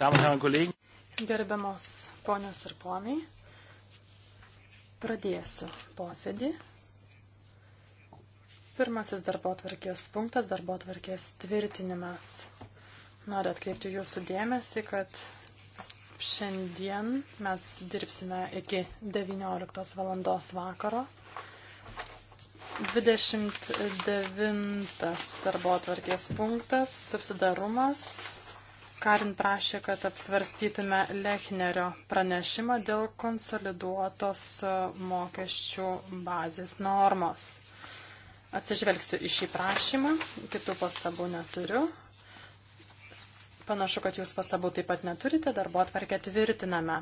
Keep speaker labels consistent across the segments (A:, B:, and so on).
A: Gerbiamos
B: ponios ir ponai, pradėsiu posėdį. Pirmasis darbo atvarkės punktas - darbo atvarkės tvirtinimas. Noriu atkreipti jūsų dėmesį, kad šiandien mes dirbsime iki 19 valandos vakaro. 29 darbo atvarkės punktas - subsidarumas Karin prašė, kad apsvarstytume Lechnerio pranešimą dėl konsoliduotos mokesčių bazės normos. Atsižvelgsiu į šį prašymą, kitų pastabų neturiu. Panašu, kad jūs pastabų taip pat neturite, darbo atvarkę tvirtiname.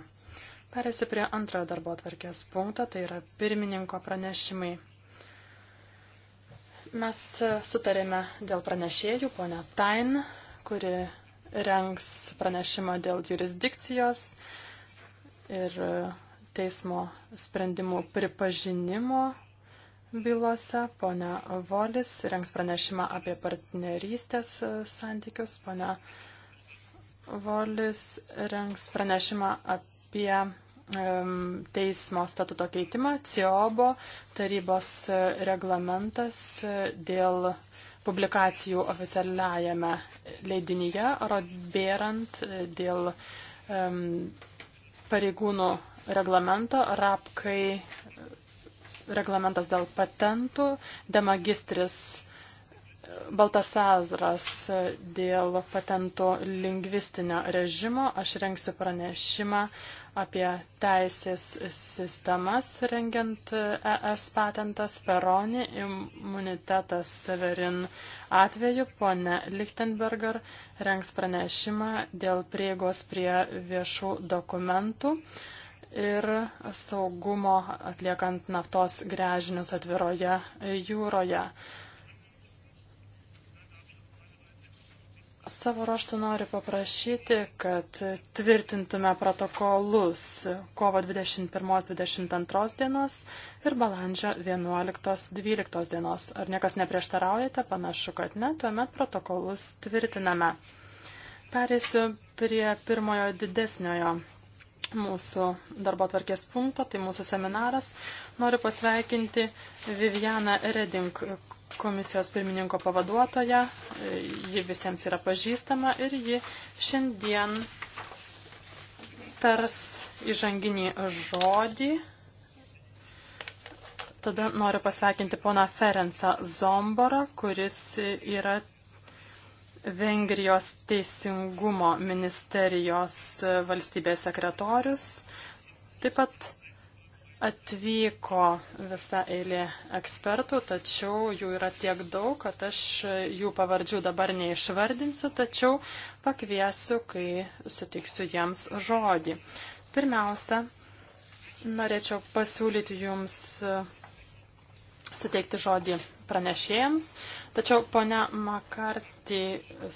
B: Perėsiu prie antrojo darbo atvarkės punkto, tai yra pirmininko pranešimai. Mes sutarėme dėl pranešėjų, ponia Tain, kuri rengs pranešimą dėl jurisdikcijos ir teismo sprendimų pripažinimo bylose. Pone Volis rengs pranešimą apie partnerystės santykius. Pone Volis rengs pranešimą apie teismo statuto keitimą, CIOBO tarybos reglamentas dėl publikacijų oficialiajame leidinyje Rodbėrant e, dėl um, pareigūnų reglamento, RAPKAI e, reglamentas dėl patentų, demagistris e, Baltasazras dėl patentų lingvistinio režimo. Aš renksiu pranešimą apie teisės sistemas rengiant ES patentas Peroni, imunitetas Severin atveju, ponė Lichtenberger rengs pranešimą dėl prieigos prie viešų dokumentų ir saugumo atliekant naftos grežinius atviroje jūroje. Savo ruoštų noriu paprašyti, kad tvirtintume protokolus kovo 21-22 dienos ir balandžio 11-12 dienos. Ar niekas neprieštaraujate? Panašu, kad ne, tuomet protokolus tvirtiname. Pereisiu prie pirmojo didesniojo mūsų darbo tvarkės punkto, tai mūsų seminaras. Noriu pasveikinti Vivianą Reding, komisijos pirmininko pavaduotoja, ji visiems yra pažįstama ir ji šiandien tars įžanginį žodį. Tada noriu pasveikinti poną Ferencą Zomborą, kuris yra Vengrijos teisingumo ministerijos valstybės sekretorius. Taip pat Atvyko visa eilė ekspertų, tačiau jų yra tiek daug, kad aš jų pavardžių dabar neišvardinsiu, tačiau pakviesiu, kai sutiksiu jiems žodį. Pirmiausia, norėčiau pasiūlyti jums e, suteikti žodį pranešėjams, tačiau ponia Makarti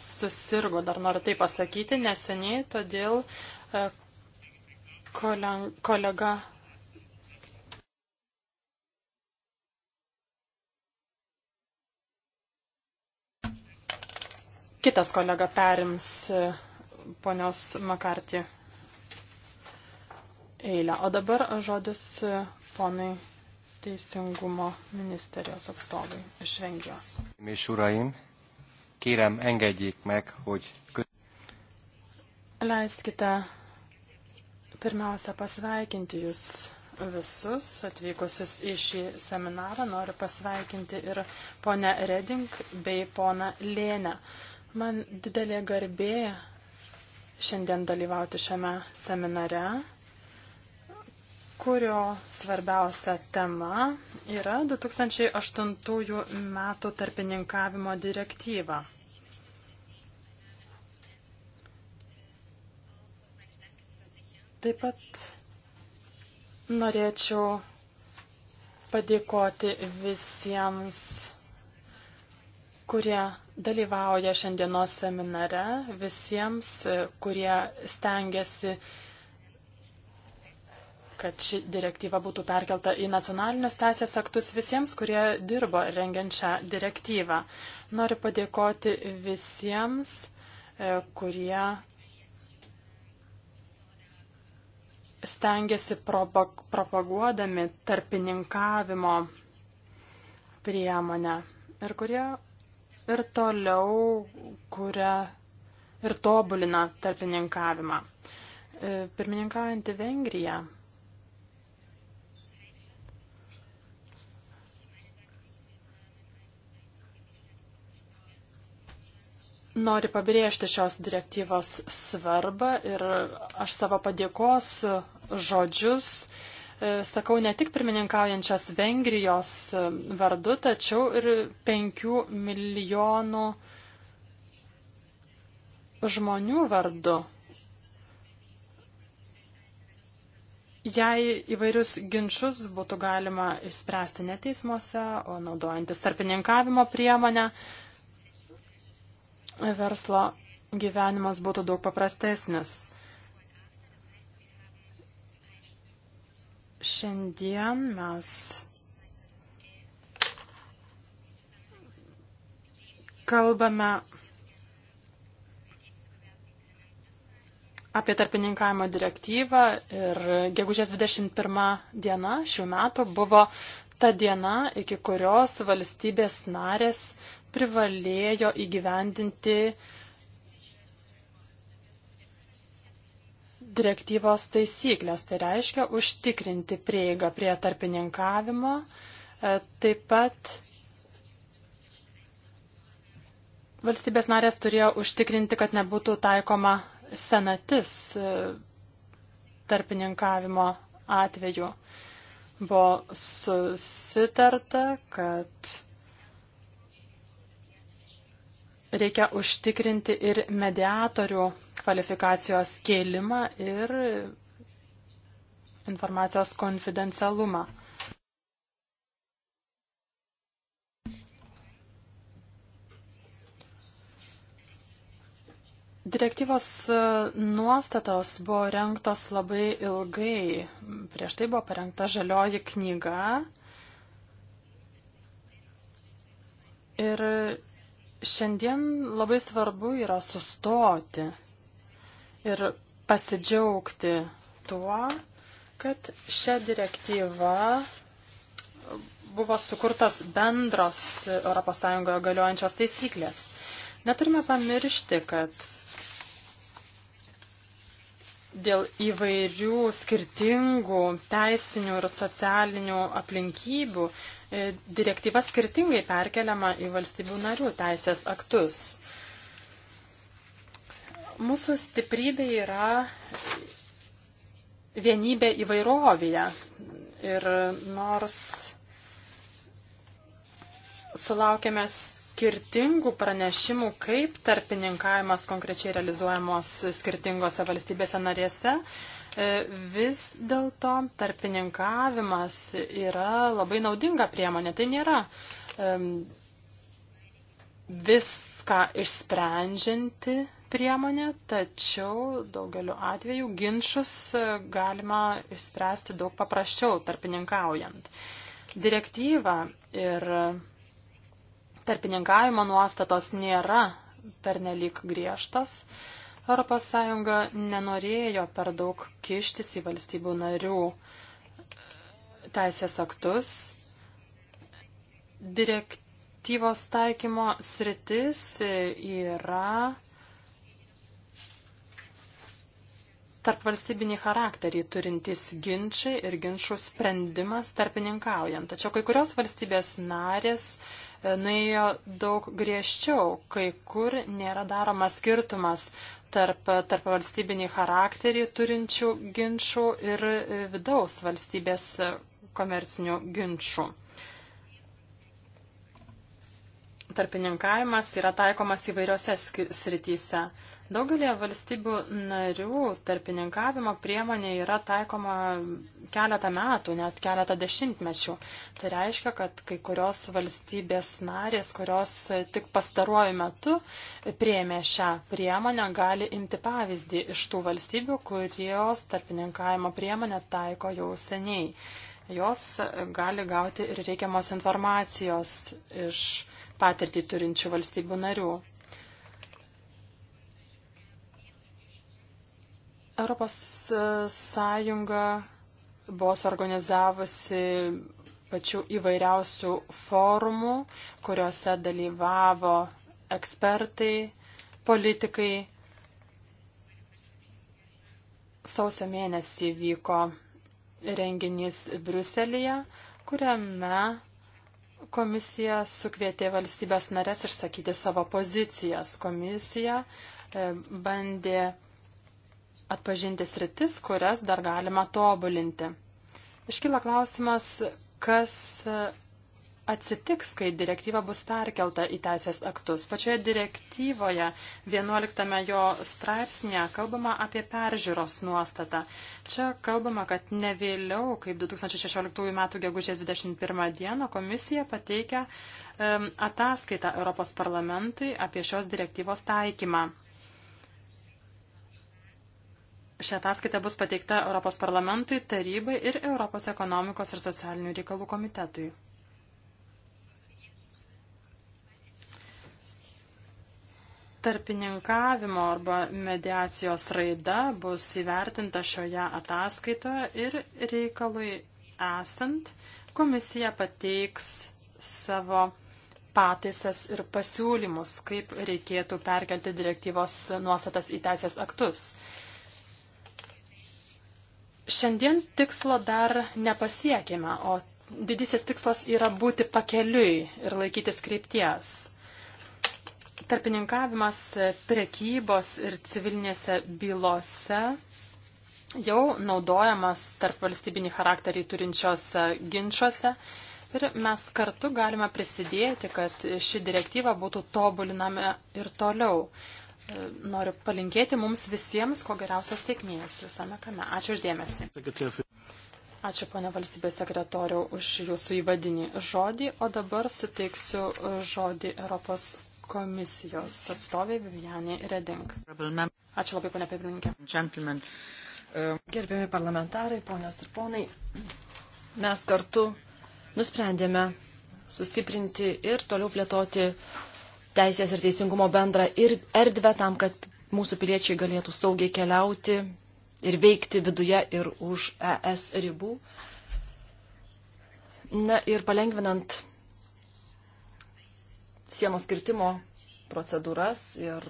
B: susirgo, dar noriu tai pasakyti, neseniai, todėl e, kolega kitas kolega perims e, ponios Makartį eilę. O dabar žodis e, ponai teisingumo ministerijos atstovai iš Vengrijos.
A: Mis uraim, kérem engedjék meg, hogy...
B: Leiskite pirmiausia pasveikinti jūs visus atvykusius į šį seminarą. Noriu pasveikinti ir ponę Reding bei poną Lėnę. Man didelė garbė šiandien dalyvauti šiame seminare, kurio svarbiausia tema yra 2008 metų tarpininkavimo direktyva. Taip pat norėčiau padėkoti visiems, kurie dalyvauja šiandienos seminare, visiems, e, kurie stengiasi, kad ši direktyva būtų perkelta į nacionalinius teisės aktus, visiems, kurie dirbo rengiant šią direktyvą. Noriu padėkoti visiems, e, kurie stengiasi propaguodami tarpininkavimo priemonę ir kurie ir toliau kuria ir tobulina tarpininkavimą. E, Pirmininkaujantį Vengriją nori pabrėžti šios direktyvos svarbą ir aš savo padėkos žodžius E, sakau ne tik pirmininkaujančias Vengrijos e, vardu, tačiau ir penkių milijonų žmonių vardu. Jei įvairius ginčius būtų galima išspręsti ne teismuose, o naudojantis tarpininkavimo priemonę, verslo gyvenimas būtų daug paprastesnis. Šiandien mes kalbame apie tarpininkavimo direktyvą ir gegužės 21 diena šių metų buvo ta diena, iki kurios valstybės narės privalėjo įgyvendinti direktyvos taisyklės, tai reiškia užtikrinti prieigą prie tarpininkavimo, e, taip pat valstybės narės turėjo užtikrinti, kad nebūtų taikoma senatis e, tarpininkavimo atveju. Buvo susitarta, kad reikia užtikrinti ir mediatorių kvalifikacijos kėlimą ir informacijos konfidencialumą. Direktyvos e, nuostatos buvo rengtos labai ilgai. Prieš tai buvo parengta žalioji knyga. Ir šiandien labai svarbu yra sustoti ir pasidžiaugti tuo, kad šią direktyvą buvo sukurtos bendros ES galiojančios taisyklės. Neturime pamiršti, kad dėl įvairių skirtingų teisinių ir socialinių aplinkybių e, direktyva skirtingai perkeliama į valstybių narių teisės aktus. Mūsų stiprybė yra vienybė įvairovėje. Ir nors sulaukėme skirtingų pranešimų, kaip tarpininkavimas konkrečiai realizuojamos skirtingose valstybėse narėse, e, vis dėlto tarpininkavimas yra labai naudinga priemonė. Tai nėra um, viską išsprendžianti priemonė, tačiau daugeliu atveju ginčius e, galima išspręsti daug paprasčiau tarpininkaujant. Direktyva ir tarpininkavimo nuostatos nėra pernelyg griežtas. ES nenorėjo per daug kištis į valstybių narių e, teisės aktus. Direktyvos taikymo sritis e, yra tarp valstybinį charakterį turintys ginčiai ir ginčių sprendimas tarpininkaujant. Tačiau kai kurios valstybės narės e, nuėjo daug griežčiau, kai kur nėra daromas skirtumas tarp, e, tarp valstybinį charakterį turinčių ginčių ir e, vidaus valstybės komercinių ginčių. Tarpininkavimas yra taikomas įvairiose srityse. Daugelie valstybių narių tarpininkavimo priemonė yra taikoma keletą metų, net keletą dešimtmečių. Tai reiškia, kad kai kurios valstybės narės, kurios tik pastaruoju metu prieėmė šią priemonę, gali imti pavyzdį iš tų valstybių, kurios tarpininkavimo priemonę taiko jau seniai jos gali gauti ir reikiamos informacijos iš patirtį turinčių valstybių narių. Europos Sąjunga buvo suorganizavusi pačių įvairiausių forumų, kuriuose dalyvavo ekspertai, politikai. Sausio mėnesį vyko renginys Bruselėje, kuriame komisija sukvietė valstybės narės išsakyti savo pozicijas. Komisija e, bandė atpažinti sritis, kurias dar galima tobulinti. Iškyla klausimas, kas atsitiks, kai direktyva bus perkelta į teisės aktus. Pačioje direktyvoje 11 jo straipsnėje kalbama apie peržiūros nuostatą. Čia kalbama, kad ne vėliau, kaip 2016 m. gegužės 21 d. komisija pateikia um, ataskaitą Europos parlamentui apie šios direktyvos taikymą. Šią ataskaitą bus pateikta Europos parlamentui, tarybai ir Europos ekonomikos ir socialinių reikalų komitetui. Tarpininkavimo arba mediacijos raida bus įvertinta šioje ataskaitoje ir reikalui esant komisija pateiks savo pataisas ir pasiūlymus, kaip reikėtų perkelti direktyvos nuostatas į teisės aktus. Šiandien tikslo dar nepasiekime, o didysis tikslas yra būti pakeliui ir laikytis krypties. Tarpininkavimas prekybos ir civilinėse bylose jau naudojamas tarp valstybinį charakterį turinčiose ginčiuose ir mes kartu galime prisidėti, kad ši direktyva būtų tobulinama ir toliau noriu palinkėti mums visiems ko geriausios sėkmės visame kame. Ačiū uždėmesi. Ačiū, ponė valstybės sekretoriau, už jūsų įvadinį žodį, o dabar suteiksiu žodį Europos komisijos atstovė Vivianė Reding. Ačiū labai, ponė
C: pirmininkė. Uh, Gerbiami parlamentarai, ponios ir ponai, mes kartu nusprendėme sustiprinti ir toliau plėtoti teisės ir teisingumo bendrą ir erdvę tam, kad mūsų piliečiai galėtų saugiai keliauti ir veikti viduje ir už ES ribų. Na ir palengvinant sienos kirtimo procedūras ir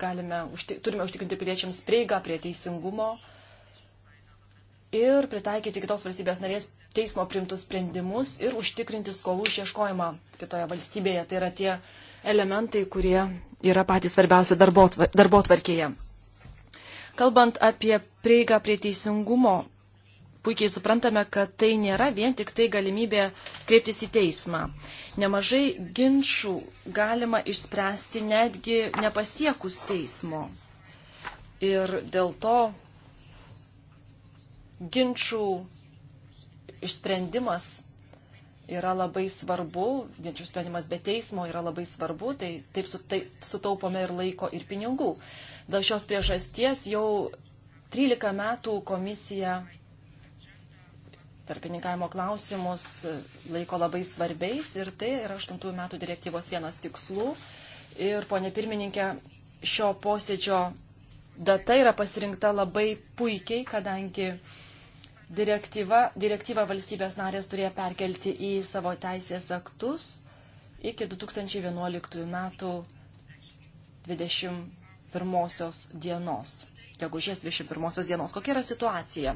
C: galime, turime užtikrinti piliečiams prieigą prie teisingumo ir pritaikyti kitos valstybės narės teismo primtus sprendimus ir užtikrinti skolų išieškojimą kitoje valstybėje. Tai yra tie elementai, kurie yra patys svarbiausia darbo, darbo tvarkėje. Kalbant apie prieigą prie teisingumo, puikiai suprantame, kad tai nėra vien tik tai galimybė kreiptis į teismą. Nemažai ginčių galima išspręsti netgi nepasiekus teismo. Ir dėl to ginčių išsprendimas yra labai svarbu, ginčių sprendimas be teismo yra labai svarbu, tai taip su, tai, sutaupome ir laiko, ir pinigų. Dėl šios priežasties jau 13 metų komisija tarpininkavimo klausimus laiko labai svarbiais ir tai yra 8 metų direktyvos vienas tikslų. Ir, ponė pirmininkė, šio posėdžio data yra pasirinkta labai puikiai, kadangi direktyva, direktyva valstybės narės turėjo perkelti į savo teisės aktus iki 2011 metų 21 dienos. Gegužės 21 dienos. Kokia yra situacija?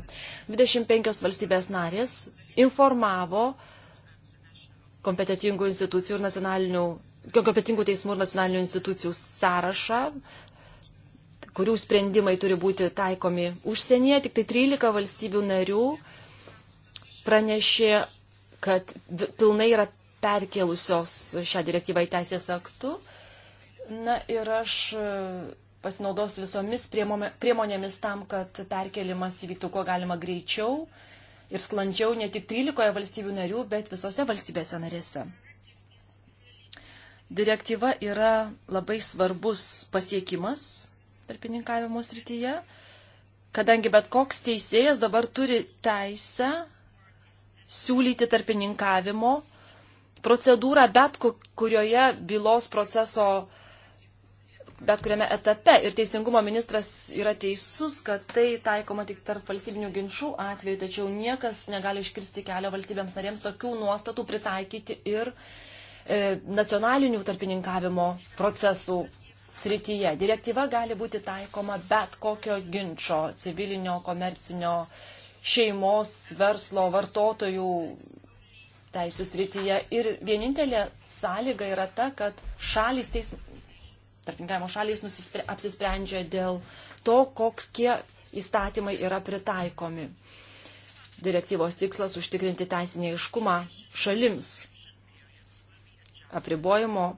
C: 25 valstybės narės informavo kompetitingų institucijų ir nacionalinių kompetingų teismų ir nacionalinių institucijų sąrašą kurių sprendimai turi būti taikomi užsienyje. Tik tai 13 valstybių narių pranešė, kad pilnai yra perkėlusios šią direktyvą į teisės aktų. Na ir aš e, pasinaudos visomis priemonėmis tam, kad perkelimas įvyktų kuo galima greičiau ir sklandžiau ne tik 13 valstybių narių, bet visose valstybėse narėse. Direktyva yra labai svarbus pasiekimas tarpininkavimo srityje, kadangi bet koks teisėjas dabar turi teisę siūlyti tarpininkavimo procedūrą bet kurioje bylos proceso, bet kuriame etape. Ir teisingumo ministras yra teisus, kad tai taikoma tik tarp valstybinių ginčių atveju, tačiau niekas negali iškirsti kelio valstybėms narėms tokių nuostatų pritaikyti ir e, nacionalinių tarpininkavimo procesų srityje. Direktyva gali būti taikoma bet kokio ginčio - civilinio, komercinio, šeimos, verslo, vartotojų teisų srityje. Ir vienintelė sąlyga yra ta, kad šalis, teis, tarpininkavimo šalis nusispre, apsisprendžia dėl to, koks tie įstatymai yra pritaikomi. Direktyvos tikslas užtikrinti teisinį iškumą šalims apribojimo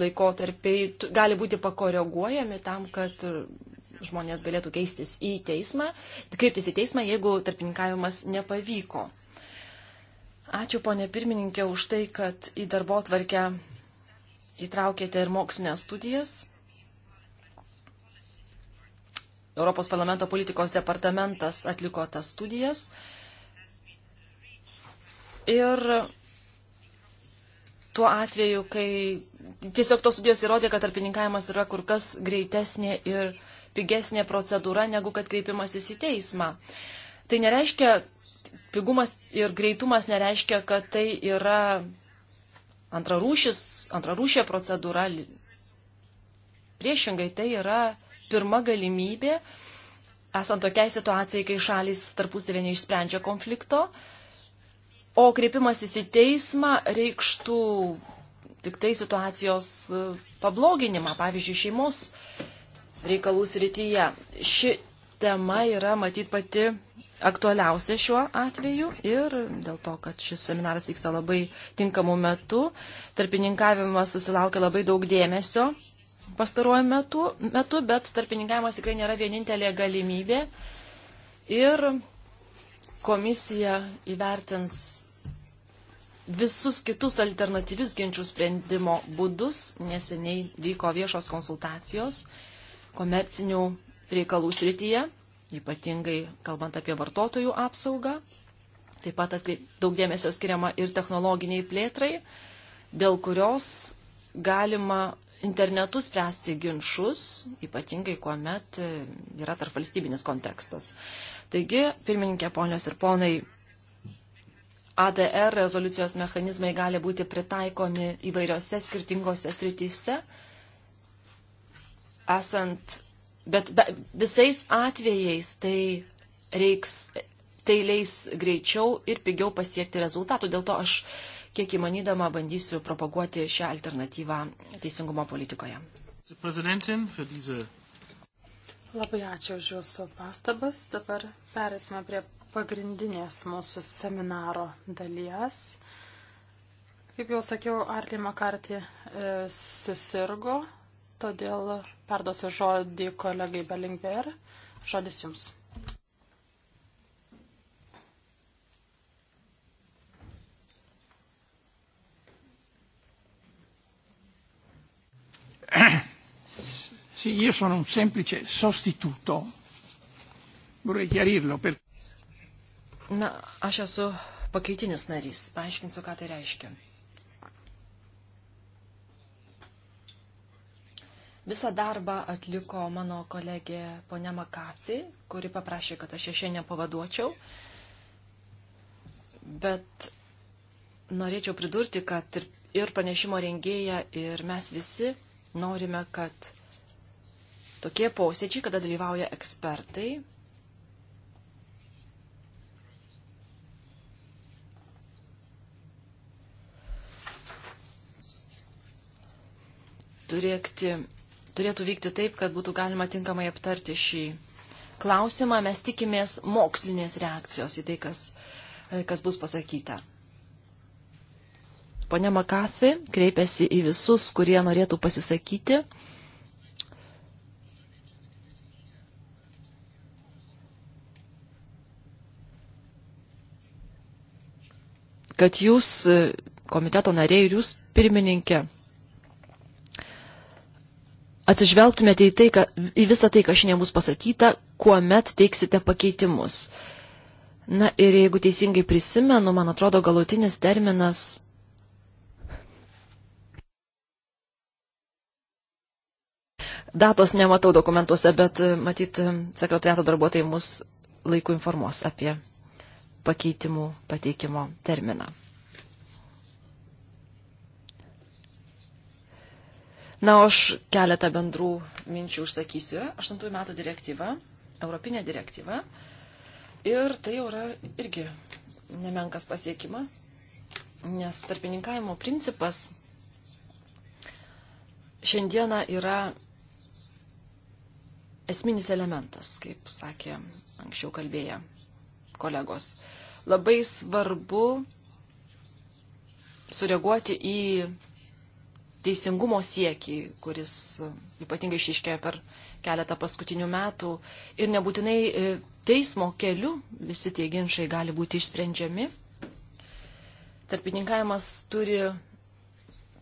C: laikotarpiai gali būti pakoreguojami tam, kad žmonės galėtų keistis į teismą, kreiptis į teismą, jeigu tarpininkavimas nepavyko. Ačiū, ponė pirmininkė, už tai, kad į darbo tvarkę įtraukėte ir mokslinės studijas. Europos parlamento politikos departamentas atliko tas studijas. Ir tuo atveju, kai tiesiog tos studijos įrodė, kad tarpininkavimas yra kur kas greitesnė ir pigesnė procedūra, negu kad kreipimasis į teismą. Tai nereiškia, pigumas ir greitumas nereiškia, kad tai yra antrarūšis, antrarūšė procedūra. Priešingai tai yra pirma galimybė, esant tokiai situacijai, kai šalis tarpusavė neišsprendžia konflikto, uh, O kreipimasis į teismą reikštų tik tai situacijos e, pabloginimą, pavyzdžiui, šeimos reikalų srityje. Ši tema yra matyt pati aktualiausia šiuo atveju ir dėl to, kad šis seminaras vyksta labai tinkamu metu, tarpininkavimas susilaukia labai daug dėmesio pastaruoju metu, metu, bet tarpininkavimas tikrai nėra vienintelė galimybė ir komisija įvertins visus kitus alternatyvius ginčių sprendimo būdus. Neseniai vyko viešos konsultacijos komercinių reikalų srityje, ypatingai kalbant apie vartotojų apsaugą. Taip pat atkreip, daug dėmesio skiriama ir technologiniai plėtrai, dėl kurios galima internetu spręsti ginčius, ypatingai kuomet yra tarp valstybinis kontekstas. Taigi, pirmininkė, ponios ir ponai, ADR rezoliucijos mechanizmai gali būti pritaikomi įvairiose skirtingose srityse, esant, bet be, visais atvejais tai reiks, tai leis greičiau ir pigiau pasiekti rezultatų. Dėl to aš kiek įmanydama bandysiu propaguoti šią alternatyvą teisingumo politikoje.
A: Uh, Labai
B: ačiū už Jūsų pastabas. Dabar perėsime prie pagrindinės mūsų seminaro dalies. Kaip jau sakiau, Arlį Makartį e, susirgo, todėl perduosiu žodį kolegai Belingver. Žodis jums.
C: Sì, io sono un semplice sostituto.
A: Vorrei chiarirlo perché.
C: Na, aš esu pakeitinis narys. Paaiškinsiu, ką tai reiškia. Visą darbą atliko mano kolegė ponia Makati, kuri paprašė, kad aš ją šiandien pavaduočiau. Bet norėčiau pridurti, kad ir pranešimo rengėja, ir mes visi norime, kad tokie posėdžiai, kada dalyvauja ekspertai, turėkti, turėtų vykti taip, kad būtų galima tinkamai aptarti šį klausimą. Mes tikimės mokslinės reakcijos į tai, kas, kas bus pasakyta. Pone Makasi kreipėsi į visus, kurie norėtų pasisakyti. kad jūs komiteto nariai ir jūs pirmininkė atsižvelgtumėte į, tai, ka, į visą tai, kas šiandien bus pasakyta, kuomet teiksite pakeitimus. Na ir jeigu teisingai prisimenu, man atrodo, galutinis terminas. Datos nematau dokumentuose, bet e, matyt, e, sekretariato darbuotojai mus laiku informuos apie pakeitimų pateikimo terminą. Na, aš keletą bendrų minčių užsakysiu. 8 metų direktyva, Europinė direktyva. Ir tai jau yra irgi nemenkas pasiekimas, nes tarpininkavimo principas šiandieną yra esminis elementas, kaip sakė anksčiau kalbėję kolegos. Labai svarbu sureaguoti į teisingumo siekį, kuris e, ypatingai išiškėjo per keletą paskutinių metų. Ir nebūtinai e, teismo keliu visi tie ginčiai gali būti išsprendžiami. Tarpininkavimas turi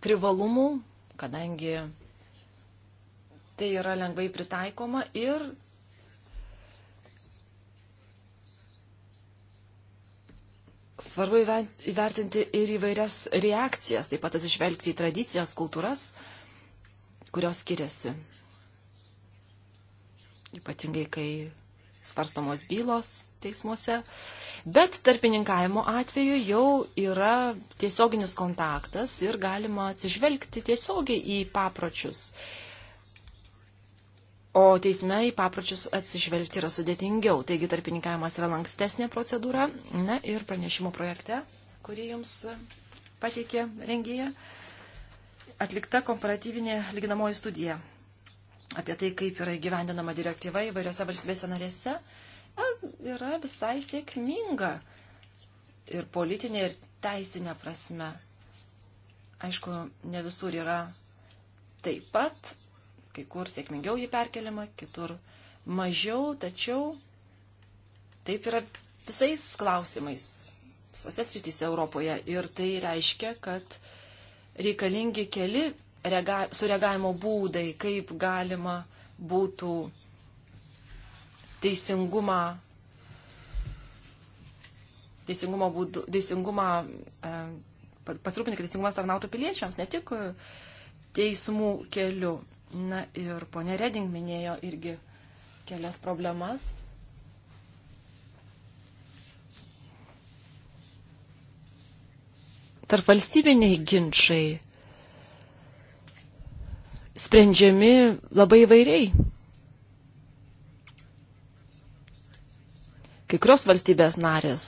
C: privalumų, kadangi tai yra lengvai pritaikoma ir svarbu įvertinti ir įvairias reakcijas, taip pat atsižvelgti į tradicijas, kultūras, kurios skiriasi. Ypatingai, kai svarstomos bylos teismuose. Bet tarpininkavimo atveju jau yra tiesioginis kontaktas ir galima atsižvelgti tiesiogiai į papročius, O teisme į papročius atsižvelgti yra sudėtingiau, taigi tarpininkavimas yra lankstesnė procedūra. Na ir pranešimo projekte, kurį jums pateikė rengėja, atlikta komparatyvinė lyginamoji studija apie tai, kaip yra įgyvendinama direktyva įvairiose valstybėse narėse, yra visai sėkminga ir politinė, ir teisinė prasme. Aišku, ne visur yra taip pat Kai kur sėkmingiau jį perkeliama, kitur mažiau, tačiau taip yra visais klausimais, visose srityse Europoje. Ir tai reiškia, kad reikalingi keli rega, sureagavimo būdai, kaip galima būtų teisingumą, teisingumo būdų, teisingumą, e, pasirūpinti, kad teisingumas tarnautų piliečiams, ne tik teismų keliu. Na ir ponė Reding minėjo irgi kelias problemas. Tarp valstybiniai ginčiai sprendžiami labai įvairiai. Kai kurios valstybės narės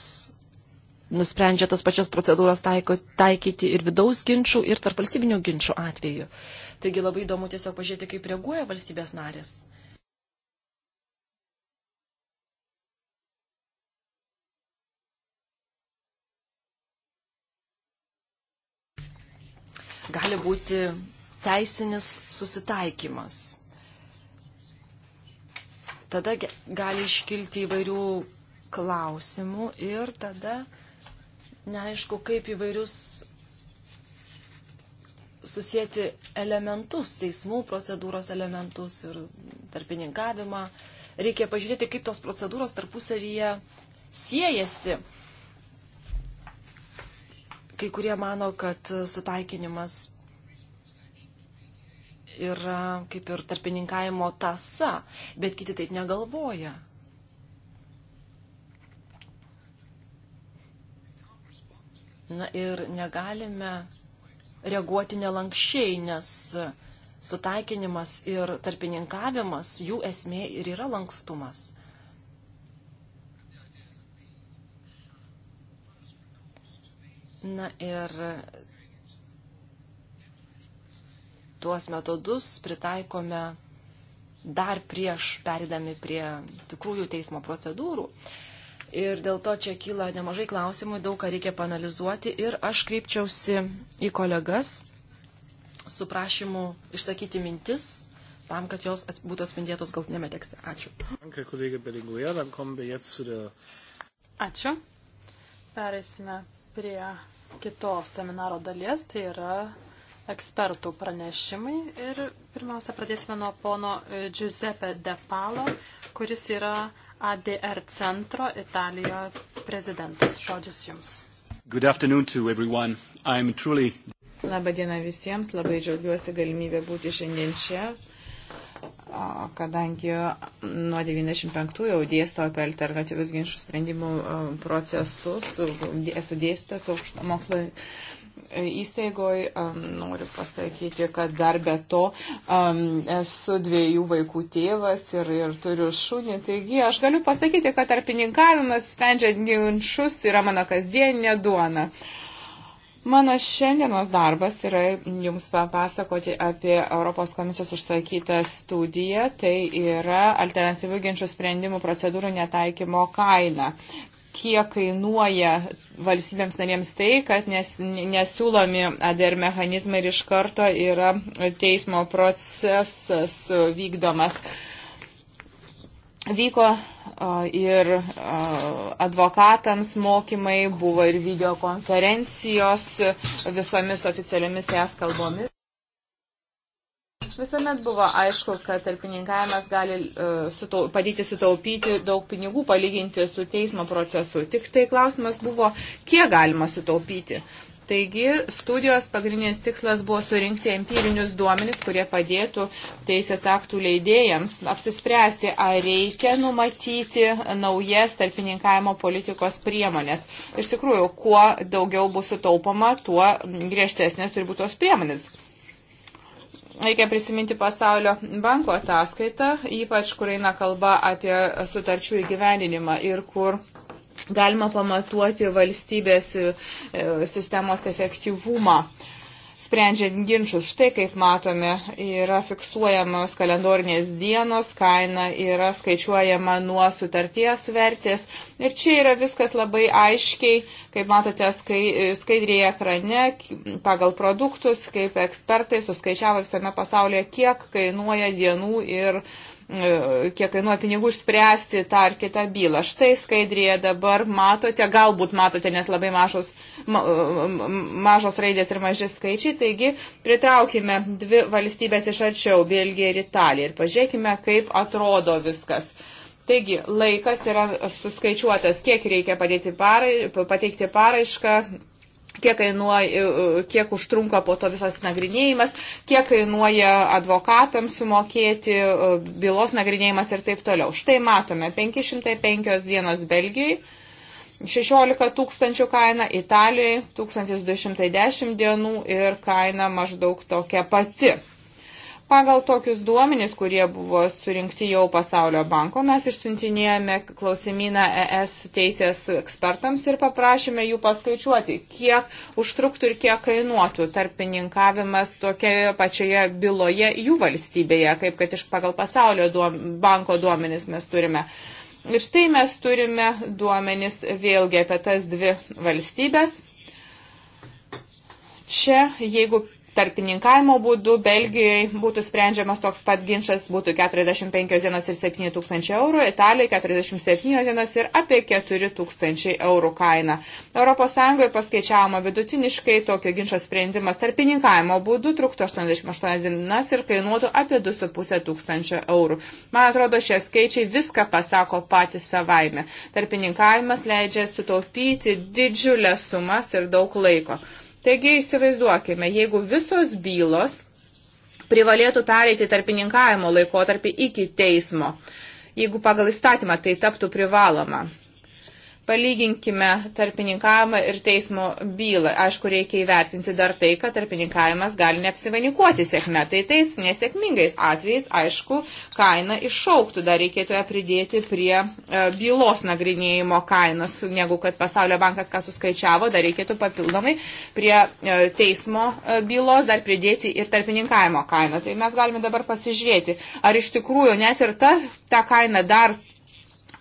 C: nusprendžia tas pačias procedūras taiko, taikyti ir vidaus ginčių, ir tarp valstybinių ginčių atveju. Taigi labai įdomu tiesiog pažiūrėti, kaip reaguoja valstybės narės. Gali būti teisinis susitaikymas. Tada gali iškilti įvairių klausimų ir tada neaišku, kaip įvairius susijęti elementus, teismų procedūros elementus ir tarpininkavimą. Reikia pažiūrėti, kaip tos procedūros tarpusavyje siejasi. Kai kurie mano, kad sutaikinimas yra kaip ir tarpininkavimo tasa, bet kiti taip negalvoja. Na ir negalime reaguoti nelankščiai, nes sutaikinimas ir tarpininkavimas, jų esmė ir yra lankstumas. Na ir tuos metodus pritaikome dar prieš perėdami prie tikrųjų teismo procedūrų. Ir dėl to čia kyla nemažai klausimų, daug ką reikia panalizuoti. Ir aš kreipčiausi į kolegas su prašymu išsakyti mintis tam, kad jos būtų atspindėtos galtinėme tekste. Ačiū.
B: Ačiū. Pereisime prie kitos seminaro dalies, tai yra ekspertų pranešimai. Ir pirmiausia, pradėsime nuo pono Giuseppe De Palo, kuris yra ADR centro Italijoje prezidentas. Žodis jums.
D: Good afternoon to everyone. I'm truly. Labą dieną visiems, labai džiaugiuosi galimybę būti šiandien čia kadangi nuo 95 jau dėsto apie alternatyvius ginčių sprendimų procesus, esu dėstytojas mokslo įstaigoje. Noriu pasakyti, kad dar be to esu dviejų vaikų tėvas ir, ir turiu šunį. Taigi aš galiu pasakyti, kad tarpininkavimas, sprendžiant ginčius, yra mano kasdieninė duona. Mano šiandienos darbas yra jums papasakoti apie Europos komisijos užsakytą studiją, tai yra alternatyvių ginčių sprendimų procedūrų netaikymo kaina kiek kainuoja valstybėms narėms tai, kad nes, nesiūlomi ADR mechanizmai ir iš karto yra teismo procesas vykdomas. Vyko ir advokatams mokymai, buvo ir videokonferencijos visomis oficialiomis es kalbomis visuomet buvo aišku, kad tarpininkavimas gali uh, sutau, padėti sutaupyti daug pinigų palyginti su teismo procesu. Tik tai klausimas buvo, kiek galima sutaupyti. Taigi studijos pagrindinis tikslas buvo surinkti empirinius duomenis, kurie padėtų teisės aktų leidėjams apsispręsti, ar reikia numatyti naujas tarpininkavimo politikos priemonės. Iš tikrųjų, kuo daugiau bus sutaupama, tuo griežtesnės turi būti tos priemonės. Reikia prisiminti pasaulio banko ataskaitą, ypač kur eina kalba apie sutarčių įgyvendinimą ir kur galima pamatuoti valstybės e, sistemos efektyvumą. Uh, sprendžiant ginčius. Štai kaip matome, yra fiksuojamos kalendorinės dienos, kaina yra skaičiuojama nuo sutarties vertės. Ir čia yra viskas labai aiškiai, kaip matote skai, skaidrėje ekrane, pagal produktus, kaip ekspertai suskaičiavo visame pasaulyje, kiek kainuoja dienų ir uh, E, kiek kainuoja pinigų išspręsti tą ar kitą bylą. Štai skaidrėje dabar matote, galbūt matote, nes labai mažos, ma, e, mažos raidės ir maži skaičiai, taigi pritraukime dvi valstybės iš arčiau - Belgiją ir Italiją ir pažiūrėkime, kaip atrodo viskas. Taigi, laikas yra suskaičiuotas, kiek reikia parai, pateikti paraišką, kiek, kainuoja, e, e, kiek užtrunka po to visas nagrinėjimas, kiek kainuoja advokatams sumokėti, e, bylos nagrinėjimas ir taip toliau. Štai matome, 505 dienos Belgijai, 16 tūkstančių kaina Italijoje, 1210 dienų ir kaina maždaug tokia pati. Pagal tokius duomenis, kurie buvo surinkti jau pasaulio banko, mes išsiuntinėjome klausimyną ES teisės ekspertams ir paprašėme jų paskaičiuoti, kiek užtruktų ir kiek kainuotų tarpininkavimas tokioje pačioje byloje jų valstybėje, kaip kad iš pagal pasaulio duom, banko duomenis mes turime. Ir štai mes turime duomenis vėlgi apie tas dvi valstybės. Čia, jeigu tarpininkavimo būdu Belgijoje būtų sprendžiamas toks pat ginčas, būtų 45 dienos ir 7 tūkstančiai eurų, Italijoje 47 dienos ir apie 4 tūkstančiai eurų kaina. ES paskaičiavama vidutiniškai tokio ginčio sprendimas tarpininkavimo būdu truktų 88 dienas ir kainuotų apie 2,5 tūkstančio eurų. Man atrodo, šie skaičiai viską pasako patys savaime. Tarpininkavimas leidžia sutaupyti didžiulę sumas ir daug laiko. Taigi įsivaizduokime, jeigu visos bylos privalėtų pereiti tarpininkavimo laikotarpį iki teismo, jeigu pagal įstatymą tai taptų privaloma. Palyginkime tarpininkavimą ir teismo bylą. Aišku, reikia įvertinti dar tai, kad tarpininkavimas gali neapsivainikuoti sėkme. Tai tais nesėkmingais atvejais, aišku, kaina išauktų. Dar reikėtų ją pridėti prie e, bylos nagrinėjimo kainos, negu kad pasaulio bankas ką suskaičiavo. Dar reikėtų papildomai prie e, teismo e, bylos dar pridėti ir tarpininkavimo kainą. Tai mes galime dabar pasižiūrėti, ar iš tikrųjų net ir ta, ta kaina dar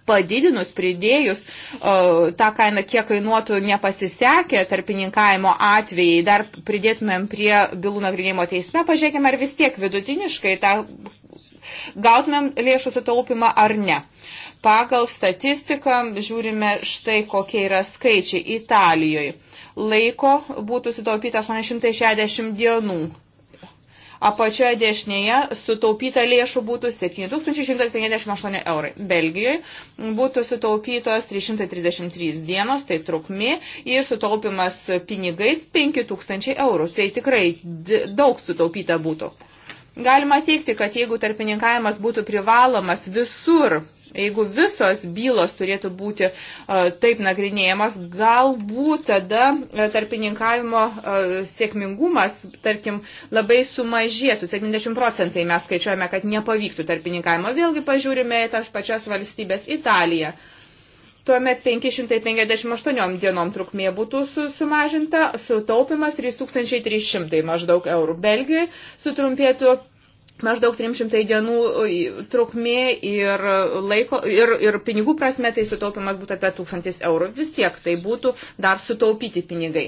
D: padidinus, pridėjus uh, tą kainą, kiek kainuotų nepasisekę tarpininkavimo atvejai, dar pridėtumėm prie bylų nagrinėjimo teisme, pažiūrėkime, ar vis tiek vidutiniškai tą gautumėm lėšų sutaupimą ar ne. Pagal statistiką žiūrime štai kokie yra skaičiai Italijoje. Laiko būtų sutaupyta 860 dienų Apačioje dešinėje sutaupyta lėšų būtų 7158 eurai. Belgijoje būtų sutaupytos 333 dienos, tai trukmi, ir sutaupimas pinigais 5000 eurų. Tai tikrai daug sutaupyta būtų. Galima teikti, kad jeigu tarpininkavimas būtų privalomas visur Jeigu visos bylos turėtų būti taip nagrinėjamas, galbūt tada tarpininkavimo sėkmingumas, tarkim, labai sumažėtų. 70 procentai mes skaičiuojame, kad nepavyktų tarpininkavimo. Vėlgi pažiūrime į tas pačias valstybės Italiją. Tuomet 558 dienom trukmė būtų sumažinta, sutaupimas 3300 maždaug eurų. Belgijai sutrumpėtų maždaug 300 dienų trukmė ir, laiko, ir, ir pinigų prasme tai sutaupimas būtų apie 1000 eurų. Vis tiek tai būtų dar sutaupyti pinigai.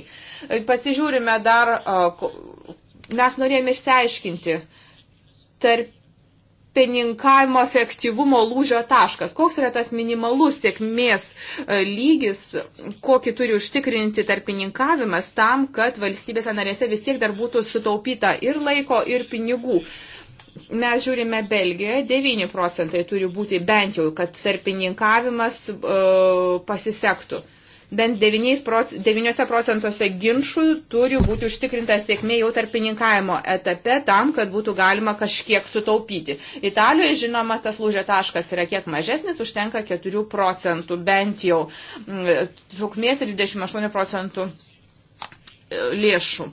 D: E, pasižiūrime dar, mes norėjome išsiaiškinti tarp pininkavimo efektyvumo lūžio taškas. Koks yra tas minimalus sėkmės e, lygis, kokį turi užtikrinti tarpininkavimas tam, kad valstybėse narėse vis tiek dar būtų sutaupyta ir laiko, ir pinigų mes žiūrime Belgijoje, 9 procentai turi būti bent jau, kad tarpininkavimas e, pasisektų. Bent 9 procentuose ginčių turi būti užtikrinta sėkmė jau tarpininkavimo etape tam, kad būtų galima kažkiek sutaupyti. Italijoje, žinoma, tas lūžio taškas yra kiek mažesnis, užtenka 4 procentų bent jau mm, e, trukmės ir 28 procentų lėšų.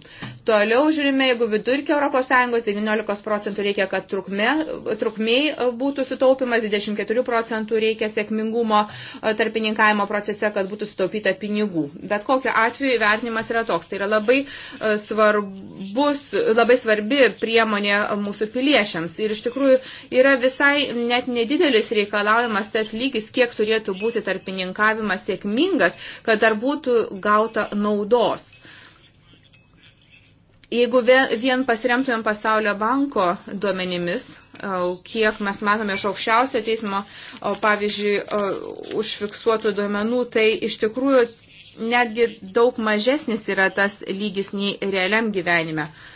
D: Toliau žiūrime, jeigu vidurkio ES 19 procentų reikia, kad trukme, trukmiai būtų sutaupimas, 24 procentų reikia sėkmingumo e, tarpininkavimo procese, kad būtų sutaupyta pinigų. Bet kokiu atveju vertinimas yra toks. Tai yra labai, e, svarbus, labai svarbi priemonė mūsų piliečiams. Ir iš tikrųjų yra visai net nedidelis reikalavimas tas lygis, kiek turėtų būti tarpininkavimas sėkmingas, kad dar būtų gauta naudos. Jeigu vien pasiremtumėm pasaulio banko duomenimis, kiek mes matome iš aukščiausio teismo, pavyzdžiui, užfiksuotų duomenų, tai iš tikrųjų netgi daug mažesnis yra tas lygis nei realiam gyvenime. Uh,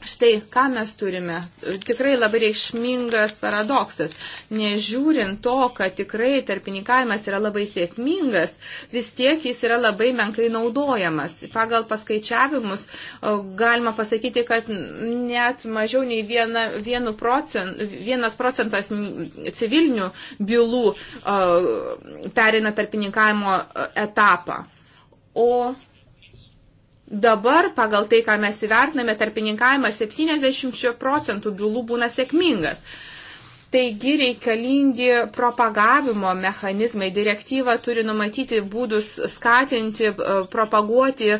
D: Štai ką mes turime. Tikrai labai reikšmingas paradoksas. Nežiūrint to, kad tikrai tarpininkavimas yra labai sėkmingas, vis tiek jis yra labai menkai naudojamas. Pagal paskaičiavimus galima pasakyti, kad net mažiau nei viena, vienu procent, vienas procentas civilinių bylų perina tarpininkavimo etapą. O Dabar, pagal tai, ką mes įvertiname, tarpininkavimas 70 procentų bylų būna sėkmingas. Taigi reikalingi propagavimo mechanizmai. Direktyva turi numatyti būdus skatinti, e, propaguoti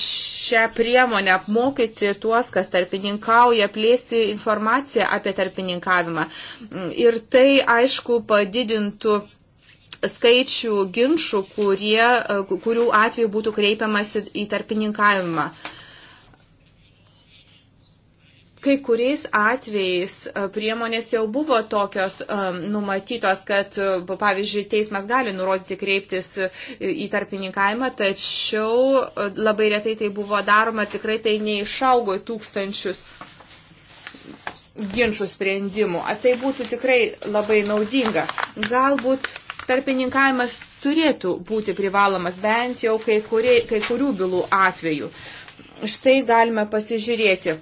D: šią priemonę, apmokyti tuos, kas tarpininkauja, plėsti informaciją apie tarpininkavimą. Ir tai, aišku, padidintų skaičių ginčių, kurie, e, kurių atveju būtų kreipiamas į tarpininkavimą. Kai kuriais atvejais e, priemonės jau buvo tokios um, numatytos, kad, pavyzdžiui, teismas gali nurodyti kreiptis į tarpininkavimą, tačiau labai retai tai buvo daroma ir tikrai tai neišaugo į tūkstančius ginčių sprendimų. Ar tai būtų tikrai labai naudinga? Galbūt tarpininkavimas turėtų būti privalomas bent jau kai, kurie, kai kurių bylų atveju. Štai galime pasižiūrėti.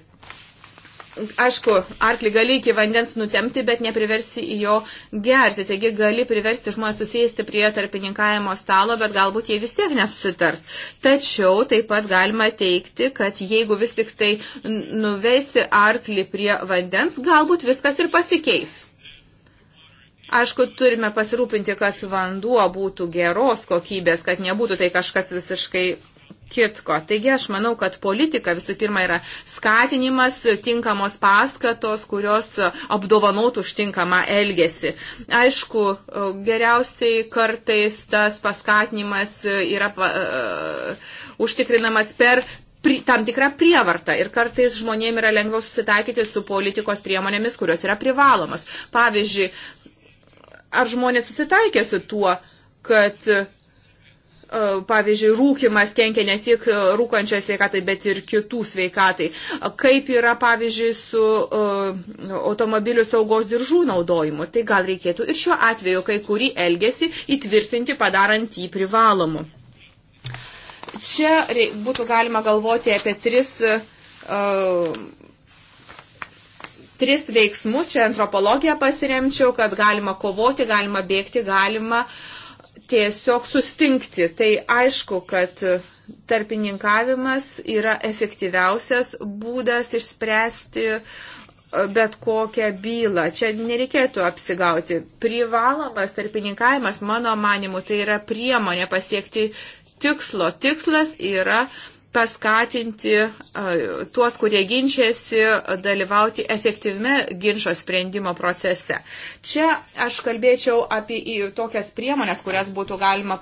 D: Aišku, arklį gali iki vandens nutemti, bet nepriversi jo gerti. Taigi gali priversti žmonės susijęsti prie tarpininkavimo stalo, bet galbūt jie vis tiek nesusitars. Tačiau taip pat galima teikti, kad jeigu vis tik tai nuvesi arklį prie vandens, galbūt viskas ir pasikeis. Aišku, turime pasirūpinti, kad vanduo būtų geros kokybės, kad nebūtų tai kažkas visiškai kitko. Taigi aš manau, kad politika visų pirma yra skatinimas, tinkamos paskatos, kurios apdovanotų už tinkamą elgesį. Aišku, geriausiai kartais tas paskatinimas yra uh, užtikrinamas per pri, tam tikrą prievartą ir kartais žmonėm yra lengviau susitaikyti su politikos priemonėmis, kurios yra privalomas. Pavyzdžiui, ar žmonės susitaikė su tuo, kad e, pavyzdžiui, rūkimas kenkia ne tik rūkančio sveikatai, bet ir kitų sveikatai. Kaip yra, pavyzdžiui, su uh, automobilių saugos diržų naudojimu. Tai gal reikėtų ir šiuo atveju kai kurį elgesį įtvirtinti, padarant jį privalomu. Čia būtų galima galvoti apie tris uh, tris veiksmus, čia antropologiją pasiremčiau, kad galima kovoti, galima bėgti, galima tiesiog sustinkti. Tai aišku, kad tarpininkavimas yra efektyviausias būdas išspręsti e, bet kokią bylą. Čia nereikėtų apsigauti. Privalomas tarpininkavimas, mano manimu, tai yra priemonė pasiekti tikslo. Tikslas yra paskatinti tuos, kurie ginčiasi, dalyvauti efektyvime ginčio sprendimo procese. Čia aš kalbėčiau apie tokias priemonės, kurias būtų galima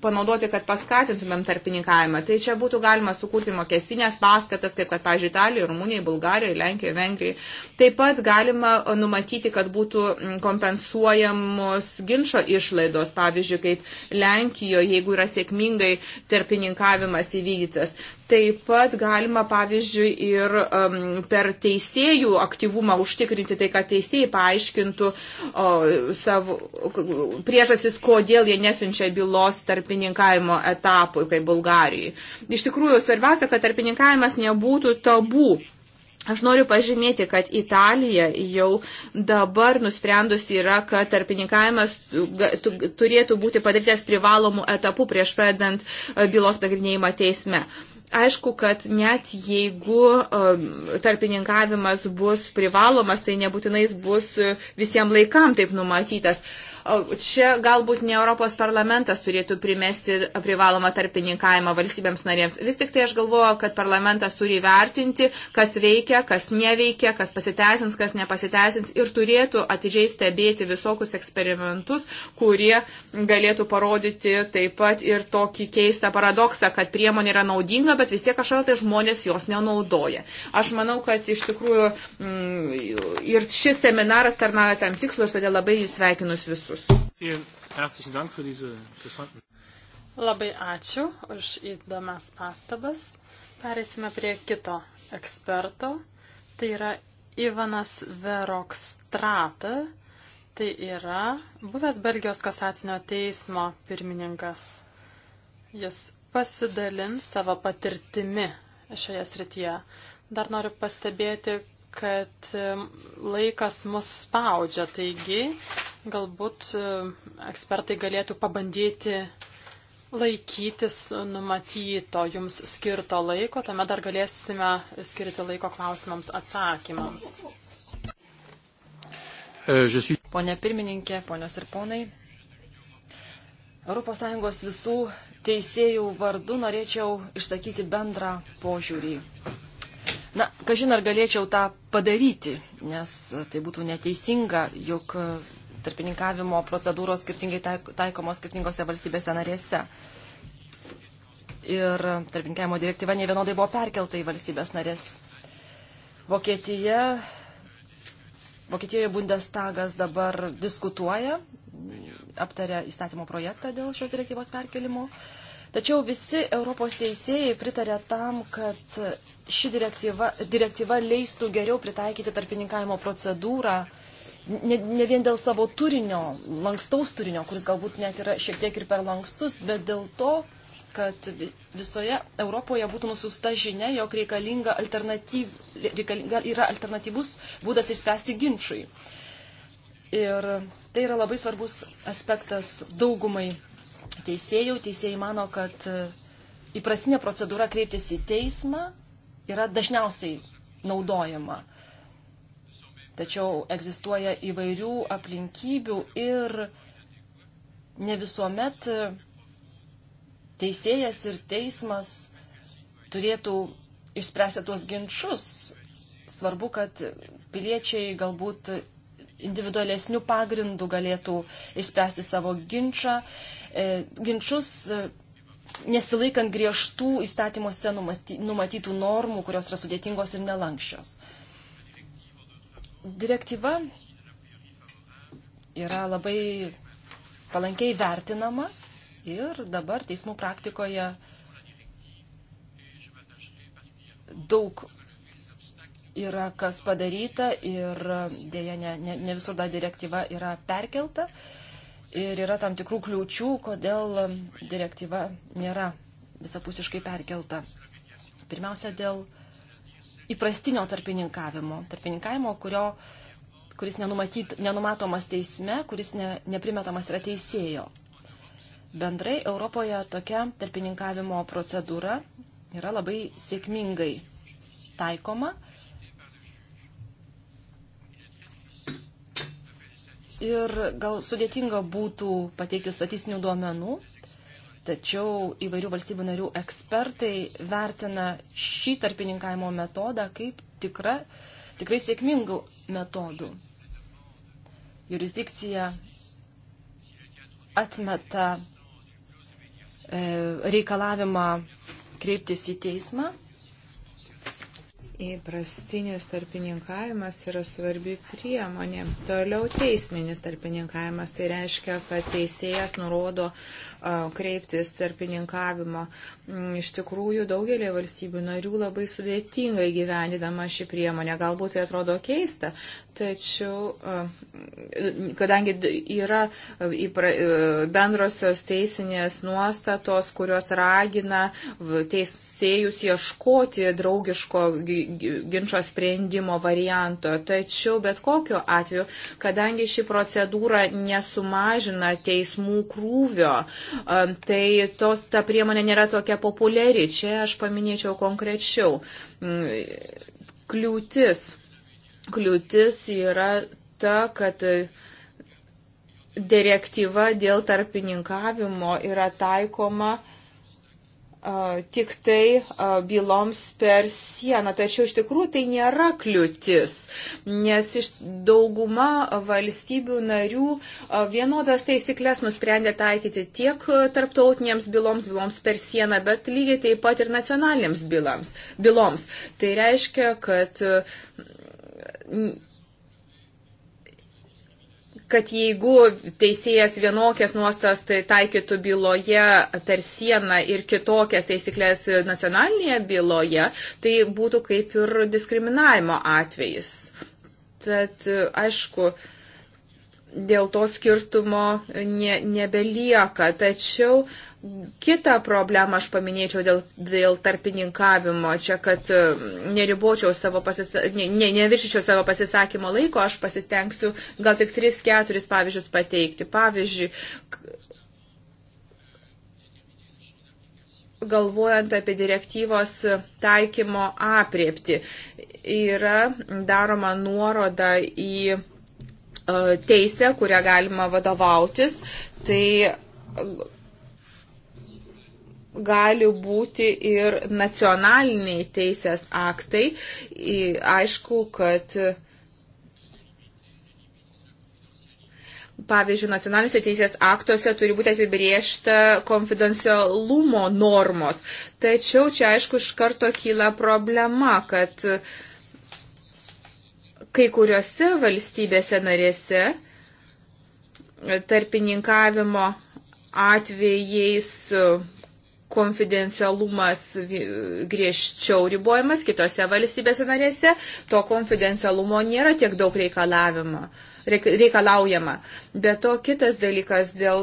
D: panaudoti, kad paskatintumėm tarpininkavimą. Tai čia būtų galima sukurti mokestinės paskatas, kaip kad, pavyzdžiui, Italijoje, Rumunijoje, Bulgarijoje, Lenkijoje, Vengrijoje. Taip pat galima numatyti, kad būtų kompensuojamos ginčio išlaidos, pavyzdžiui, kaip Lenkijoje, jeigu yra sėkmingai tarpininkavimas įvykdytas. Taip pat galima, pavyzdžiui, ir um, per teisėjų aktyvumą užtikrinti tai, kad teisėjai paaiškintų o, savo priežasis, kodėl jie nesiunčia bylos tarpininkavimo etapui, kaip Bulgarijai. Iš tikrųjų, svarbiausia, kad tarpininkavimas nebūtų tabų. Aš noriu pažymėti, kad Italija jau dabar nusprendusi yra, kad tarpininkavimas turėtų būti padarytas privalomų etapų prieš pradant e, bylos nagrinėjimą teisme. Aišku, kad net jeigu um, tarpininkavimas bus privalomas, tai nebūtinai jis bus visiems laikam taip numatytas. Čia galbūt ne Europos parlamentas turėtų primesti privalomą tarpininkavimą valstybėms narėms. Vis tik tai aš galvoju, kad parlamentas turi vertinti, kas veikia, kas neveikia, kas pasiteisins, kas nepasiteisins ir turėtų atidžiai stebėti visokius eksperimentus, kurie galėtų parodyti taip pat ir tokį keistą paradoksą, kad priemonė yra naudinga, bet vis tiek kažkada tai žmonės jos nenaudoja. Aš manau, kad iš tikrųjų m, mm, ir šis seminaras tarnauja tam tikslui, aš todėl labai jūs sveikinus visus
A: procesus.
B: Labai ačiū už įdomias pastabas. Pereisime prie kito eksperto. Tai yra Ivanas Verokstrata. Tai yra buvęs Belgijos kasacinio teismo pirmininkas. Jis pasidalins savo patirtimi šioje srityje. Dar noriu pastebėti, kad laikas mus spaudžia, taigi galbūt ekspertai galėtų pabandyti laikytis numatyto jums skirto laiko, tuomet dar galėsime skirti laiko klausimams atsakymams.
C: E, Pone pirmininkė, ponios ir ponai, ES visų teisėjų vardu norėčiau išsakyti bendrą požiūrį Na, kažin ar galėčiau tą padaryti, nes tai būtų neteisinga, juk e, tarpininkavimo procedūros skirtingai tai, taikomos skirtingose valstybėse narėse. Ir tarpininkavimo direktyva ne vienodai buvo perkelta į valstybės narės. Vokietija, Vokietijoje Bundestagas dabar diskutuoja, aptarė įstatymo projektą dėl šios direktyvos perkelimo. Tačiau visi Europos teisėjai pritarė tam, kad ši direktyva, direktyva leistų geriau pritaikyti tarpininkavimo procedūrą, ne, ne vien dėl savo turinio, lankstaus turinio, kuris galbūt net yra šiek tiek ir per lankstus, bet dėl to, kad visoje Europoje būtų nusiusta žinia, jog reikalinga alternatyv, reikalinga, yra alternatyvus būdas išspręsti ginčiui. Ir tai yra labai svarbus aspektas daugumai teisėjų. Teisėjai mano, kad e, įprastinė procedūra kreiptis į teismą yra dažniausiai naudojama. Tačiau egzistuoja įvairių aplinkybių ir ne visuomet teisėjas ir teismas turėtų išspręsti tuos ginčius. Svarbu, kad piliečiai galbūt individualesnių pagrindų galėtų išspręsti savo ginčą, e, ginčius nesilaikant griežtų įstatymuose numatytų normų, kurios yra sudėtingos ir nelankščios. Direktyva yra labai palankiai vertinama ir dabar teismų praktikoje daug yra kas padaryta ir dėja ne, ne, ne visur ta direktyva yra perkelta. Uh, ir yra tam tikrų kliūčių, kodėl direktyva nėra visapusiškai perkelta. Pirmiausia, dėl įprastinio tarpininkavimo. Tarpininkavimo, kurio, kuris nenumatyt, nenumatomas teisme, kuris ne, neprimetamas yra teisėjo. Bendrai Europoje tokia tarpininkavimo procedūra yra labai sėkmingai taikoma ir gal sudėtinga būtų pateikti statistinių duomenų, tačiau įvairių valstybių narių ekspertai vertina šį tarpininkavimo metodą kaip tikra, tikrai sėkmingų metodų. Jurisdikcija atmeta
A: e,
C: reikalavimą
D: kreiptis į teismą Įprastinis tarpininkavimas yra svarbi priemonė. Toliau teisminis tarpininkavimas, tai reiškia, kad teisėjas nurodo kreiptis tarpininkavimo. Mm, iš tikrųjų, daugelį valstybių narių labai sudėtingai gyvenidama šį priemonę. Galbūt tai atrodo keista, tačiau mm, kadangi yra bendrosios teisinės nuostatos, kurios ragina teisėjus ieškoti draugiško ginčio sprendimo varianto. Tačiau bet kokiu atveju, kadangi ši procedūra nesumažina teismų krūvio, tai tos, ta priemonė nėra tokia populiari. Čia aš paminėčiau konkrečiau. Kliūtis. Kliūtis yra ta, kad direktyva dėl tarpininkavimo yra taikoma uh, tik tai byloms per sieną. Tačiau iš tikrųjų tai nėra kliūtis, nes iš dauguma valstybių narių vienodas taisyklės nusprendė taikyti tiek tarptautinėms byloms, byloms per sieną, bet lygiai taip pat ir nacionalinėms bylams, byloms. Tai reiškia, kad kad jeigu teisėjas vienokias nuostas tai taikytų byloje per sieną ir kitokias teisiklės nacionalinėje byloje, tai būtų kaip ir diskriminavimo atvejis. Tad aišku, dėl to skirtumo ne, nebelieka. Tačiau kitą problemą aš paminėčiau dėl, dėl tarpininkavimo. Čia, kad e, neribočiau savo, pasisa, ne, ne, neviršyčiau savo pasisakymo laiko, aš pasistengsiu gal tik 3-4 pavyzdžius pateikti. Pavyzdžiui, galvojant apie direktyvos taikymo apriepti, yra daroma nuoroda į teisę, kurią galima vadovautis, tai gali būti ir nacionaliniai teisės aktai. Aišku, kad pavyzdžiui, nacionaliniuose teisės aktuose turi būti apibriešta konfidencialumo normos. Tačiau čia aišku iš karto kyla problema, kad uh, kai kuriuose valstybėse narėse tarpininkavimo atvejais konfidencialumas griežčiau ribojamas, kitose valstybėse narėse to konfidencialumo nėra tiek daug reikalaujama. Be to kitas dalykas dėl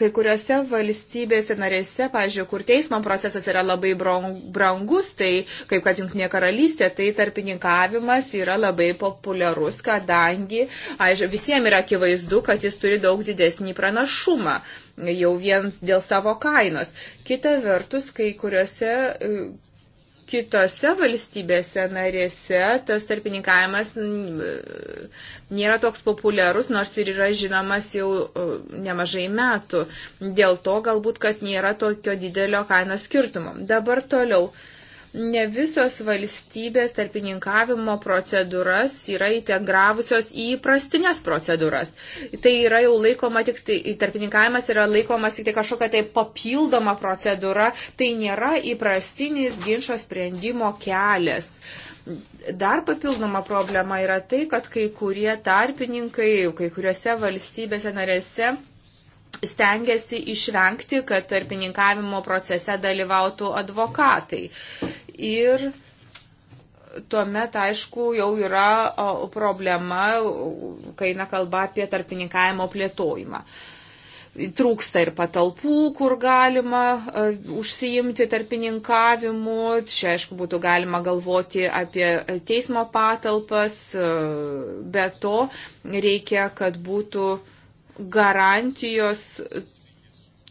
D: kai kuriuose valstybėse narėse, pažiūrėjau, kur teismo procesas yra labai brangus, tai kaip kad Junktinė karalystė, tai tarpininkavimas yra labai populiarus, kadangi aiš, visiems yra akivaizdu, kad jis turi daug didesnį pranašumą jau vien dėl savo kainos. Kita vertus, kai kuriuose kitose valstybėse narėse tas tarpininkavimas nėra toks populiarus, nors ir yra žinomas jau e, nemažai metų. Dėl to galbūt, kad nėra tokio didelio kainos skirtumo. Dabar toliau ne visos valstybės tarpininkavimo procedūras yra integravusios į prastinės procedūras. Tai yra jau laikoma tik tai, tarpininkavimas yra laikomas tik tai kažkokia tai papildoma procedūra, tai nėra įprastinis ginčio sprendimo kelias. Dar papildoma problema yra tai, kad kai kurie tarpininkai, kai kuriuose valstybėse narėse stengiasi išvengti, kad tarpininkavimo procese dalyvautų advokatai. Ir tuomet, aišku, jau yra problema, kai eina kalba apie tarpininkavimo plėtojimą. Trūksta ir patalpų, kur galima e, užsiimti tarpininkavimu. Čia, aišku, būtų galima galvoti apie teismo patalpas. E, be to, reikia, kad būtų uh, garantijos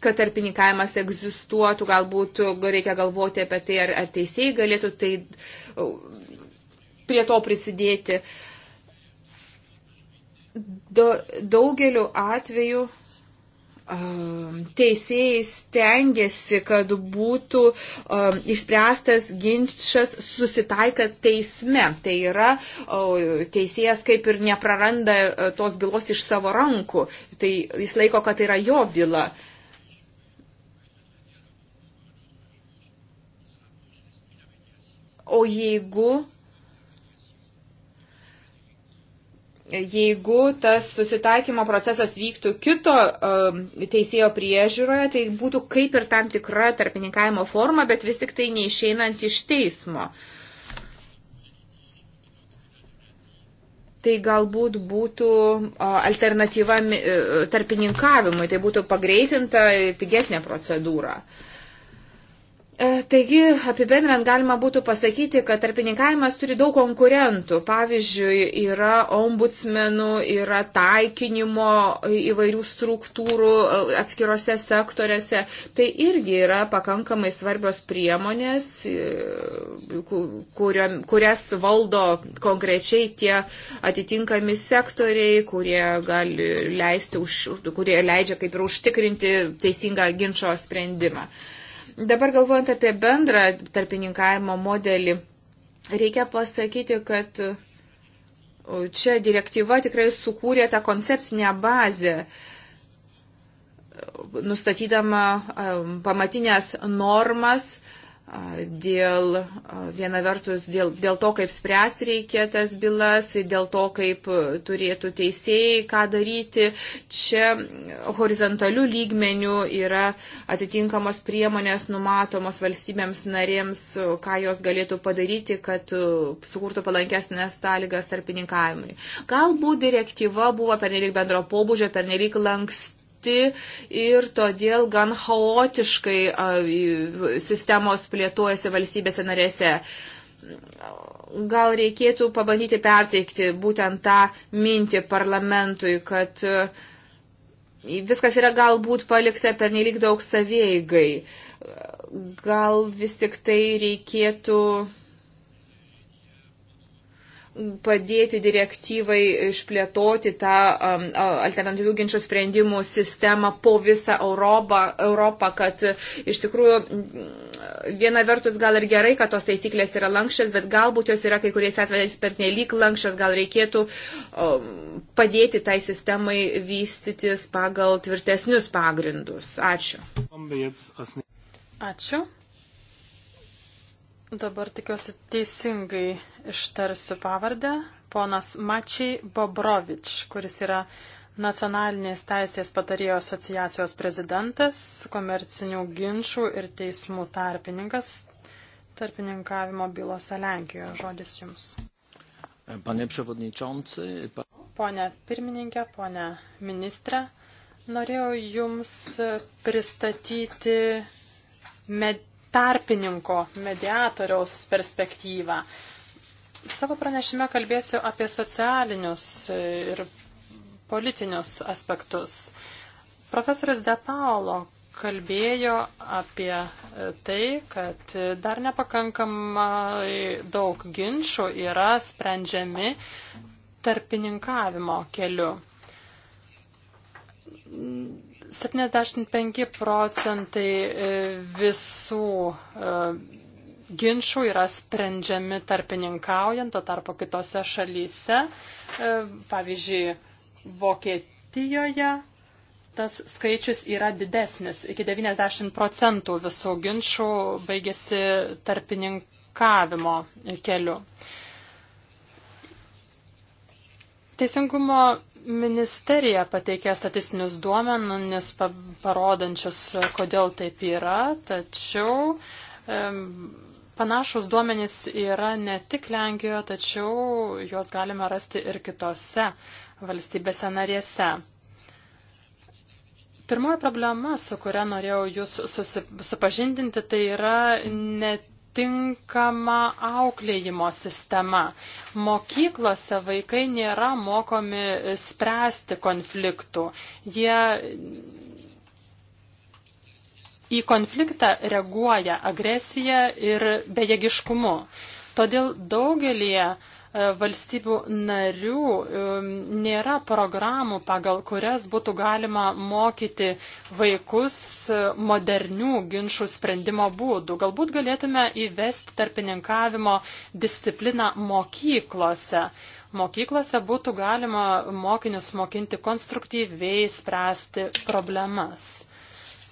D: kad tarpininkavimas egzistuotų, galbūt reikia galvoti apie tai, ar, ar teisėjai galėtų tai prie to prisidėti. Da, daugeliu atveju Um, teisėjai stengiasi, kad būtų um, išspręstas ginčas susitaikant teisme. Tai yra, o, teisėjas kaip ir nepraranda e, tos bylos iš savo rankų. Tai jis laiko, kad tai yra jo byla. O jeigu jeigu tas susitaikymo procesas vyktų kito um, teisėjo priežiūroje, tai būtų kaip ir tam tikra tarpininkavimo forma, bet vis tik tai neišeinant iš teismo. Tai galbūt būtų alternatyva e, tarpininkavimui, tai būtų pagreitinta pigesnė procedūra. Uh, E, taigi, apibendrinant galima būtų pasakyti, kad tarpininkavimas turi daug konkurentų. Pavyzdžiui, yra ombudsmenų, yra taikinimo įvairių struktūrų e, atskirose sektoriuose. Tai irgi yra pakankamai svarbios priemonės, e, kurias valdo konkrečiai tie atitinkami sektoriai, kurie, gali leisti, kurie leidžia kaip ir užtikrinti teisingą ginčio sprendimą. Dabar galvojant apie bendrą tarpininkavimo modelį, reikia pasakyti, kad čia direktyva tikrai sukūrė tą koncepcinę bazę, nustatydama pamatinės normas dėl viena vertus dėl, dėl to, kaip spręsti reikia tas bylas, dėl to, kaip turėtų teisėjai ką daryti. Čia horizontalių lygmenių yra atitinkamos priemonės numatomos valstybėms narėms, ką jos galėtų padaryti, kad sukurtų palankesnės sąlygas tarpininkavimui. Galbūt direktyva buvo pernelyg bendro pobūdžio, pernelyg lanksti slapti ir todėl gan chaotiškai sistemos plėtuojasi valstybėse narėse. Gal reikėtų pabandyti perteikti būtent tą mintį parlamentui, kad e, viskas yra galbūt palikta per nelik daug savėgai. Gal vis tik tai reikėtų padėti direktyvai išplėtoti tą um, alternatyvių ginčių sprendimų sistemą po visą Europą, Europą, kad iš tikrųjų mm, viena vertus gal ir gerai, kad tos taisyklės yra lankščios, bet galbūt jos yra kai kuriais atvejais per nelik lankščios, gal reikėtų um, padėti tai sistemai vystytis pagal tvirtesnius pagrindus. Ačiū. Ačiū.
B: Dabar tikiuosi teisingai ištarsiu pavardę. Ponas Mačiai Bobrovič, kuris yra nacionalinės teisės patarėjo asociacijos prezidentas, komercinių ginčių ir teismų tarpininkas, tarpininkavimo bylose Lenkijoje. Žodis jums.
A: Pane
C: Przewodniczący. Pa...
B: Pone pirmininkė, pone ministrė, norėjau jums pristatyti med tarpininko, mediatoriaus perspektyvą. Savo pranešime kalbėsiu apie socialinius e, ir politinius aspektus. Profesorius De Paulo kalbėjo apie e, tai, kad dar nepakankamai daug ginčių yra sprendžiami tarpininkavimo keliu 75 procentai e, visų e, ginčių yra sprendžiami tarpininkaujant, o tarpo kitose šalyse, e, pavyzdžiui, Vokietijoje tas skaičius yra didesnis. Iki 90 procentų visų ginčių baigėsi tarpininkavimo keliu. Teisingumo Ministerija pateikė statistinius duomenis parodančius, kodėl taip yra, tačiau panašus duomenys yra ne tik Lenkijoje, tačiau juos galime rasti ir kitose valstybėse narėse. Pirmoji problema, su kuria norėjau jūs susipažindinti, tai yra ne tinkama auklėjimo sistema. Mokyklose vaikai nėra mokomi spręsti konfliktų. Jie į konfliktą reaguoja agresija ir bejėgiškumu. Todėl daugelie E, valstybių narių e, nėra programų, pagal kurias būtų galima mokyti vaikus e, modernių ginčių sprendimo būdų. Galbūt galėtume įvesti tarpininkavimo discipliną mokyklose. Mokyklose būtų galima mokinius mokinti konstruktyviai spręsti problemas.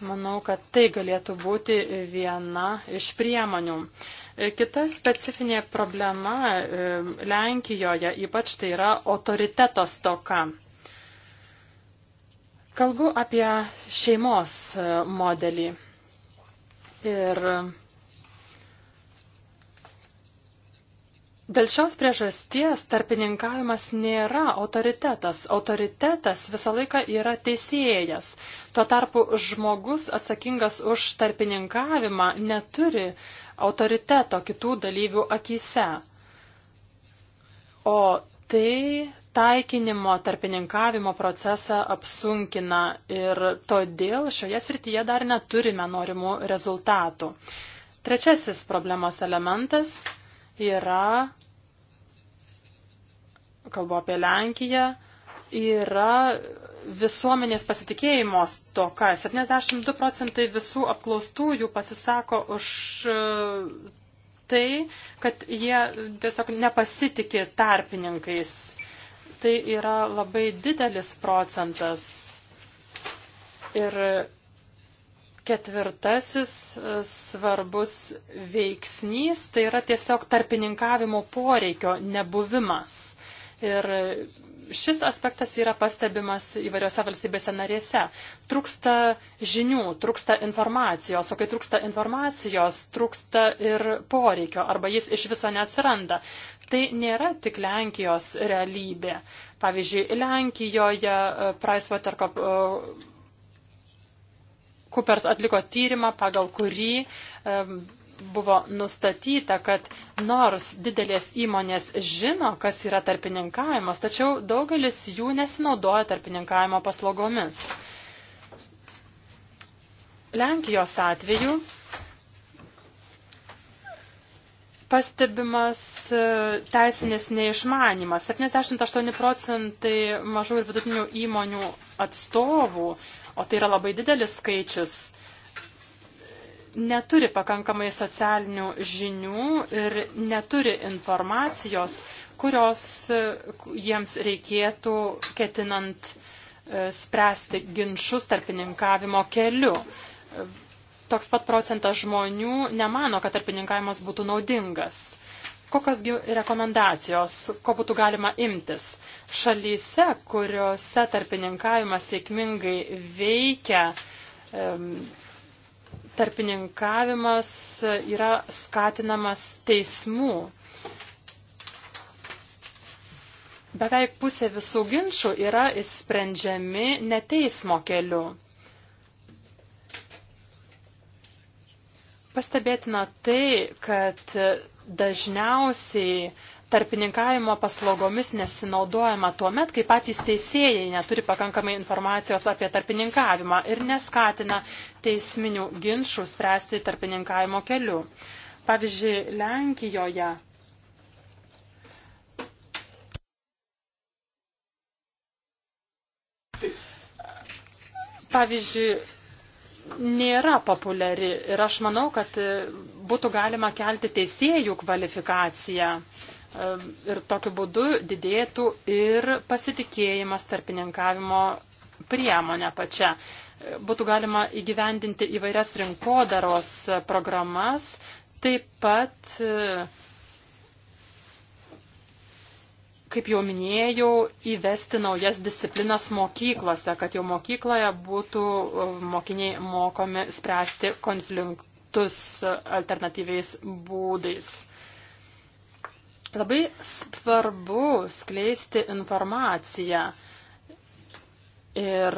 B: Manau, kad tai galėtų būti viena iš priemonių. Kita specifinė problema e, Lenkijoje ypač tai yra autoriteto stoka. Kalbu apie šeimos e, modelį. Ir Dėl šios priežasties tarpininkavimas nėra autoritetas. Autoritetas visą laiką yra teisėjas. Tuo tarpu žmogus atsakingas už tarpininkavimą neturi autoriteto kitų dalyvių akise. O tai taikinimo tarpininkavimo procesą apsunkina ir todėl šioje srityje dar neturime norimų rezultatų. Trečiasis problemos elementas yra, kalbu apie Lenkiją, yra visuomenės pasitikėjimo stoka. 72 procentai visų apklaustųjų pasisako už e, tai, kad jie tiesiog nepasitikė tarpininkais. Tai yra labai didelis procentas. Ir Ketvirtasis e, svarbus veiksnys tai yra tiesiog tarpininkavimo poreikio nebuvimas. Ir šis aspektas yra pastebimas įvairiose valstybėse narėse. Truksta žinių, truksta informacijos, o kai truksta informacijos, truksta ir poreikio, arba jis iš viso neatsiranda. Tai nėra tik Lenkijos realybė. Pavyzdžiui, Lenkijoje e, Pricewaterhouse Kupers atliko tyrimą, pagal kurį buvo nustatyta, kad nors didelės įmonės žino, kas yra tarpininkavimas, tačiau daugelis jų nesinaudoja tarpininkavimo paslaugomis. Lenkijos atveju pastebimas e, teisinis neišmanimas. 78 procentai mažų ir vidutinių įmonių atstovų o tai yra labai didelis skaičius, neturi pakankamai socialinių žinių ir neturi informacijos, kurios e, jiems reikėtų ketinant e, spręsti ginčius tarpininkavimo keliu. E, toks pat procentas žmonių nemano, kad tarpininkavimas būtų naudingas. Kokiosgi rekomendacijos, ko būtų galima imtis? Šalyse, kuriuose tarpininkavimas sėkmingai veikia, tarpininkavimas yra skatinamas teismų. Beveik pusė visų ginčių yra įsprendžiami ne teismo keliu. Pastebėtina tai, kad dažniausiai tarpininkavimo paslaugomis nesinaudojama tuo met, kai patys teisėjai neturi pakankamai informacijos apie tarpininkavimą ir neskatina teisminių ginčių spręsti tarpininkavimo keliu. Pavyzdžiui, Lenkijoje Pavyzdžiui, nėra populiari ir aš manau, kad e, būtų galima kelti teisėjų kvalifikaciją e, ir tokiu būdu didėtų ir pasitikėjimas tarpininkavimo priemonę pačią. E, būtų galima įgyvendinti įvairias rinkodaros programas, taip pat kaip jau minėjau, įvesti naujas disciplinas mokyklose, kad jau mokykloje būtų e, mokiniai mokomi spręsti konfliktus alternatyviais būdais. Labai svarbu skleisti informaciją. Ir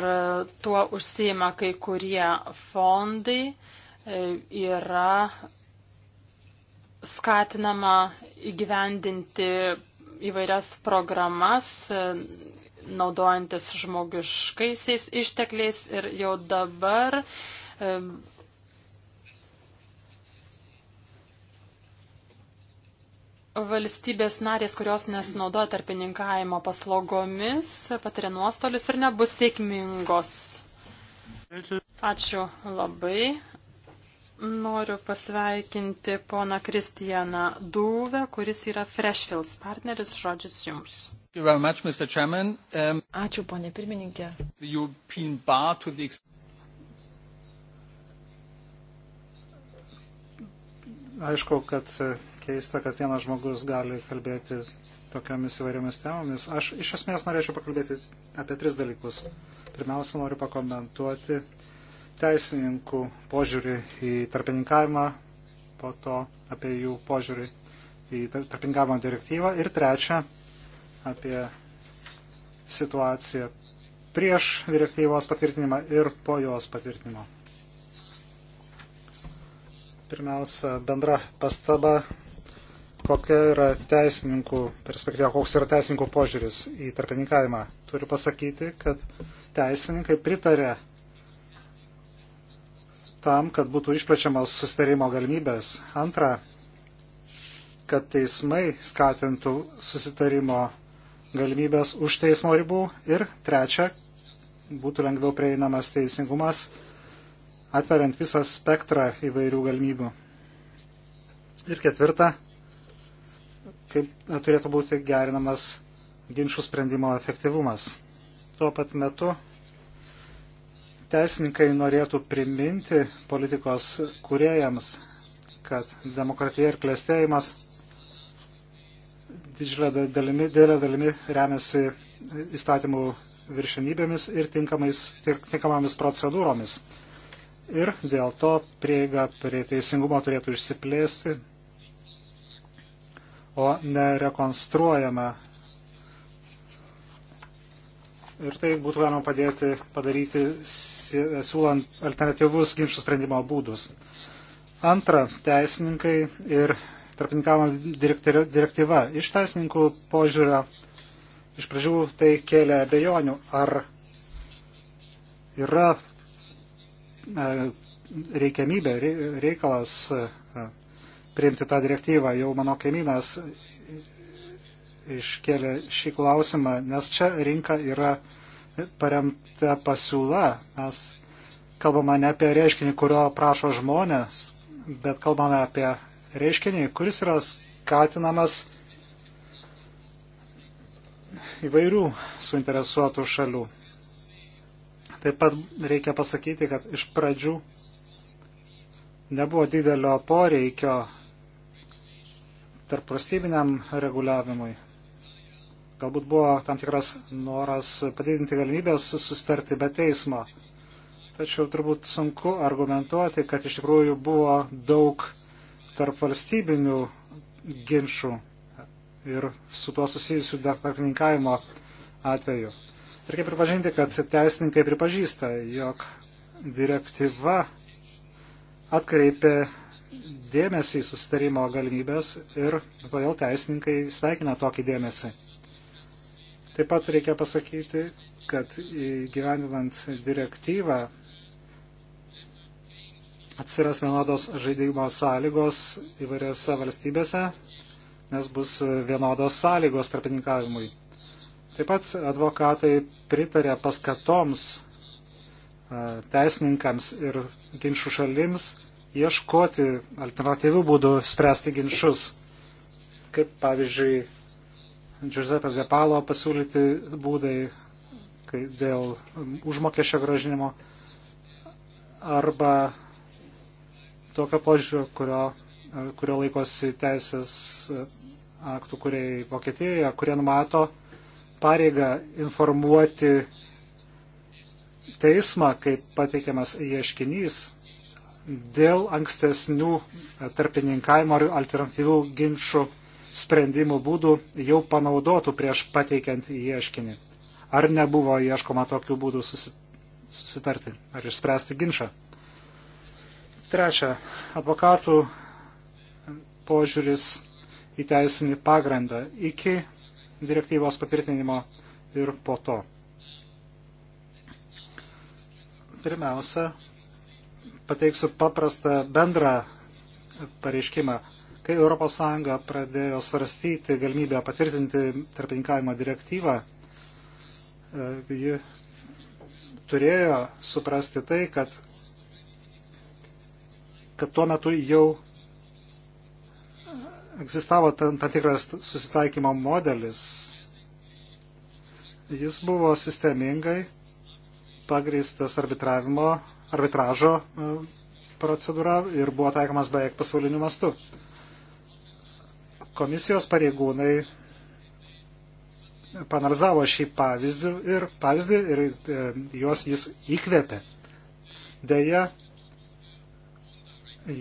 B: tuo užsieima kai kurie fondai, e, yra skatinama įgyvendinti įvairias programas, e, naudojantis žmogiškaisiais ištekliais ir jau dabar e, valstybės narės, kurios nesinaudoja tarpininkavimo paslaugomis, patiria nuostolius ir nebus sėkmingos. Ačiū labai. Noriu pasveikinti poną Kristijaną Dūvę, kuris yra Freshfields partneris, žodžius jums.
C: Much, um, Ačiū, ponė pirmininkė. The...
A: Aišku, kad e, keista, kad vienas žmogus gali kalbėti tokiamis įvairiomis temomis. Aš iš esmės norėčiau pakalbėti apie tris dalykus. Pirmiausia, noriu pakomentuoti teisininkų požiūrį į tarpininkavimą, po to apie jų požiūrį į tarpininkavimo direktyvą ir trečia apie situaciją prieš direktyvos patvirtinimą ir po jos patvirtinimo. Pirmiausia, bendra pastaba, kokia yra teisininkų perspektyva, koks yra teisininkų požiūris į tarpininkavimą. Turiu pasakyti, kad teisininkai pritarė tam, kad būtų išplečiamos susitarimo galimybės. Antra, kad teismai skatintų susitarimo galimybės už teismo ribų. Ir trečia, būtų lengviau prieinamas teisingumas, atveriant visą spektrą įvairių galimybių. Ir ketvirta, kaip turėtų būti gerinamas ginčių sprendimo efektyvumas. Tuo pat metu teisininkai norėtų priminti politikos kuriejams, kad demokratija ir klėstėjimas didžiulė dalimi, didelė dalimi remiasi įstatymų viršenybėmis ir tinkamomis procedūromis. Ir dėl to prieiga prie teisingumo turėtų išsiplėsti, o ne rekonstruojama ir tai būtų galima padėti padaryti, siūlant alternatyvus ginčių sprendimo būdus. Antra, teisininkai ir tarpininkavimo direktyva. Iš teisininkų požiūrio iš pradžių tai kėlė abejonių, ar yra e, reikiamybė, reikalas e, priimti tą direktyvą. Jau mano kaimynas iškėlė šį klausimą, nes čia rinka yra paremta pasiūla. Mes kalbame ne apie reiškinį, kurio prašo žmonės, bet kalbame apie reiškinį, kuris yra skatinamas įvairių suinteresuotų šalių. Taip pat reikia pasakyti, kad iš pradžių nebuvo didelio poreikio tarp prastybiniam reguliavimui. Galbūt buvo tam tikras noras padidinti galimybės susitarti be teismo. Tačiau turbūt sunku argumentuoti, kad iš tikrųjų buvo daug tarp valstybinių ginčių ir su tuo susijusių dar tarpininkavimo atveju. Reikia pripažinti, kad teisininkai pripažįsta, jog direktyva atkreipė dėmesį į susitarimo galimybės ir todėl teisininkai sveikina tokį dėmesį. Taip pat reikia pasakyti, kad gyvendinant direktyvą atsiras vienodos žaidimo sąlygos įvairiose valstybėse, nes bus vienodos sąlygos tarpininkavimui. Taip pat advokatai pritarė paskatoms teisininkams ir ginčių šalims ieškoti alternatyvių būdų spręsti ginčius, kaip pavyzdžiui Giuseppės Gapalo pasiūlyti būdai kai, dėl um, užmokesčio gražinimo arba tokio požiūrio, kurio, uh, kurio laikosi teisės uh, aktų, kurie Vokietijoje, kurie numato pareigą informuoti teismą, kaip pateikiamas ieškinys dėl ankstesnių uh, tarpininkavimo ar alternatyvių ginčių sprendimų būdų jau panaudotų prieš pateikiant ieškinį. Ar nebuvo ieškoma tokių būdų susitarti ar išspręsti ginčą? Trečia, advokatų požiūris į teisinį pagrindą iki direktyvos patvirtinimo ir po to. Pirmiausia, pateiksiu paprastą bendrą pareiškimą. Kai ES pradėjo svarstyti galimybę patvirtinti tarpininkavimo direktyvą, e, ji turėjo suprasti tai, kad, kad tuo metu jau egzistavo tam, tam tikras susitaikymo modelis. Jis buvo sistemingai pagristas arbitravimo, arbitražo e, procedūra ir buvo taikomas beveik pasauliniu mastu. Komisijos pareigūnai panalizavo šį pavyzdį ir, pavyzdį ir e, juos jis įkvėpė. Deja,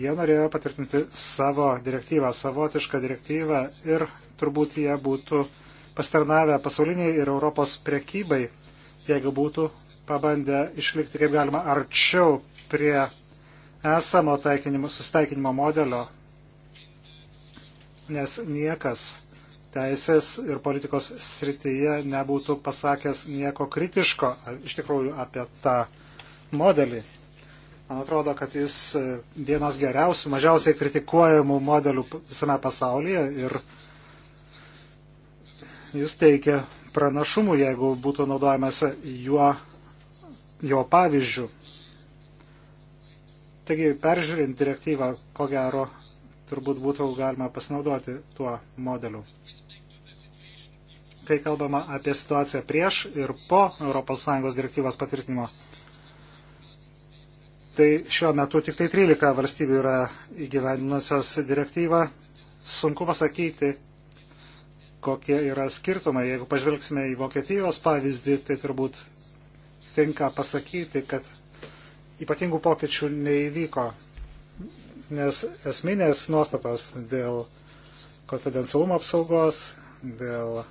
A: jie norėjo patvirtinti savo direktyvą, savotišką direktyvą ir turbūt jie būtų pastarnavę pasauliniai ir Europos prekybai, jeigu būtų pabandę išlikti kaip galima arčiau prie esamo susitaikinimo modelio nes niekas teisės ir politikos srityje nebūtų pasakęs nieko kritiško iš tikrųjų apie tą modelį. Man atrodo, kad jis e, vienas geriausių, mažiausiai kritikuojamų modelių visame pasaulyje ir jis teikia pranašumų, jeigu būtų naudojamas juo, jo pavyzdžių. Taigi, peržiūrint direktyvą, ko gero, turbūt būtų galima pasinaudoti tuo modeliu. Kai kalbama apie situaciją prieš ir po ES direktyvos patvirtinimo, tai šiuo metu tik tai 13 valstybių yra įgyvendinusios direktyvą. Sunku pasakyti, kokie yra skirtumai. Jeigu pažvelgsime į Vokietijos pavyzdį, tai turbūt tinka pasakyti, kad ypatingų pokyčių neįvyko nes esminės nuostatos dėl konfidencialumo apsaugos, dėl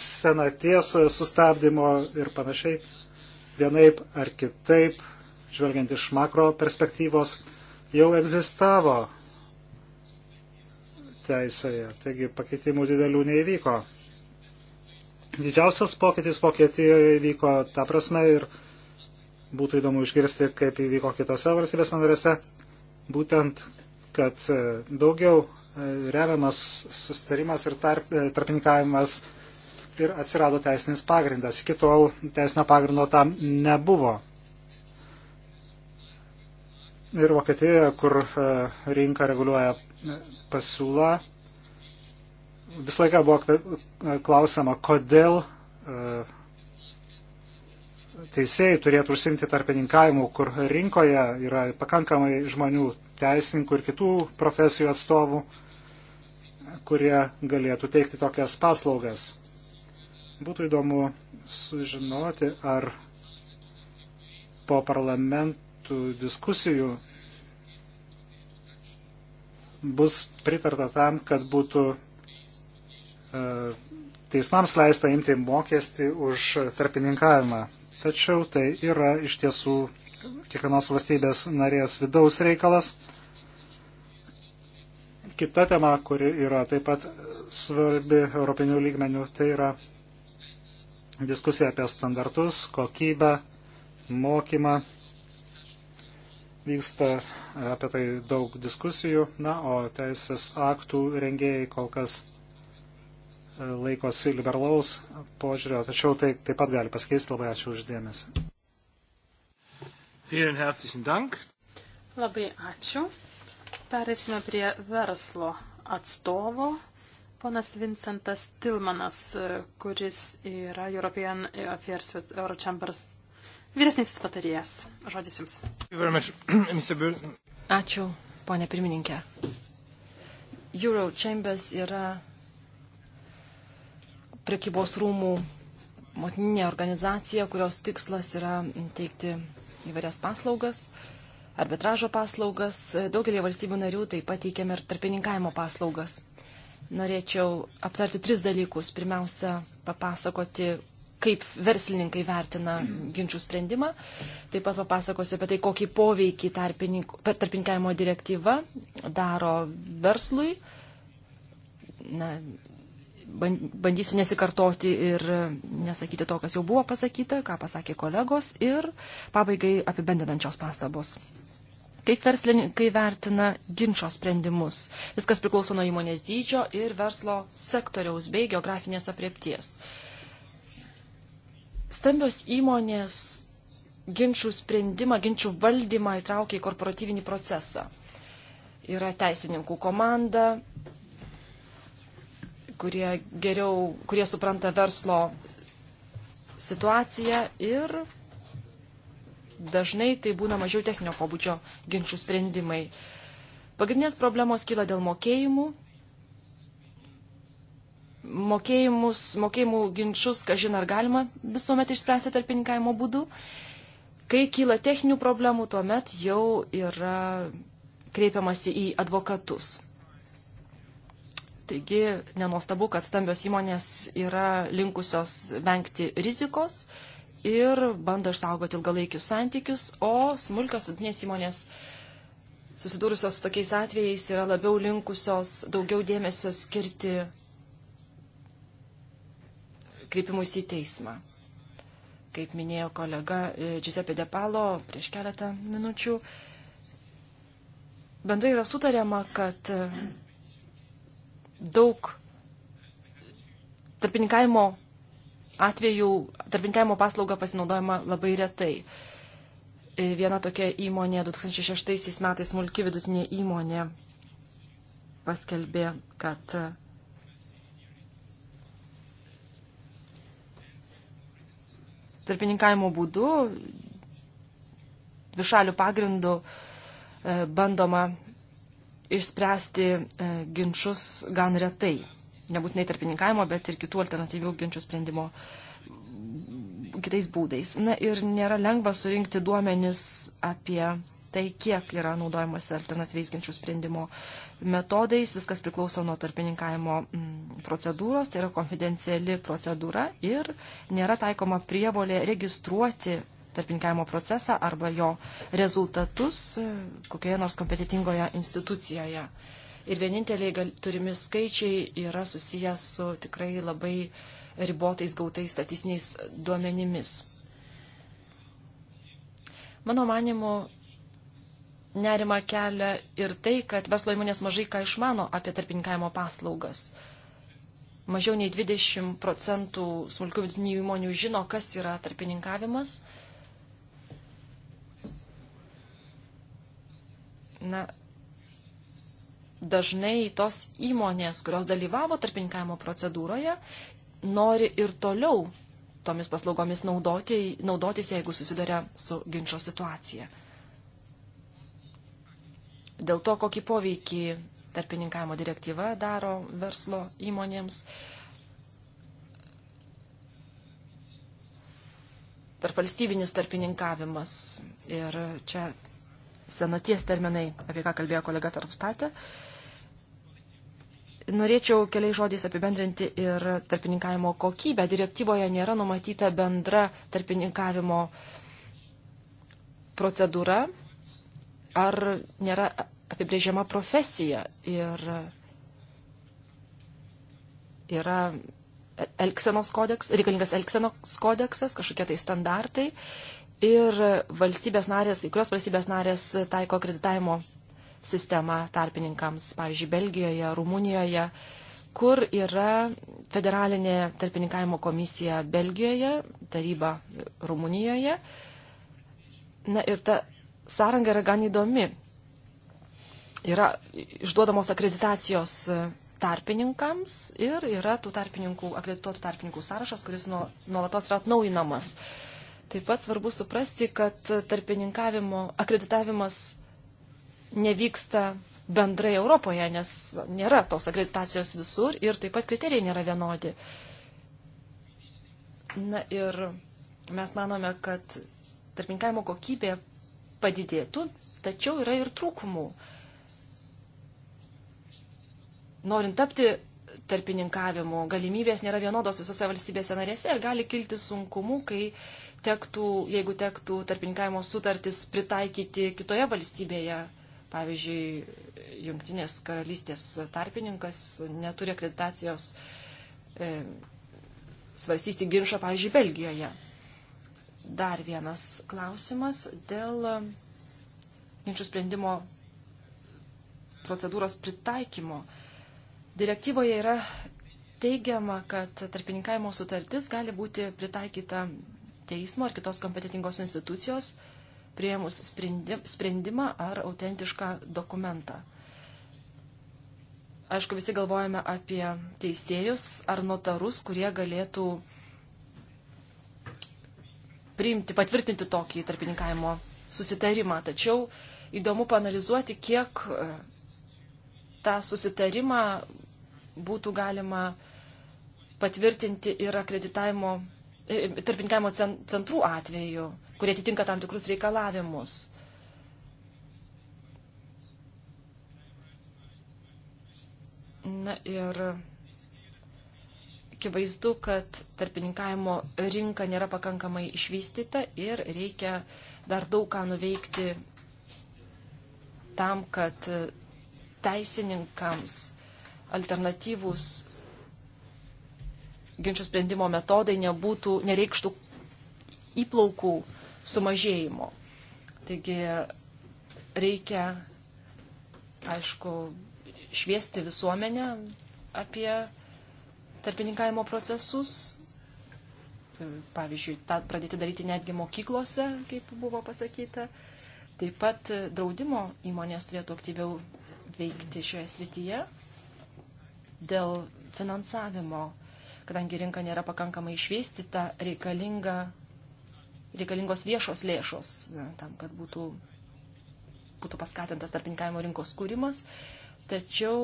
A: senaties sustabdymo ir panašiai, vienaip ar kitaip, žvelgiant iš makro perspektyvos, jau egzistavo teisėje, taigi pakeitimų didelių neįvyko. Didžiausias pokytis Vokietijoje įvyko ta prasme ir būtų įdomu išgirsti, kaip įvyko kitose valstybės narėse, būtent, kad e, daugiau e, remiamas sustarimas ir tarp, e, tarpininkavimas ir atsirado teisinis pagrindas. Iki tol teisinio pagrindo tam nebuvo. Ir Vokietijoje, kur rinka reguliuoja pasiūlą, visą laiką buvo klausama, kodėl teisėjai turėtų užsimti tarpininkavimu, kur rinkoje yra pakankamai žmonių teisininkų ir kitų profesijų atstovų, kurie galėtų teikti tokias paslaugas. Būtų įdomu sužinoti, ar po parlamentų diskusijų bus pritarta tam, kad būtų e, teismams leista imti mokestį už tarpininkavimą. Tačiau tai yra iš tiesų kiekvienos valstybės narės vidaus reikalas. Kita tema, kuri yra taip pat svarbi europinių lygmenių, tai yra diskusija apie standartus, kokybę, mokymą. Vyksta apie tai daug diskusijų, na, o teisės aktų rengėjai kol kas laikosi liberalaus požiūrio, tačiau tai taip pat gali pasikeisti. Labai ačiū uždėmesi. Vielen herzlichen Dank.
B: Labai ačiū. Perėsime prie verslo atstovo. Ponas Vincentas Tilmanas, kuris yra European Affairs with Eurochambers vyresnysis patarėjas. Žodis jums.
C: Ačiū, ponė pirmininkė. Eurochambers yra prekybos rūmų motininė organizacija, kurios tikslas yra teikti įvairias paslaugas, arbitražo paslaugas. Daugelį valstybių narių taip pat teikiame ir tarpininkavimo paslaugas. Norėčiau aptarti tris dalykus. Pirmiausia, papasakoti, kaip verslininkai vertina ginčių sprendimą. Taip pat papasakosiu apie tai, kokį poveikį tarpininkavimo direktyva daro verslui. Na, bandysiu nesikartoti ir nesakyti to, kas jau buvo pasakyta, ką pasakė kolegos ir pabaigai apibendinančios pastabos. Kaip verslininkai vertina ginčio sprendimus? Viskas priklauso nuo įmonės dydžio ir verslo sektoriaus bei geografinės apriepties. Stambios įmonės ginčių sprendimą, ginčių valdymą įtraukia į korporatyvinį procesą. Yra teisininkų komanda, kurie geriau, kurie supranta verslo situaciją ir dažnai tai būna mažiau techninio pobūdžio ginčių sprendimai. Pagrindinės problemos kyla dėl mokėjimų. Mokėjimus, mokėjimų ginčius, kažin ar galima visuomet išspręsti tarpininkavimo būdu. Kai kyla techninių problemų, tuomet jau yra kreipiamasi į advokatus. Taigi nenostabu, kad stambios įmonės yra linkusios vengti rizikos ir bando išsaugoti ilgalaikius santykius, o smulkios vidinės įmonės susidūrusios su tokiais atvejais yra labiau linkusios daugiau dėmesio skirti kreipimus į teismą. Kaip minėjo kolega e, Giuseppe Depalo prieš keletą minučių, bendrai yra sutariama, kad daug tarpininkavimo atvejų, tarpininkavimo paslauga pasinaudojama labai retai. E, viena tokia įmonė 2006 metais smulki vidutinė įmonė paskelbė, kad e, tarpininkavimo būdu, višalių pagrindų e, bandoma išspręsti e, ginčius gan retai. Nebūtinai tarpininkavimo, bet ir kitų alternatyvių ginčių sprendimo kitais būdais. Na ir nėra lengva surinkti duomenis apie tai, kiek yra naudojamas alternatyviais ginčių sprendimo metodais. Viskas priklauso nuo tarpininkavimo mm, procedūros, tai yra konfidenciali procedūra ir nėra taikoma prievolė registruoti tarpininkavimo procesą arba jo rezultatus e, kokioje nors kompetitingoje institucijoje. Ir vieninteliai gal, turimi skaičiai yra susijęs su tikrai labai ribotais gautais statistiniais duomenimis. Mano manimu, nerima kelia ir tai, kad verslo įmonės mažai ką išmano apie tarpininkavimo paslaugas mažiau nei 20 procentų smulkių vidutinių įmonių žino, kas yra tarpininkavimas, na, dažnai tos įmonės, kurios dalyvavo tarpininkavimo procedūroje, nori ir toliau tomis paslaugomis naudoti, naudotis, jeigu susiduria su ginčio situacija. Dėl to, kokį poveikį tarpininkavimo direktyva daro verslo įmonėms. Tarp valstybinis tarpininkavimas ir čia senaties terminai, apie ką kalbėjo kolega Tarpstatė. Norėčiau keliais žodžiais apibendrinti ir tarpininkavimo kokybę. Direktyvoje nėra numatyta bendra tarpininkavimo procedūra ar nėra apibrėžiama profesija ir yra elksenos kodeks, reikalingas elksenos kodeksas, kažkokie tai standartai ir valstybės narės, kai kurios valstybės narės taiko kreditavimo sistemą tarpininkams, pavyzdžiui, Belgijoje, Rumunijoje, kur yra federalinė tarpininkavimo komisija Belgijoje, taryba Rumunijoje. Na ir ta sąranga yra gan įdomi. Yra išduodamos akreditacijos tarpininkams ir yra tų tarpininkų, akredituotų tarpininkų sąrašas, kuris nuolatos yra atnaujinamas. Uh, Taip pat svarbu suprasti, kad tarpininkavimo akreditavimas nevyksta bendrai Europoje, nes nėra tos akreditacijos visur ir taip pat kriterijai nėra vienodi. Na ir mes manome, kad tarpininkavimo kokybė padidėtų, tačiau yra ir trūkumų. Norint tapti tarpininkavimo, galimybės nėra vienodos visose valstybėse narėse ir gali kilti sunkumų, kai tektų, jeigu tektų tarpininkavimo sutartis pritaikyti kitoje valstybėje, pavyzdžiui, Junktinės karalystės tarpininkas neturi akreditacijos e, svarstyti ginčą, pavyzdžiui, Belgijoje. Dar vienas klausimas dėl e, ginčių sprendimo procedūros pritaikymo. Direktyvoje yra teigiama, kad tarpininkavimo sutartis gali būti pritaikyta teismo ar kitos kompetitingos institucijos prieimus sprendimą ar autentišką dokumentą. Aišku, visi galvojame apie teisėjus ar notarus, kurie galėtų priimti, patvirtinti tokį tarpininkavimo susitarimą. Tačiau įdomu panalizuoti, kiek e, tą susitarimą būtų galima patvirtinti ir akreditavimo E, tarpininkavimo centrų atveju, kurie atitinka tam tikrus reikalavimus. Na ir akivaizdu, kad tarpininkavimo rinka nėra pakankamai išvystyta ir reikia dar daug ką nuveikti tam, kad teisininkams alternatyvūs ginčių sprendimo metodai nebūtų, nereikštų įplaukų sumažėjimo. Taigi reikia, aišku, šviesti visuomenę apie tarpininkavimo procesus. Pavyzdžiui, tą pradėti daryti netgi mokyklose, kaip buvo pasakyta. Taip pat draudimo įmonės turėtų aktyviau veikti šioje srityje dėl finansavimo kadangi rinka nėra pakankamai išvystyta, reikalinga, reikalingos viešos lėšos e, tam, kad būtų, būtų paskatintas tarpininkavimo rinkos kūrimas. Tačiau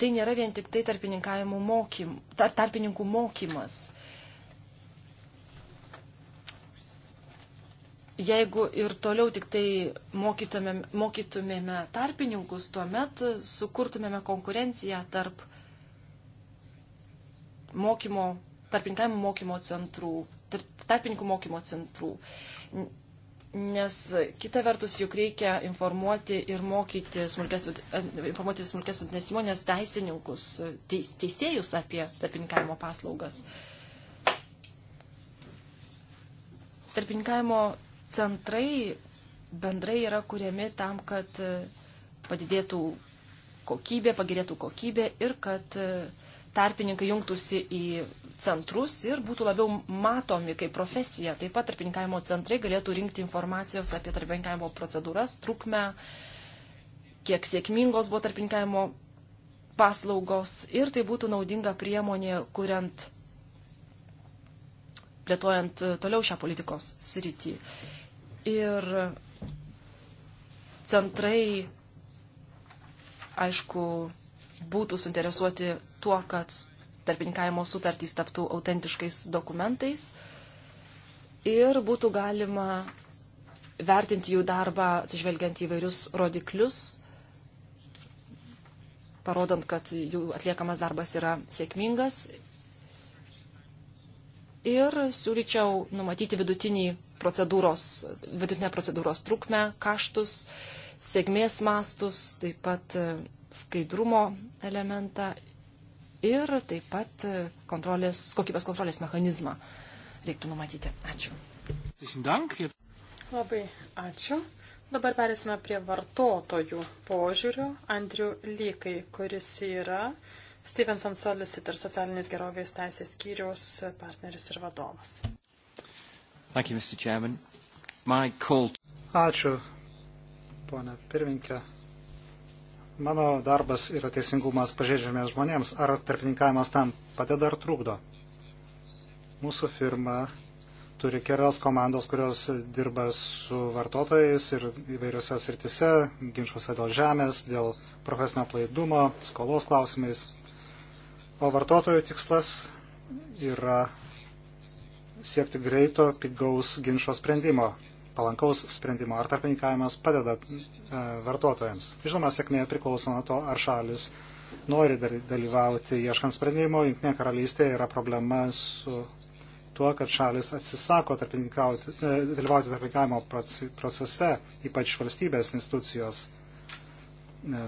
C: tai nėra vien tik tai mokym, tar, tarpininkų mokymas. Jeigu ir toliau tik tai mokytumėme, mokytumėme tarpininkus, tuomet sukurtumėme konkurenciją tarp mokymo, tarpininkavimo mokymo centrų, tarpininkų mokymo centrų. Nes kita vertus juk reikia informuoti ir mokyti smulkės, e, informuoti smulkės vidinės įmonės teisininkus, teis, teisėjus apie tarpininkavimo paslaugas. Tarpininkavimo centrai bendrai yra kuriami tam, kad padidėtų kokybė, pagerėtų kokybė ir kad uh, tarpininkai jungtųsi į centrus ir būtų labiau matomi kaip profesija. Taip pat tarpininkavimo centrai galėtų rinkti informacijos apie tarpininkavimo procedūras, trukmę, kiek sėkmingos buvo tarpininkavimo paslaugos ir tai būtų naudinga priemonė, kuriant, plėtojant toliau šią politikos sritį. Ir centrai, aišku, būtų suinteresuoti tuo, kad tarpininkavimo sutartys taptų autentiškais dokumentais ir būtų galima vertinti jų darbą atsižvelgiant į vairius rodiklius, parodant, kad jų atliekamas darbas yra sėkmingas. Ir siūlyčiau numatyti vidutinį procedūros, vidutinę procedūros trukmę, kaštus, sėkmės mastus, taip pat skaidrumo elementą ir taip pat kontrolės, kokybės kontrolės mechanizmą reiktų numatyti. Ačiū.
B: Labai ačiū. Dabar perėsime prie vartotojų požiūrių. Andriu Lykai, kuris yra Stevenson Solicitor socialinės gerovės teisės skyriaus partneris ir vadovas.
A: Thank you, Mr. Chairman. My call... Ačiū, ponia pirminkė. Mano darbas yra teisingumas pažeidžiamiems žmonėms. Ar tarpininkavimas tam padeda ar trukdo? Mūsų firma turi kelias komandos, kurios dirba su vartotojais ir įvairiose srityse, ginčiuose dėl žemės, dėl profesinio plaidumo, skolos klausimais. O vartotojų tikslas yra siekti greito, pigaus ginčio sprendimo palankaus sprendimo, ar tarpininkavimas padeda e, vartotojams. Žinoma, sėkmė priklauso nuo to, ar šalis nori dalyvauti ieškant sprendimo. Junktinė karalystė yra problema su tuo, kad šalis atsisako tarpininkauti, e, dalyvauti tarpininkavimo procese, ypač valstybės institucijos e,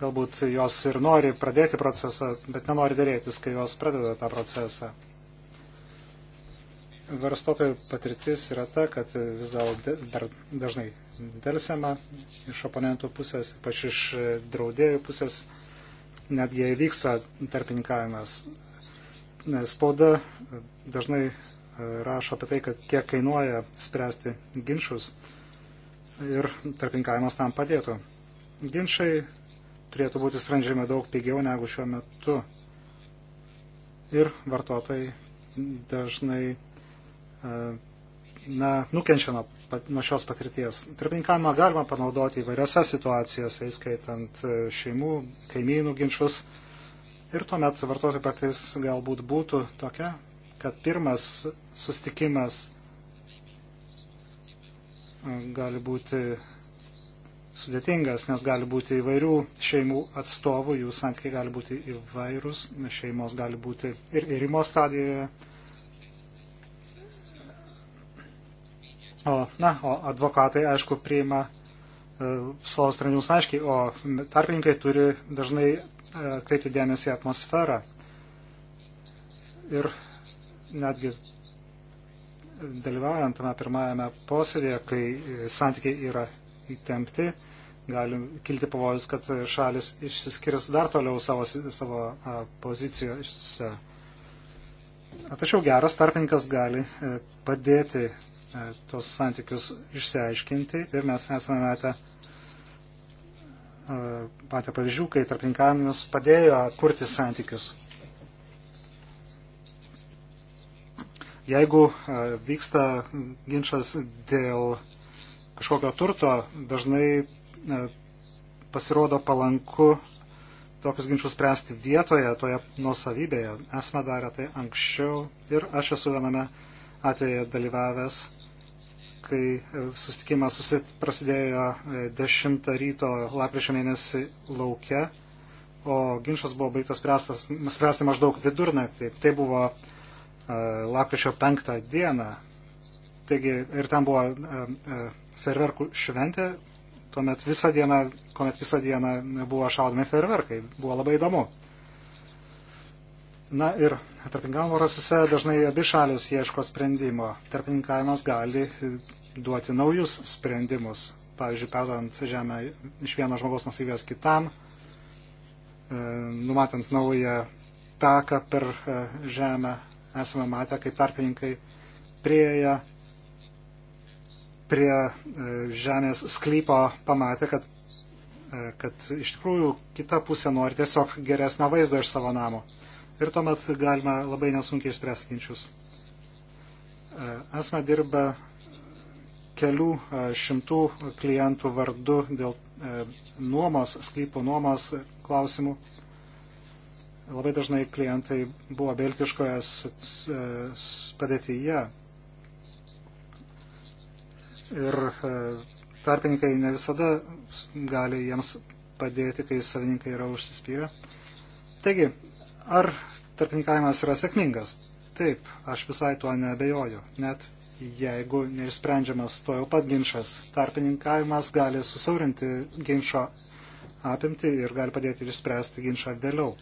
A: galbūt jos ir nori pradėti procesą, bet nenori dėrėtis, kai jos pradeda tą procesą. Varstotojų patirtis yra ta, kad vis dėl, dar dažnai dėlsiama iš oponentų pusės, ypač iš draudėjų pusės, netgi jei vyksta tarpininkavimas. Spauda dažnai rašo apie tai, kad kiek kainuoja spręsti ginčius ir tarpininkavimas tam padėtų. Ginčiai turėtų būti sprendžiami daug pigiau negu šiuo metu. Ir vartotojai dažnai e, na, nukenčia nuo, nuo šios patirties. Tarpininkavimą galima panaudoti įvairiose situacijose, įskaitant e, šeimų, kaimynų ginčius. Ir tuomet vartotojų patys galbūt būtų tokia, kad pirmas sustikimas e, gali būti sudėtingas, nes gali būti įvairių šeimų atstovų, jų santykiai gali būti įvairūs, šeimos gali būti ir irimo stadijoje. O, na, o advokatai, aišku, priima uh, savo sprendimus aiškiai, o tarpininkai turi dažnai e, atkreipti uh, dėmesį į atmosferą. Ir netgi dalyvaujant tame pirmajame posėdėje, kai santykiai yra įtempti, gali kilti pavojus, kad šalis išsiskirs dar toliau savo, savo pozicijose. Tačiau geras tarpininkas gali e, padėti e, tuos santykius išsiaiškinti ir mes esame metę patį e, pavyzdžių, kai tarpininkavimas padėjo atkurti santykius. Jeigu vyksta ginčas dėl kažkokio turto, dažnai E, pasirodo palanku tokius ginčius spręsti vietoje, toje nuosavybėje. Esame darę tai anksčiau ir aš esu viename atveju dalyvavęs, kai e, susitikimas susit prasidėjo 10 e, ryto lapkričio mėnesį laukia, o ginčas buvo baigtas spręstas, spręsti maždaug vidurnaktį. Tai buvo uh, lapkričio 5 dieną. Taigi ir ten buvo uh, uh, ferverkų šventė, tuomet visą dieną, kuomet visą dieną buvo šaudomi ferverkai. Buvo labai įdomu. Na ir tarpininkavimo rasose dažnai abi šalis ieško sprendimo. Tarpininkavimas gali duoti naujus sprendimus. Pavyzdžiui, perdant žemę iš vieno žmogaus nusivės kitam, e, numatant naują taką per e, žemę, esame matę, kaip tarpininkai prieja prie e, žemės sklypo pamatė, kad, e, kad iš tikrųjų kita pusė nori tiesiog geresnio vaizdo iš savo namo. Ir tuomet galima labai nesunkiai išspręsti ginčius. E, Esma dirba kelių šimtų klientų vardu dėl nuomos, sklypų nuomos klausimų. Labai dažnai klientai buvo belgiškoje padėtyje. Ja ir e, tarpininkai ne visada gali jiems padėti, kai savininkai yra užsispyrę. Taigi, ar tarpininkavimas yra sėkmingas? Taip, aš visai tuo nebejoju. Net jeigu neišsprendžiamas to jau pat ginčas, tarpininkavimas gali susaurinti ginčio apimti ir gali padėti išspręsti ginčą vėliau.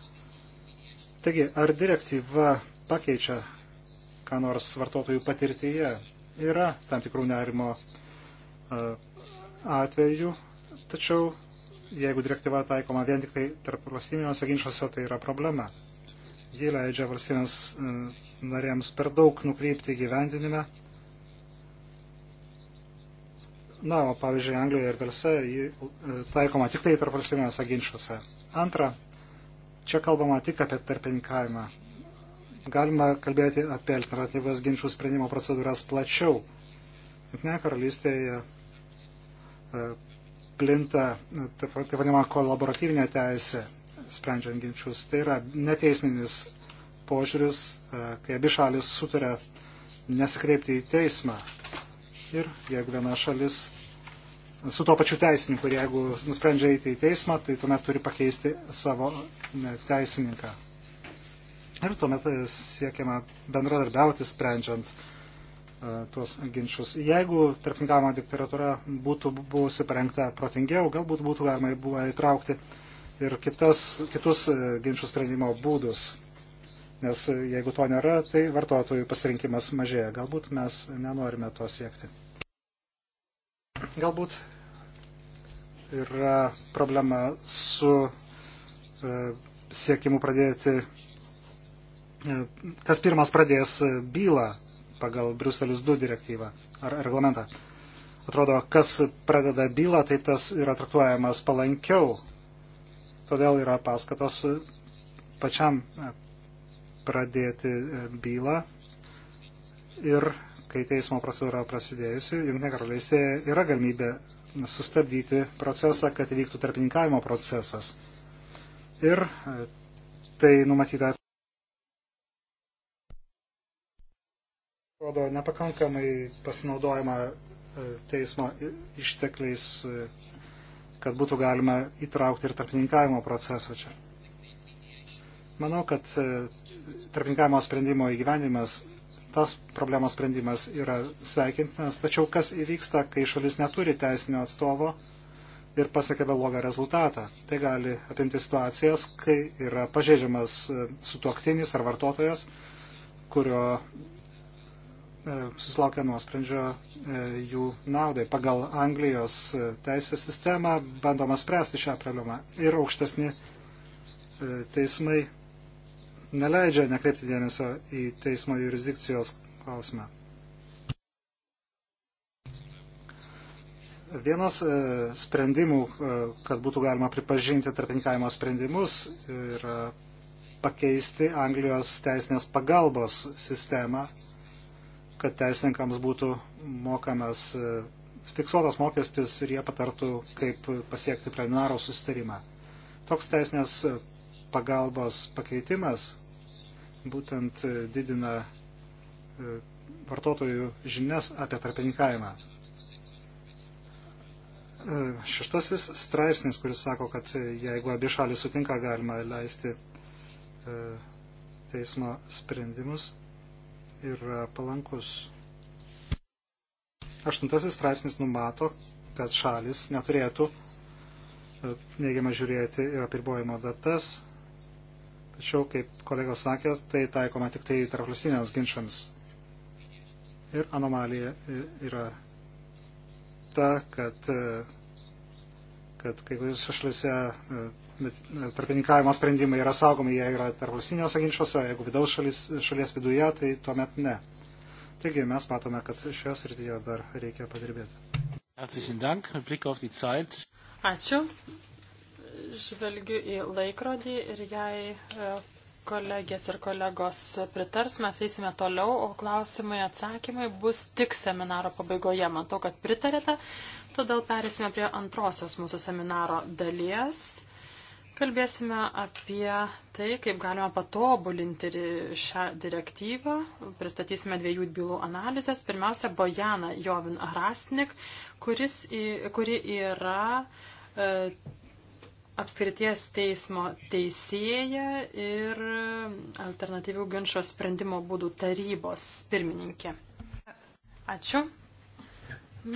A: Taigi, ar direktyva pakeičia ką nors vartotojų patirtyje? Yra tam tikrų nerimo e, atvejų, tačiau jeigu direktyva taikoma vien tik tai tarp valstybiniuose ginčiuose, tai yra problema. Ji leidžia valstybėms e, narėms per daug nukreipti gyvendinime. Na, o pavyzdžiui, Anglijoje ir Velse ji e, taikoma tik tai tarp valstybiniuose ginčiuose. Antra, čia kalbama tik apie tarpininkavimą galima kalbėti apie alternatyvas ginčių sprendimo procedūras plačiau. Jungtinėje karalystėje e, plinta e, taip vadinama kolaboratyvinė teisė sprendžiant ginčius. Tai yra neteisminis požiūris, e, kai abi šalis sutarė nesikreipti į teismą. Ir jeigu viena šalis su tuo pačiu teisininku, jeigu nusprendžia eiti į teismą, tai tuomet turi pakeisti savo teisininką. Ir tuomet e, siekiama bendradarbiauti sprendžiant uh, tuos ginčius. Jeigu tarpininkavimo diktatūra būtų buvusi parengta protingiau, galbūt būtų galima buvo įtraukti ir kitas, kitus e, ginčių sprendimo būdus. Nes jeigu to nėra, tai vartotojų pasirinkimas mažėja. Galbūt mes nenorime to siekti. Galbūt yra problema su uh, siekimu pradėti kas pirmas pradės bylą pagal Bruselis 2 direktyvą ar reglamentą. Atrodo, kas pradeda bylą, tai tas yra traktuojamas palankiau. Todėl yra paskatos pačiam e, pradėti e, bylą. Ir kai teismo procedūra prasidėjusi, Junktinė karalystė yra galimybė sustabdyti procesą, kad įvyktų tarpininkavimo procesas. Ir e, tai numatyta rodo nepakankamai pasinaudojama e, teismo ištekliais, e, kad būtų galima įtraukti ir tarpininkavimo procesą čia. Manau, kad e, tarpininkavimo sprendimo įgyvenimas, tas problemos sprendimas yra sveikintinas, tačiau kas įvyksta, kai šalis neturi teisinio atstovo ir pasiekia blogą rezultatą. Tai gali apimti situacijas, kai yra pažeidžiamas sutuoktinis ar vartotojas, kurio E, susilaukia nuosprendžio e, jų naudai. Pagal Anglijos e, teisės sistemą bandoma spręsti šią problemą. Ir aukštesni teismai neleidžia nekreipti dėmesio į teismo jurisdikcijos klausimą. Vienas sprendimų, kad būtų galima pripažinti tarpininkavimo sprendimus ir pakeisti Anglijos teisinės pagalbos sistemą kad teisininkams būtų mokamas e, fiksuotas mokestis ir jie patartų, kaip pasiekti preliminarų susitarimą. Toks teisinės pagalbos pakeitimas būtent e, didina e, vartotojų žinias apie tarpininkavimą. Šeštasis straipsnis, kuris sako, kad jeigu abi šalis sutinka, galima leisti teismo sprendimus yra palankus. Aštuntasis straipsnis numato, kad šalis neturėtų e, neigiamai žiūrėti ir apribojimo datas, tačiau, kaip kolegos sakė, tai taikoma tik tai tarpvalstybiniams ginčiams. Ir anomalija e, yra ta, kad, e, kad kai kuriuose šalise tarpininkavimo sprendimai yra saugomi, jie yra tarpvalstiniuose ginčiuose, jeigu vidaus šalis, šalies viduje, tai tuomet ne. Taigi mes matome, kad šioje srityje dar reikia padirbėti. Ačiū.
B: Žvelgiu į laikrodį ir jei e, kolegės ir kolegos pritars, mes eisime toliau, o klausimai atsakymai bus tik seminaro pabaigoje. Matau, kad pritarėte, todėl perėsime prie antrosios mūsų seminaro dalies. Kalbėsime apie tai, kaip galima patobulinti šią direktyvą. Pristatysime dviejų bylų analizės. Pirmiausia, Bojana Jovin Hrastnik, kuris, kuri yra e, apskrities teismo teisėja ir alternatyvių ginčio sprendimo būdų tarybos pirmininkė. Ačiū.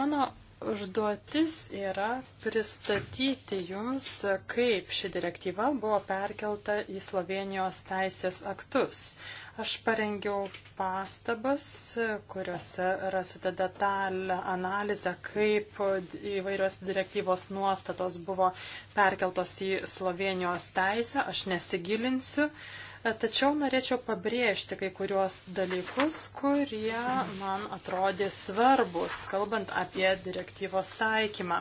B: Mano Užduotis yra pristatyti jums, kaip ši direktyva buvo perkelta į Slovenijos teisės aktus. Aš parengiau pastabas, kuriuose rasite detalę analizę, kaip įvairios direktyvos nuostatos buvo perkeltos į Slovenijos teisę. Aš nesigilinsiu. Uh, E, tačiau norėčiau pabrėžti kai kuriuos dalykus, kurie man atrodė svarbus, kalbant apie direktyvos taikymą.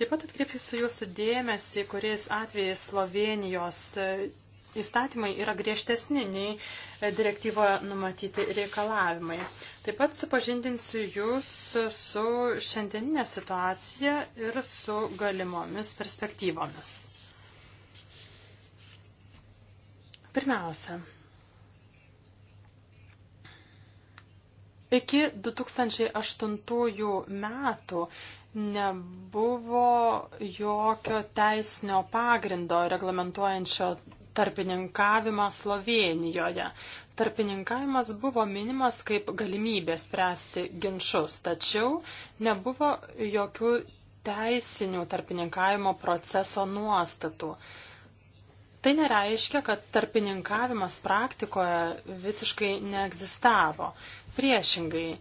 B: Taip pat atkreipsiu jūsų dėmesį, kuriais atvejais Slovenijos e, įstatymai yra griežtesni nei e, direktyvoje numatyti reikalavimai. Taip pat supažindinsiu jūs su šiandieninė situacija ir su galimomis perspektyvomis. Pirmiausia, iki 2008 metų nebuvo jokio teisinio pagrindo reglamentuojančio tarpininkavimą Slovenijoje. Tarpininkavimas buvo minimas kaip galimybė spręsti ginčius, tačiau nebuvo jokių teisinių tarpininkavimo proceso nuostatų. Tai nereiškia, kad tarpininkavimas praktikoje visiškai neegzistavo. Priešingai,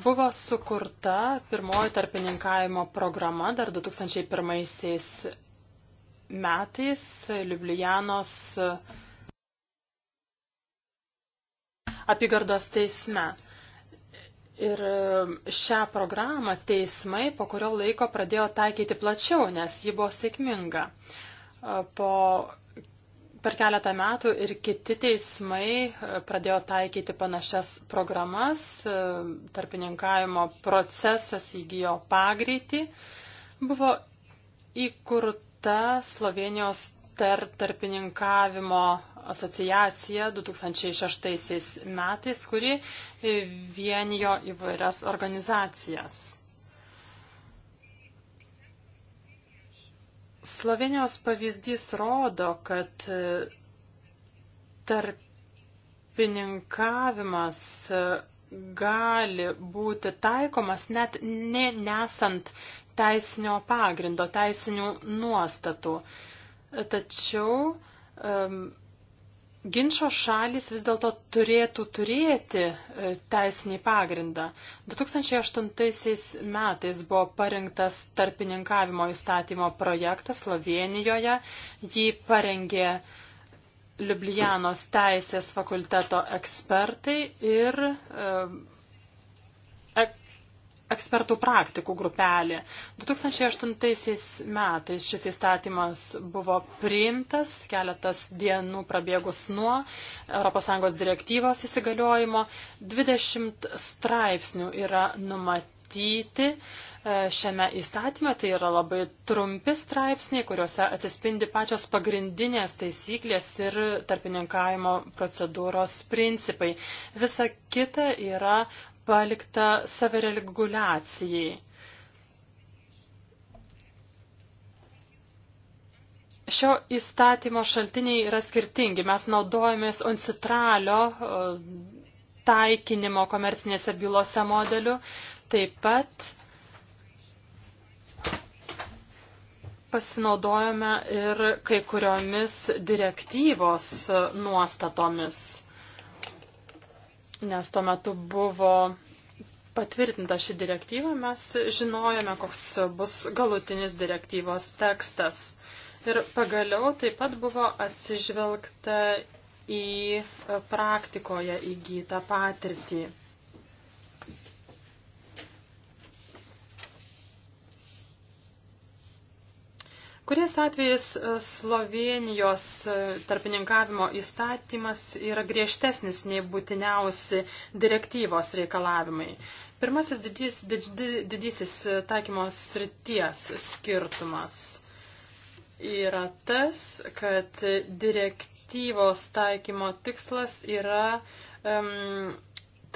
B: buvo sukurta pirmoji tarpininkavimo programa dar 2001 metais Liublianos apygardos teisme. Ir šią programą teismai po kurio laiko pradėjo taikyti plačiau, nes ji buvo sėkminga po per keletą metų ir kiti teismai e, pradėjo taikyti panašias programas, e, tarpininkavimo procesas įgyjo pagreitį. Buvo įkurta Slovenijos tar tarpininkavimo asociacija 2006 metais, kuri vienijo įvairias organizacijas. Slovenijos pavyzdys rodo, kad e, tarpininkavimas e, gali būti taikomas net ne, nesant teisinio pagrindo, teisinių nuostatų. Tačiau um, ginčio šalis vis dėlto turėtų turėti e, teisinį pagrindą. 2008 metais buvo parengtas tarpininkavimo įstatymo projektas Slovenijoje. Jį parengė Liublianos teisės fakulteto ekspertai ir e, ek ekspertų praktikų grupelė. 2008 metais šis įstatymas buvo priimtas keletas dienų prabėgus nuo ES direktyvos įsigaliojimo. 20 straipsnių yra numatyti e, šiame įstatyme. Tai yra labai trumpi straipsniai, kuriuose atsispindi pačios pagrindinės taisyklės ir tarpininkavimo procedūros principai. Visa kita yra palikta savireguliacijai. Šio įstatymo šaltiniai yra skirtingi. Mes naudojamės oncitralio taikinimo komercinėse bylose modeliu. Taip pat pasinaudojame ir kai kuriomis direktyvos nuostatomis nes tuo metu buvo patvirtinta ši direktyva, mes žinojame, koks bus galutinis direktyvos tekstas. Ir pagaliau taip pat buvo atsižvelgta į praktikoje įgytą patirtį. Kuriais atvejais e, Slovenijos e, tarpininkavimo įstatymas yra griežtesnis nei būtiniausi direktyvos reikalavimai? Pirmasis didys, did, didysis e, taikymos srities skirtumas yra tas, kad direktyvos taikymo tikslas yra um,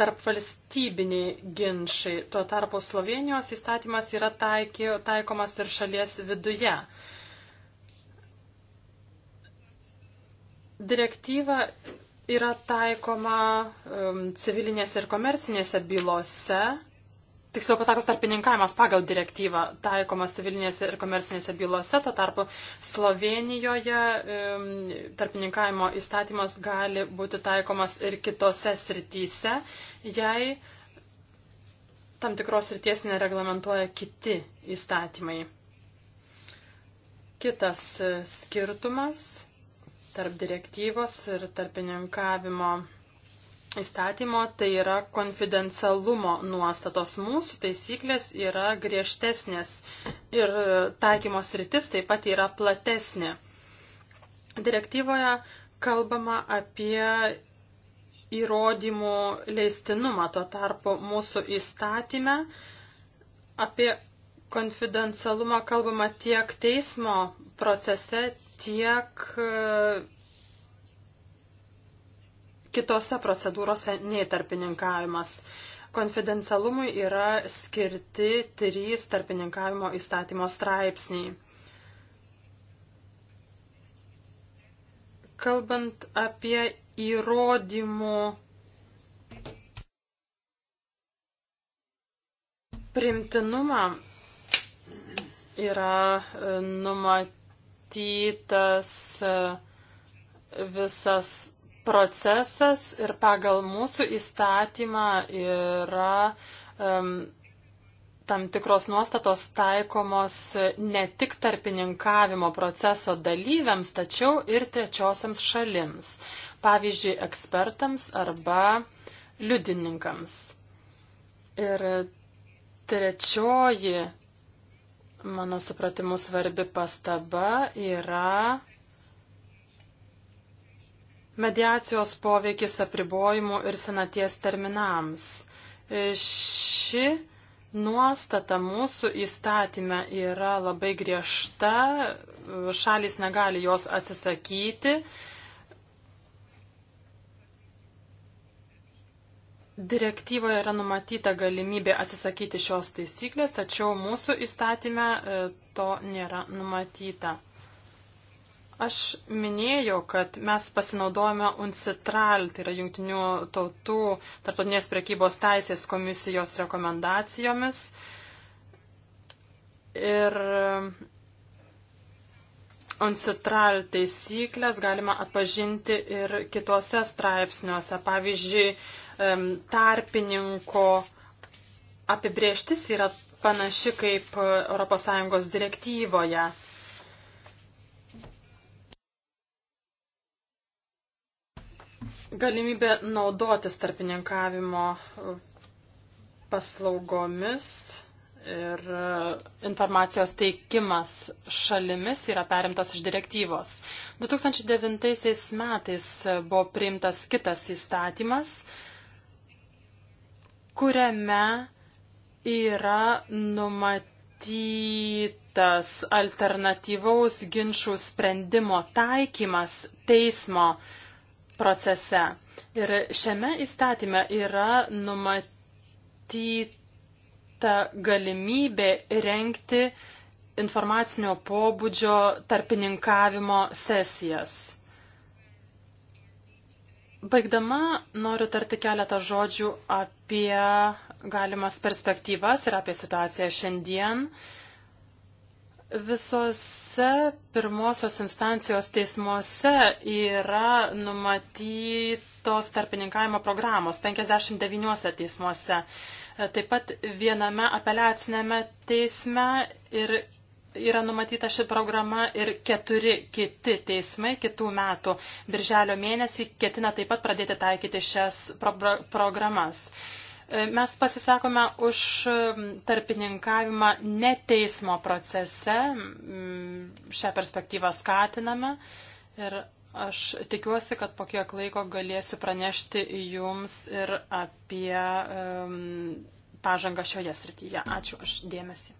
B: tarp valstybiniai ginčiai. Tuo tarpu Slovenijos įstatymas yra taiky, taikomas ir šalies viduje. Direktyva yra taikoma um, civilinėse ir komercinėse bylose. Tiksliau pasakus, tarpininkavimas pagal direktyvą taikomas civilinėse ir komercinėse bylose, tuo tarpu Slovenijoje um, tarpininkavimo įstatymas gali būti taikomas ir kitose srityse, jei tam tikros srities nereglamentuoja kiti įstatymai. Kitas uh, skirtumas tarp direktyvos ir tarpininkavimo įstatymo, tai yra konfidencialumo nuostatos. Mūsų taisyklės yra griežtesnės ir taikymos rytis taip pat yra platesnė. Direktyvoje kalbama apie įrodymų leistinumą, tuo tarpu mūsų įstatyme apie konfidencialumą kalbama tiek teismo procese, tiek e, kitose procedūrose nei tarpininkavimas. Konfidencialumui yra skirti trys tarpininkavimo įstatymo straipsniai. Kalbant apie įrodymų primtinumą, yra e, numatyti numatytas e, visas procesas ir pagal mūsų įstatymą yra um, tam tikros nuostatos taikomos ne tik tarpininkavimo proceso dalyviams, tačiau ir trečiosiams šalims, pavyzdžiui, ekspertams arba liudininkams. Ir trečioji mano supratimu, svarbi pastaba yra mediacijos poveikis apribojimų ir senaties terminams. Ši nuostata mūsų įstatymė yra labai griežta, šalis negali jos atsisakyti. Direktyvoje yra numatyta galimybė atsisakyti šios taisyklės, tačiau mūsų įstatyme e, to nėra numatyta. Aš minėjau, kad mes pasinaudojame UNCITRAL, tai yra Junktinių tautų tarptautinės prekybos teisės komisijos rekomendacijomis. Ir Oncitral taisyklės galima atpažinti ir kituose straipsniuose. Pavyzdžiui, tarpininko apibrieštis yra panaši kaip ES direktyvoje. Galimybė naudotis tarpininkavimo paslaugomis ir e, informacijos teikimas šalimis yra perimtos iš direktyvos. 2009 metais buvo priimtas kitas įstatymas, kuriame yra numatytas alternatyvaus ginčių sprendimo taikymas teismo procese. Ir šiame įstatyme yra numatytas ta galimybė renkti informacinio pobūdžio tarpininkavimo sesijas. Baigdama noriu tarti keletą žodžių apie galimas perspektyvas ir apie situaciją šiandien. Uh, Visose pirmosios instancijos teismuose yra numatytos tarpininkavimo programos 59 teismuose. E, taip pat viename apeliacinėme teisme ir yra numatyta ši programa ir keturi kiti teismai kitų metų. Birželio mėnesį ketina taip pat pradėti taikyti šias pro programas. Mes pasisakome už um, tarpininkavimą ne teismo procese, mm, šią perspektyvą skatiname ir aš tikiuosi, kad po kiek laiko galėsiu pranešti jums ir apie um, pažangą šioje srityje. Ačiū už dėmesį.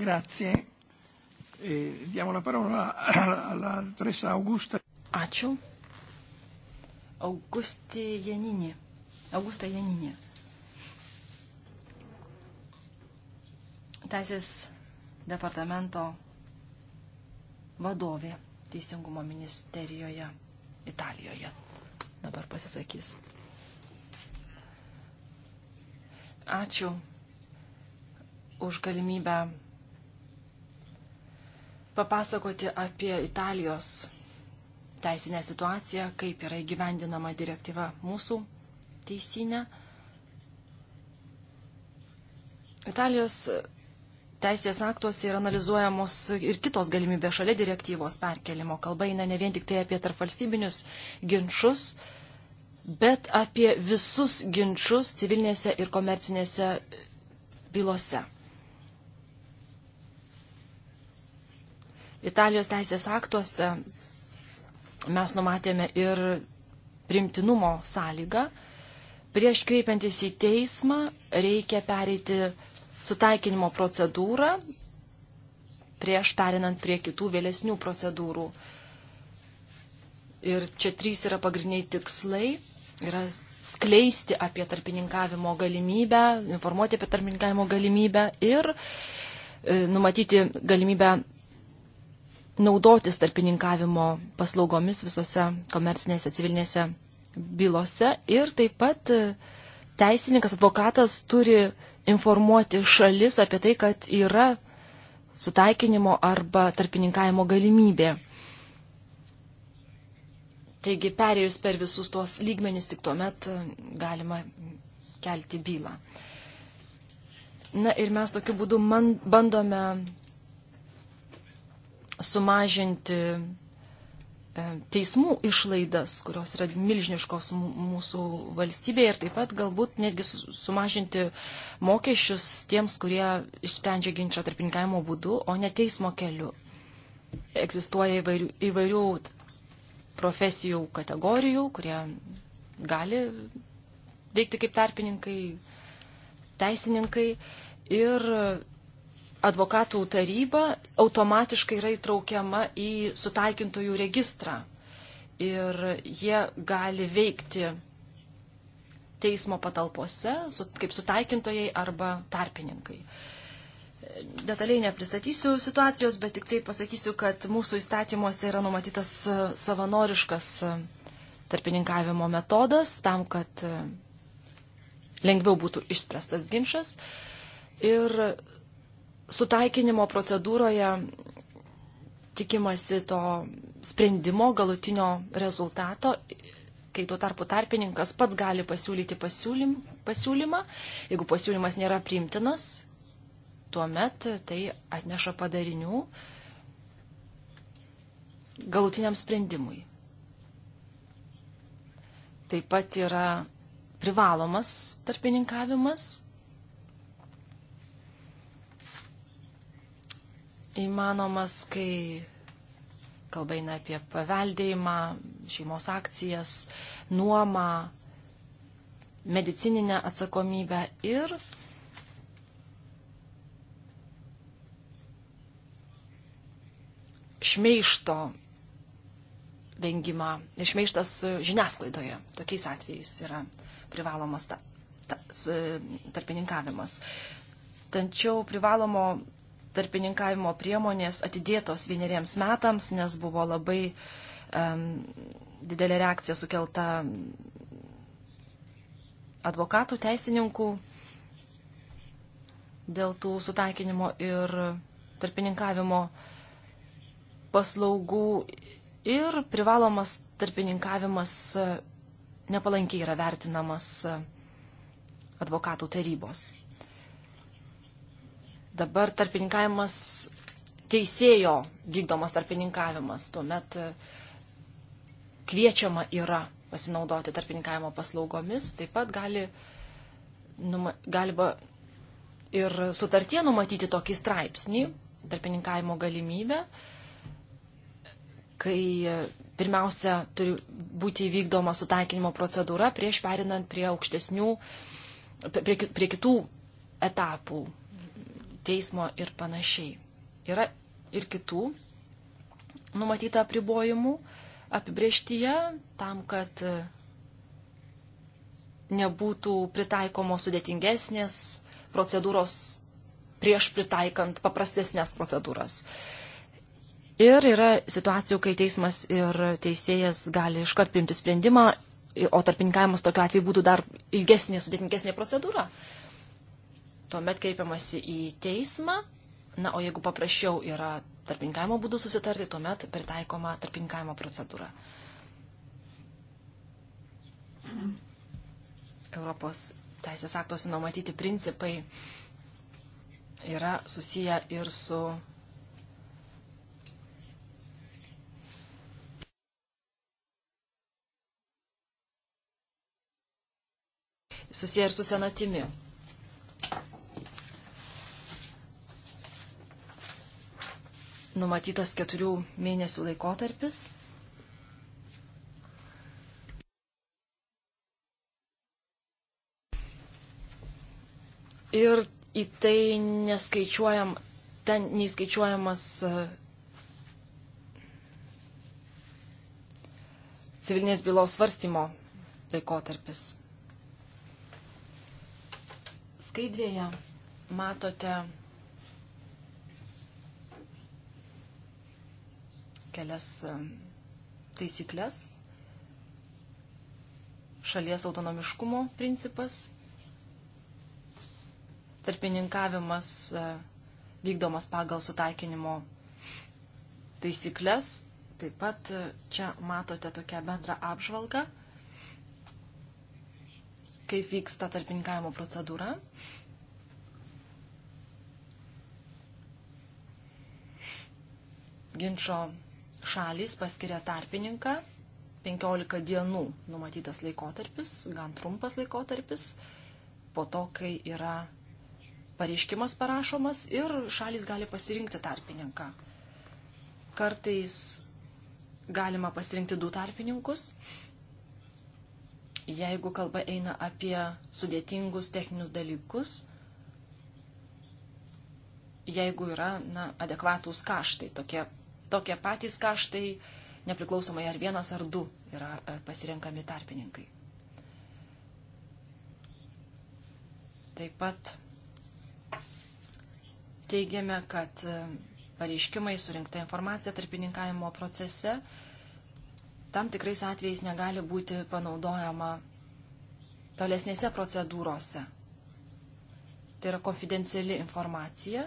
B: Grazie. E, diamo la parola
C: alla dottoressa Augusta. Ačiū. Augustį Janinį. Augustą Janinį. Teisės departamento vadovė Teisingumo ministerijoje Italijoje. Dabar pasisakys. Ačiū už galimybę papasakoti apie Italijos teisinę situaciją, kaip yra įgyvendinama direktyva mūsų teisinė. Italijos teisės aktuose yra analizuojamos ir kitos galimybės šalia direktyvos perkelimo. Kalba eina ne vien tik tai apie tarpvalstybinius ginčius, bet apie visus ginčius civilinėse ir komercinėse bylose. Italijos teisės aktuose mes numatėme ir primtinumo sąlygą. Prieš kreipiantis į teismą reikia pereiti sutaikinimo procedūrą, prieš perinant prie kitų vėlesnių procedūrų. Ir čia trys yra pagrindiniai tikslai. Yra skleisti apie tarpininkavimo galimybę, informuoti apie tarpininkavimo galimybę ir e, numatyti galimybę naudotis tarpininkavimo paslaugomis visose komercinėse civilinėse bylose ir taip pat e, teisininkas, advokatas turi informuoti šalis apie tai, kad yra sutaikinimo arba tarpininkavimo galimybė. Taigi perėjus per visus tuos lygmenis tik tuomet e, galima kelti bylą. Na ir mes tokiu būdu man, bandome sumažinti e, teismų išlaidas, kurios yra milžiniškos mūsų valstybėje ir taip pat galbūt netgi sumažinti mokesčius tiems, kurie išsprendžia ginčą tarpininkavimo būdu, o ne teismo keliu. Egzistuoja įvairių, įvairių profesijų kategorijų, kurie gali veikti kaip tarpininkai, teisininkai ir advokatų taryba automatiškai yra įtraukiama į sutaikintojų registrą ir jie gali veikti teismo patalpose kaip sutaikintojai arba tarpininkai. Detaliai nepristatysiu situacijos, bet tik tai pasakysiu, kad mūsų įstatymuose yra numatytas e, savanoriškas e, tarpininkavimo metodas tam, kad e, lengviau būtų išspręstas ginčas. Ir sutaikinimo procedūroje tikimasi to sprendimo, galutinio rezultato, kai tuo tarpu tarpininkas pats gali pasiūlyti pasiūlym, pasiūlymą. Jeigu pasiūlymas nėra priimtinas, tuomet tai atneša padarinių galutiniam sprendimui. Taip pat yra privalomas tarpininkavimas, įmanomas, kai kalba eina apie paveldėjimą, šeimos akcijas, nuomą, medicininę atsakomybę ir šmeišto vengimą. Ir šmeištas žiniasklaidoje tokiais atvejais yra privalomas ta, ta, tarpininkavimas. Tačiau privalomo tarpininkavimo priemonės atidėtos vieneriems metams, nes buvo labai um, didelė reakcija sukelta advokatų, teisininkų dėl tų sutaikinimo ir tarpininkavimo paslaugų ir privalomas tarpininkavimas nepalankiai yra vertinamas advokatų tarybos dabar tarpininkavimas teisėjo vykdomas tarpininkavimas, tuomet e, kviečiama yra pasinaudoti tarpininkavimo paslaugomis, taip pat gali, numa, galima ir sutartie numatyti tokį straipsnį, tarpininkavimo galimybę, kai e, pirmiausia turi būti įvykdoma sutaikinimo procedūra prieš perinant prie aukštesnių, prie, prie kitų etapų teismo ir panašiai. Yra ir kitų numatyta apribojimų apibrieštyje tam, kad e, nebūtų pritaikomos sudėtingesnės procedūros prieš pritaikant paprastesnės procedūras. Ir yra situacijų, kai teismas ir teisėjas gali iškart priimti sprendimą, o tarpininkavimas tokiu atveju būtų dar ilgesnė, sudėtingesnė procedūra tuomet kreipiamasi į teismą, na, o jeigu paprasčiau yra tarpininkavimo būdų susitarti, tuomet pritaikoma tarpininkavimo procedūra. Europos teisės aktuose numatyti principai yra susiję ir su susiję ir su senatimi. numatytas keturių mėnesių laikotarpis. Ir į tai neskaičiuojam, ten neįskaičiuojamas e, civilinės bylos svarstymo laikotarpis. Skaidrėje matote kelias e, taisyklės. Šalies autonomiškumo principas, tarpininkavimas e, vykdomas pagal sutaikinimo taisyklės. Taip pat e, čia matote tokią bendrą apžvalgą, kaip vyksta tarpininkavimo procedūra. Ginčio šalys paskiria tarpininką 15 dienų numatytas laikotarpis, gan trumpas laikotarpis, po to, kai yra pareiškimas parašomas ir šalis gali pasirinkti tarpininką. Kartais galima pasirinkti du tarpininkus, jeigu kalba eina apie sudėtingus techninius dalykus, jeigu yra na, adekvatus kaštai, tokie tokie patys kaštai, nepriklausomai ar vienas ar du yra e, pasirenkami tarpininkai. Taip pat teigiame, kad e, pareiškimai surinkta informacija tarpininkavimo procese tam tikrais atvejais negali būti panaudojama tolesnėse procedūrose. Tai yra konfidenciali informacija,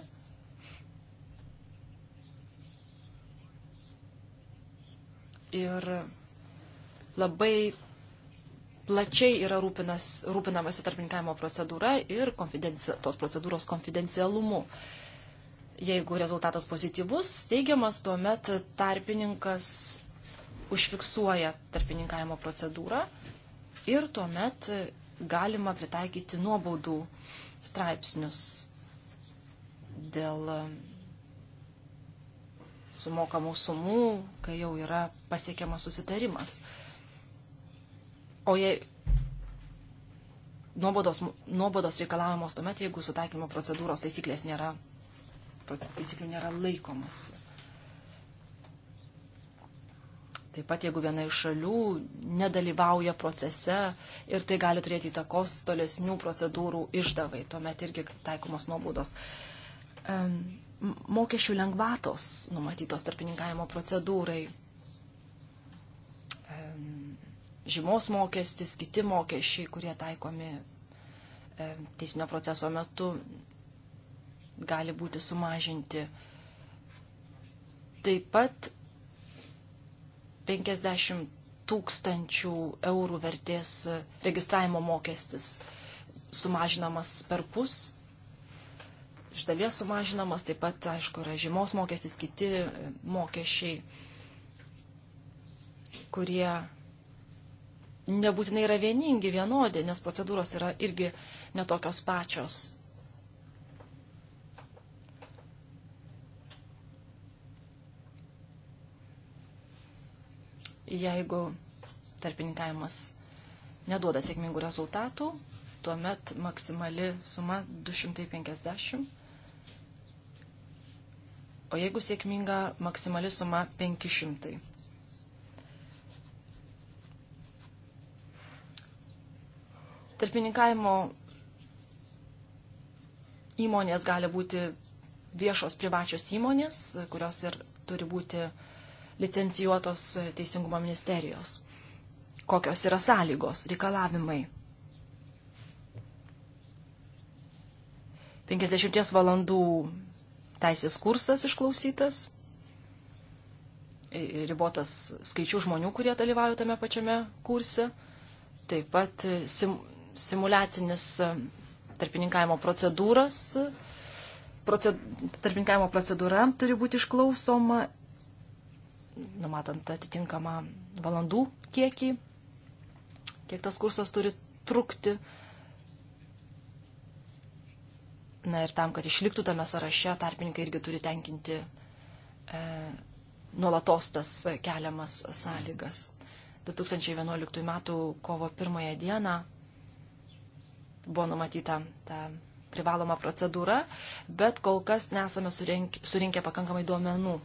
C: ir labai plačiai yra rūpinas, rūpinamasi tarpininkavimo procedūra ir tos procedūros konfidencialumu. Jeigu rezultatas pozityvus, teigiamas, tuomet tarpininkas užfiksuoja tarpininkavimo procedūrą ir tuomet galima pritaikyti nuobaudų straipsnius dėl sumokamų sumų, kai jau yra pasiekiamas susitarimas. O jei nuobodos, nuobodos reikalavimos tuomet, jeigu sutaikymo procedūros taisyklės nėra, taisyklių nėra laikomas. Taip pat, jeigu viena iš šalių nedalyvauja procese ir tai gali turėti įtakos tolesnių procedūrų išdavai, tuomet irgi taikomos nuobodos. Um, mokesčių lengvatos numatytos tarpininkavimo procedūrai, žymos mokestis, kiti mokesčiai, kurie taikomi teisminio proceso metu, gali būti sumažinti. Taip pat 50 tūkstančių eurų vertės registravimo mokestis sumažinamas per pus iš dalies sumažinamas, taip pat, aišku, yra žymos mokestis, kiti e, mokesčiai, kurie nebūtinai yra vieningi, vienodi, nes procedūros yra irgi netokios pačios. Jeigu tarpininkavimas neduoda sėkmingų rezultatų, tuomet maksimali suma 250 o jeigu sėkminga, maksimali suma 500. Tarpininkavimo įmonės gali būti viešos privačios įmonės, kurios ir turi būti licencijuotos Teisingumo ministerijos. Kokios yra sąlygos, reikalavimai? 50 valandų teisės kursas išklausytas, ribotas skaičių žmonių, kurie dalyvauja tame pačiame kurse, taip pat e, sim, simulacinis e, tarpininkavimo procedūras, proced, tarpininkavimo procedūra turi būti išklausoma, numatant atitinkamą valandų kiekį, kiek tas kursas turi trukti. Na ir tam, kad išliktų tame sąraše, tarpininkai irgi turi tenkinti e, nuolatos tas keliamas sąlygas. 2011 m. kovo 1 dieną buvo numatyta ta privaloma procedūra, bet kol kas nesame surink, surinkę pakankamai duomenų,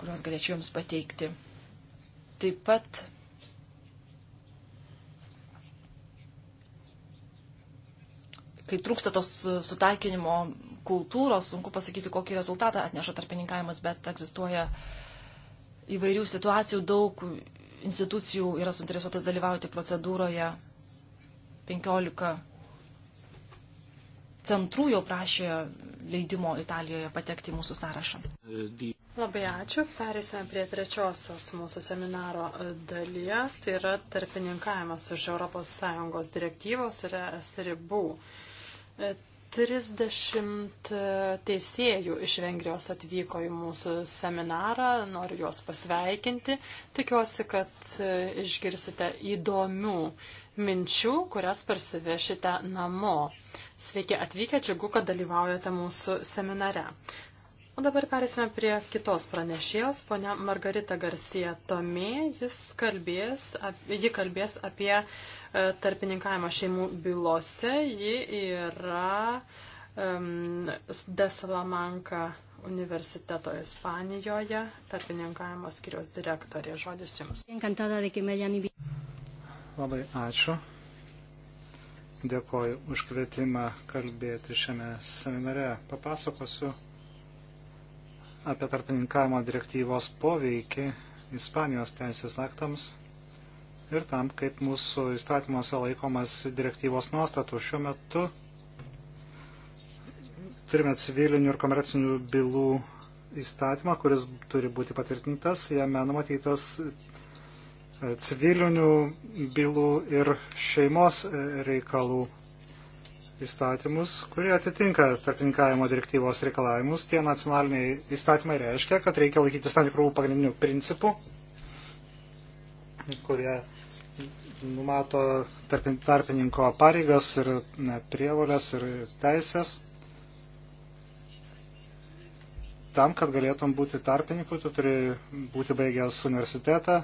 C: kuriuos galėčiau Jums pateikti. Taip pat kai trūksta tos sutaikinimo kultūros, sunku pasakyti, kokį rezultatą atneša tarpininkavimas, bet egzistuoja įvairių situacijų, daug institucijų yra suinteresuotas dalyvauti procedūroje. 15 centrų jau prašė leidimo Italijoje patekti į mūsų sąrašą.
B: Labai ačiū. Perėsime prie trečiosios mūsų seminaro dalies. Tai yra tarpininkavimas už ES direktyvos ir ES ribų. 30 teisėjų iš Vengrijos atvyko į mūsų seminarą, noriu juos pasveikinti. Tikiuosi, kad e, išgirsite įdomių minčių, kurias parsivešite namo. Sveiki atvykę, džiugu, kad dalyvaujate mūsų seminare. O dabar perėsime prie kitos pranešėjos, ponia Margarita Garcia Tomė. Jis kalbės, ji kalbės apie e, tarpininkavimą šeimų bylose. Ji yra um, De Salamanca universiteto Ispanijoje tarpininkavimo skiriaus direktorė. Žodis jums.
A: Labai ačiū. Dėkoju už kvietimą kalbėti šiame seminare. Papasakosiu apie tarpininkavimo direktyvos poveikį Ispanijos teisės aktams ir tam, kaip mūsų įstatymuose laikomas direktyvos nuostatų. Šiuo metu turime civilinių ir komercinių bylų įstatymą, kuris turi būti patvirtintas. Jame numatytas e, civilinių bylų ir šeimos e, reikalų įstatymus, kurie atitinka tarpininkavimo direktyvos reikalavimus. Tie nacionaliniai įstatymai reiškia, kad reikia laikytis tam tikrų pagrindinių principų, kurie numato tarpininko pareigas ir prievolės ir teisės. Tam, kad galėtum būti tarpininku, tu turi būti baigęs universitetą,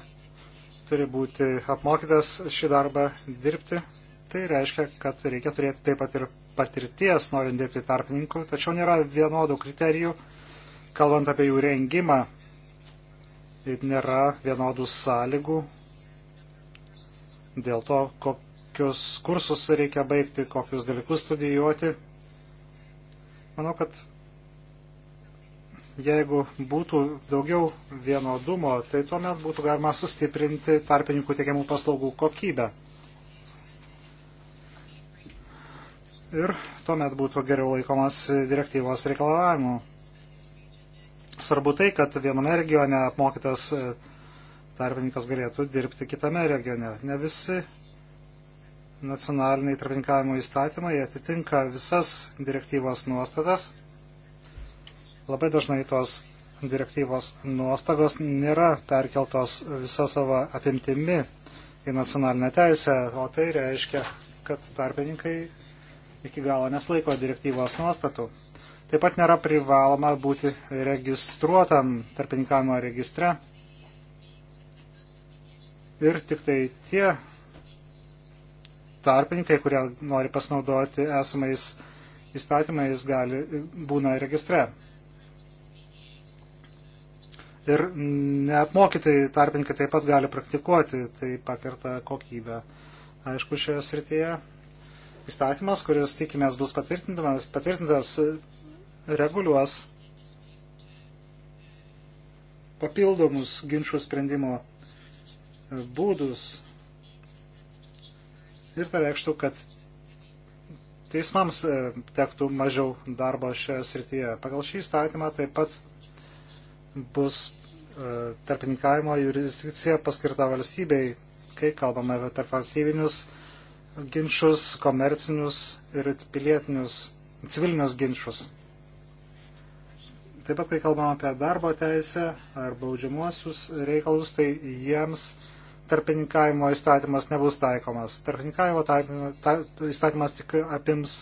A: turi būti apmokytas šį darbą dirbti Tai reiškia, kad reikia turėti taip pat ir patirties, norint dirbti tarpininku, tačiau nėra vienodų kriterijų, kalbant apie jų rengimą, nėra vienodų sąlygų dėl to, kokius kursus reikia baigti, kokius dalykus studijuoti. Manau, kad jeigu būtų daugiau vienodumo, tai tuomet būtų galima sustiprinti tarpininkų teikiamų paslaugų kokybę. ir tuomet būtų geriau laikomas direktyvos reikalavimų. Svarbu tai, kad viename regione apmokytas e, tarpininkas galėtų dirbti kitame regione. Ne visi nacionaliniai tarpininkavimo įstatymai atitinka visas direktyvos nuostatas. Labai dažnai tos direktyvos nuostatos nėra perkeltos visą savo apimtimi į nacionalinę teisę, o tai reiškia, kad tarpininkai iki galo neslaiko direktyvos nuostatų. Taip pat nėra privaloma būti registruotam tarpininkavimo registre. Ir tik tai tie tarpininkai, kurie nori pasinaudoti esamais įstatymais, gali, būna registre. Ir neapmokyti tarpininkai taip pat gali praktikuoti, tai pakerta kokybę. Aišku, šioje srityje įstatymas, kuris tikimės bus patvirtintas, patvirtintas reguliuos papildomus ginčių sprendimo e, būdus. Ir tai reikštų, kad teismams e, tektų mažiau darbo šioje srityje. Pagal šį įstatymą taip pat bus e, tarpininkavimo jurisdikcija paskirta valstybei, kai kalbame apie tarpvalstybinius valstybinius ginčius, komercinius ir pilietinius, civilinius ginčius. Taip pat, kai kalbam apie darbo teisę ar baudžiamuosius reikalus, tai jiems tarpininkavimo įstatymas nebus taikomas. Tarpininkavimo ta, įstatymas tik apims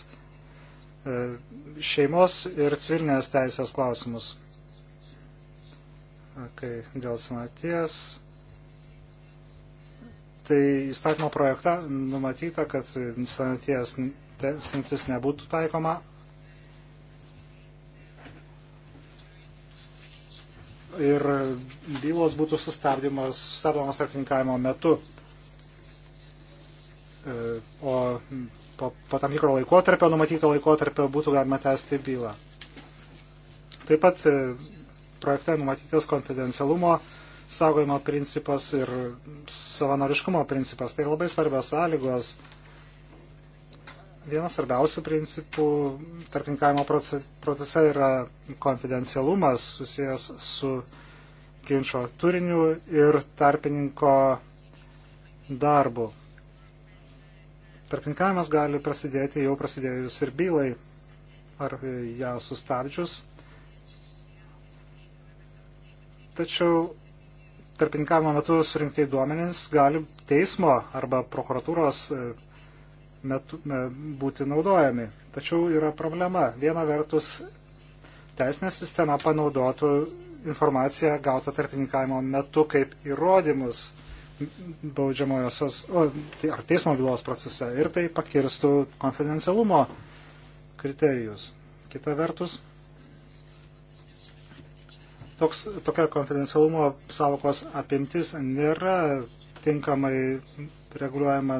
A: e, šeimos ir civilinės teisės klausimus. Kai dėl senaties tai įstatymo projektą numatyta, kad senaties senatis nebūtų taikoma. Ir bylos būtų sustabdymas, sustabdomas tarpininkavimo metu. E, o po, po tam tikro laikotarpio, numatyto laikotarpio, būtų galima tęsti bylą. Taip pat e, projekte numatytas konfidencialumo saugojimo principas ir savanoriškumo principas. Tai labai svarbios sąlygos. Vienas svarbiausių principų tarpininkavimo procese yra konfidencialumas susijęs su ginčio turiniu ir tarpininko darbu. Tarpininkavimas gali prasidėti jau prasidėjus ir bylai ar ją sustabdžius. Tačiau tarpininkavimo metu surinktai duomenys gali teismo arba prokuratūros e, metu, e, būti naudojami. Tačiau yra problema. Viena vertus, teisinė sistema panaudotų informaciją gautą tarpininkavimo metu kaip įrodymus baudžiamojosios tai ar teismo bylos procese ir tai pakirstų konfidencialumo kriterijus. Kita vertus, Toks, tokia konfidencialumo savokos apimtis nėra tinkamai reguliuojama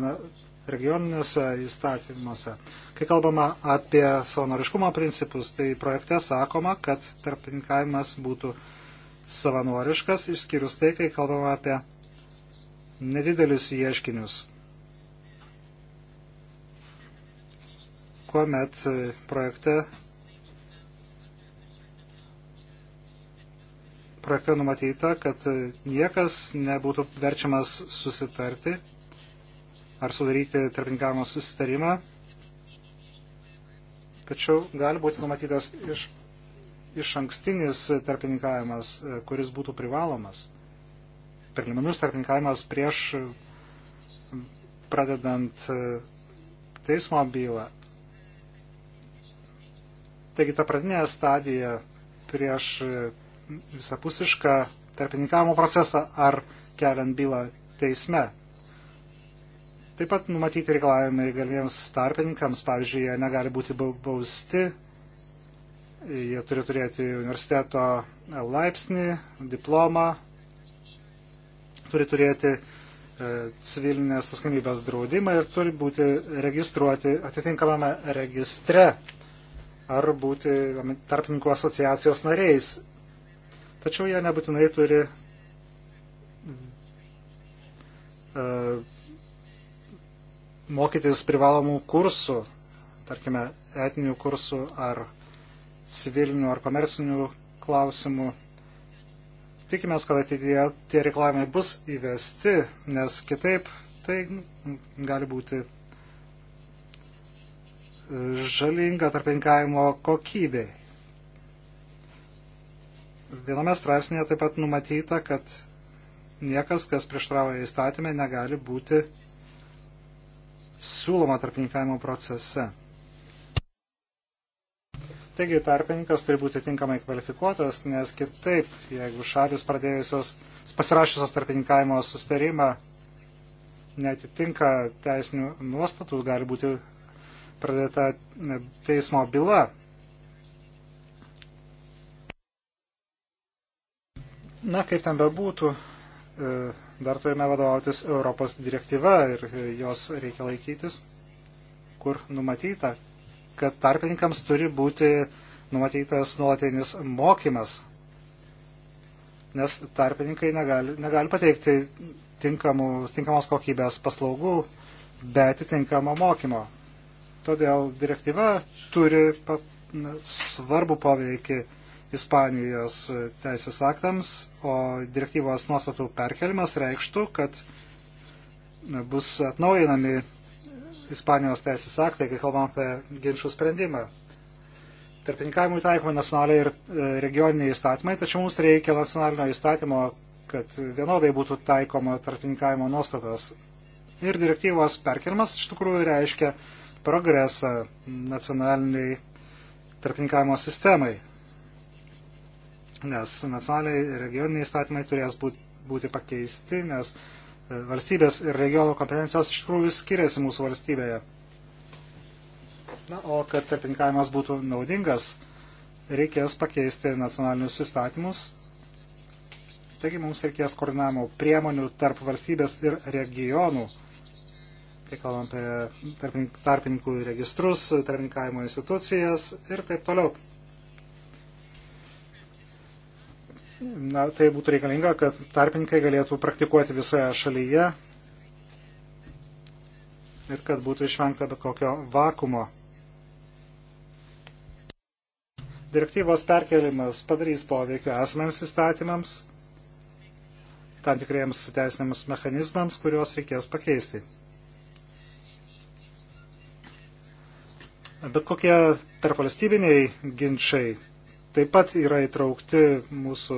A: regioninėse įstatymuose. Kai kalbama apie savanoriškumo principus, tai projekte sakoma, kad tarpininkavimas būtų savanoriškas, išskyrus tai, kai kalbama apie nedidelius ieškinius, kuomet projekte projekte numatyta, kad niekas nebūtų verčiamas susitarti ar sudaryti tarpininkavimo susitarimą, tačiau gali būti numatytas iš, iš ankstinis tarpininkavimas, kuris būtų privalomas. Preliminus tarpininkavimas prieš pradedant teismo bylą. Taigi ta pradinė stadija prieš visapusišką tarpininkavimo procesą ar keliant bylą teisme. Taip pat numatyti reikalavimai galiems tarpininkams, pavyzdžiui, jie negali būti bausti, jie turi turėti universiteto laipsnį, diplomą, turi turėti e, civilinės atsakomybės draudimą ir turi būti registruoti atitinkamame registre ar būti tarpininkų asociacijos nariais Tačiau jie nebūtinai turi uh, mokytis privalomų kursų, tarkime, etinių kursų ar civilinių ar komercinių klausimų. Tikimės, kad ateityje tie reikalavimai bus įvesti, nes kitaip tai gali būti žalinga tarpininkavimo kokybei. Viename straipsnėje taip pat numatyta, kad niekas, kas prieštrauja įstatymę, negali būti siūloma tarpininkavimo procese. Taigi tarpininkas turi būti tinkamai kvalifikuotas, nes kitaip, jeigu šalis pradėjusios, pasirašiusios tarpininkavimo sustarimą netitinka teisinių nuostatų, gali būti pradėta teismo byla Na, kaip ten bebūtų, e, dar turime vadovautis Europos direktyva ir e, jos reikia laikytis, kur numatyta, kad tarpininkams turi būti numatytas nuolatinis mokymas, nes tarpininkai negali, negali pateikti tinkamų, tinkamos kokybės paslaugų be atitinkamo mokymo. Todėl direktyva turi pa, svarbu poveikį Ispanijos teisės aktams, o direktyvos nuostatų perkelimas reikštų, kad bus atnaujinami Ispanijos teisės aktai, kai kalbam apie ginčių sprendimą. Tarpininkavimui taikomi nacionaliai ir e, regioniniai įstatymai, tačiau mums reikia nacionalinio įstatymo, kad vienodai būtų taikoma tarpininkavimo nuostatos. Ir direktyvos perkelimas iš tikrųjų reiškia progresą nacionaliniai tarpininkavimo sistemai nes nacionaliai ir regioniniai įstatymai turės būti pakeisti, nes e, valstybės ir regiono kompetencijos iš tikrųjų skiriasi mūsų valstybėje. Na, o kad tarpininkavimas būtų naudingas, reikės pakeisti nacionalinius įstatymus. Taigi mums reikės koordinavimo priemonių tarp valstybės ir regionų kai kalbam apie tarpininkų registrus, tarpininkavimo institucijas ir taip toliau. na, tai būtų reikalinga, kad tarpininkai galėtų praktikuoti visoje šalyje ir kad būtų išvengta bet kokio vakumo. Direktyvos perkelimas padarys poveikį esamiems įstatymams, tam tikriems teisiniams mechanizmams, kuriuos reikės pakeisti. Bet kokie tarpvalstybiniai ginčiai taip pat yra įtraukti mūsų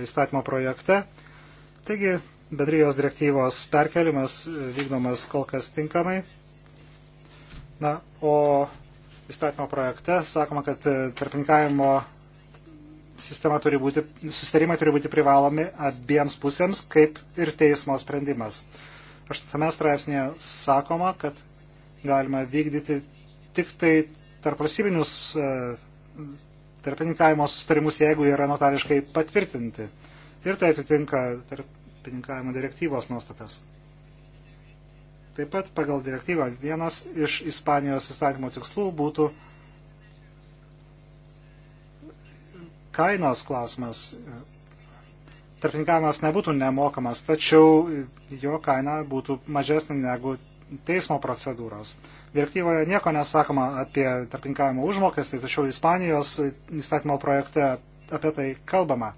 A: įstatymo projekte. Taigi, bendrijos direktyvos perkelimas vykdomas kol kas tinkamai. Na, o įstatymo projekte sakoma, kad tarpininkavimo sistema turi būti, susitarimai turi būti privalomi abiems pusėms, kaip ir teismo sprendimas. Aštuntame straipsnėje sakoma, kad galima vykdyti tik tai tarp valstybinius e, tarpininkavimo sustarimus, jeigu yra notariškai patvirtinti. Ir tai atitinka tarpininkavimo direktyvos nuostatas. Taip pat pagal direktyvą vienas iš Ispanijos įstatymo tikslų būtų kainos klausimas. Tarpininkavimas nebūtų nemokamas, tačiau jo kaina būtų mažesnė negu teismo procedūros. Direktyvoje nieko nesakoma apie tarpininkavimo užmokestį, tačiau Ispanijos įstatymo projekte apie tai kalbama.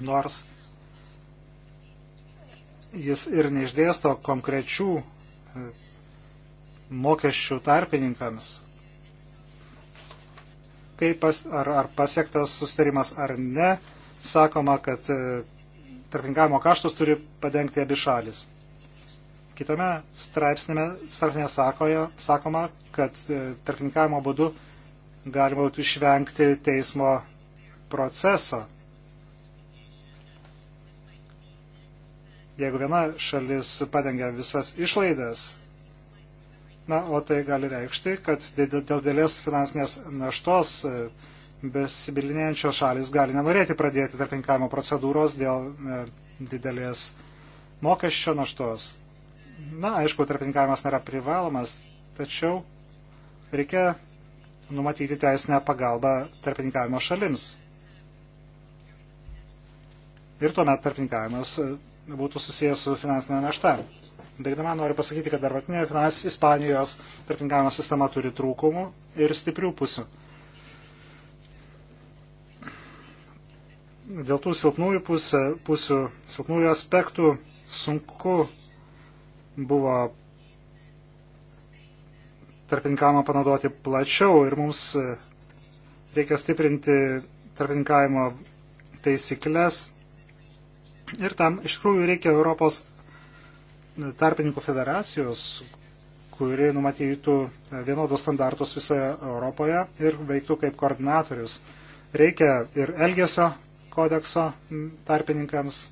A: Nors jis ir neišdėsto konkrečių e, mokesčių tarpininkams, kaip pas, ar, ar pasiektas sustarimas ar ne, sakoma, kad e, tarpininkavimo kaštus turi padengti abi šalis. Kitame straipsnėje sakoje, sakoma, kad e, tarpininkavimo būdu galima būtų išvengti teismo proceso. Jeigu viena šalis padengia visas išlaidas, na, o tai gali reikšti, kad dėl dėlės finansinės naštos e, besibilinėjančios šalis gali nenorėti pradėti tarpininkavimo procedūros dėl e, didelės mokesčio naštos. Na, aišku, tarpininkavimas nėra privalomas, tačiau reikia numatyti teisinę pagalbą tarpininkavimo šalims. Ir tuomet tarpininkavimas e, būtų susijęs su finansinė našta. Baigdama noriu pasakyti, kad darbatinė finansinė Ispanijos tarpininkavimo sistema turi trūkumų ir stiprių pusių. Dėl tų silpnųjų pusių, pusių silpnųjų aspektų sunku buvo tarpininkavimą panaudoti plačiau ir mums e, reikia stiprinti tarpininkavimo taisyklės. Ir tam iš tikrųjų reikia Europos tarpininkų federacijos, kuri numatytų vienodus standartus visoje Europoje ir veiktų kaip koordinatorius. Reikia ir Elgėsio kodekso tarpininkams,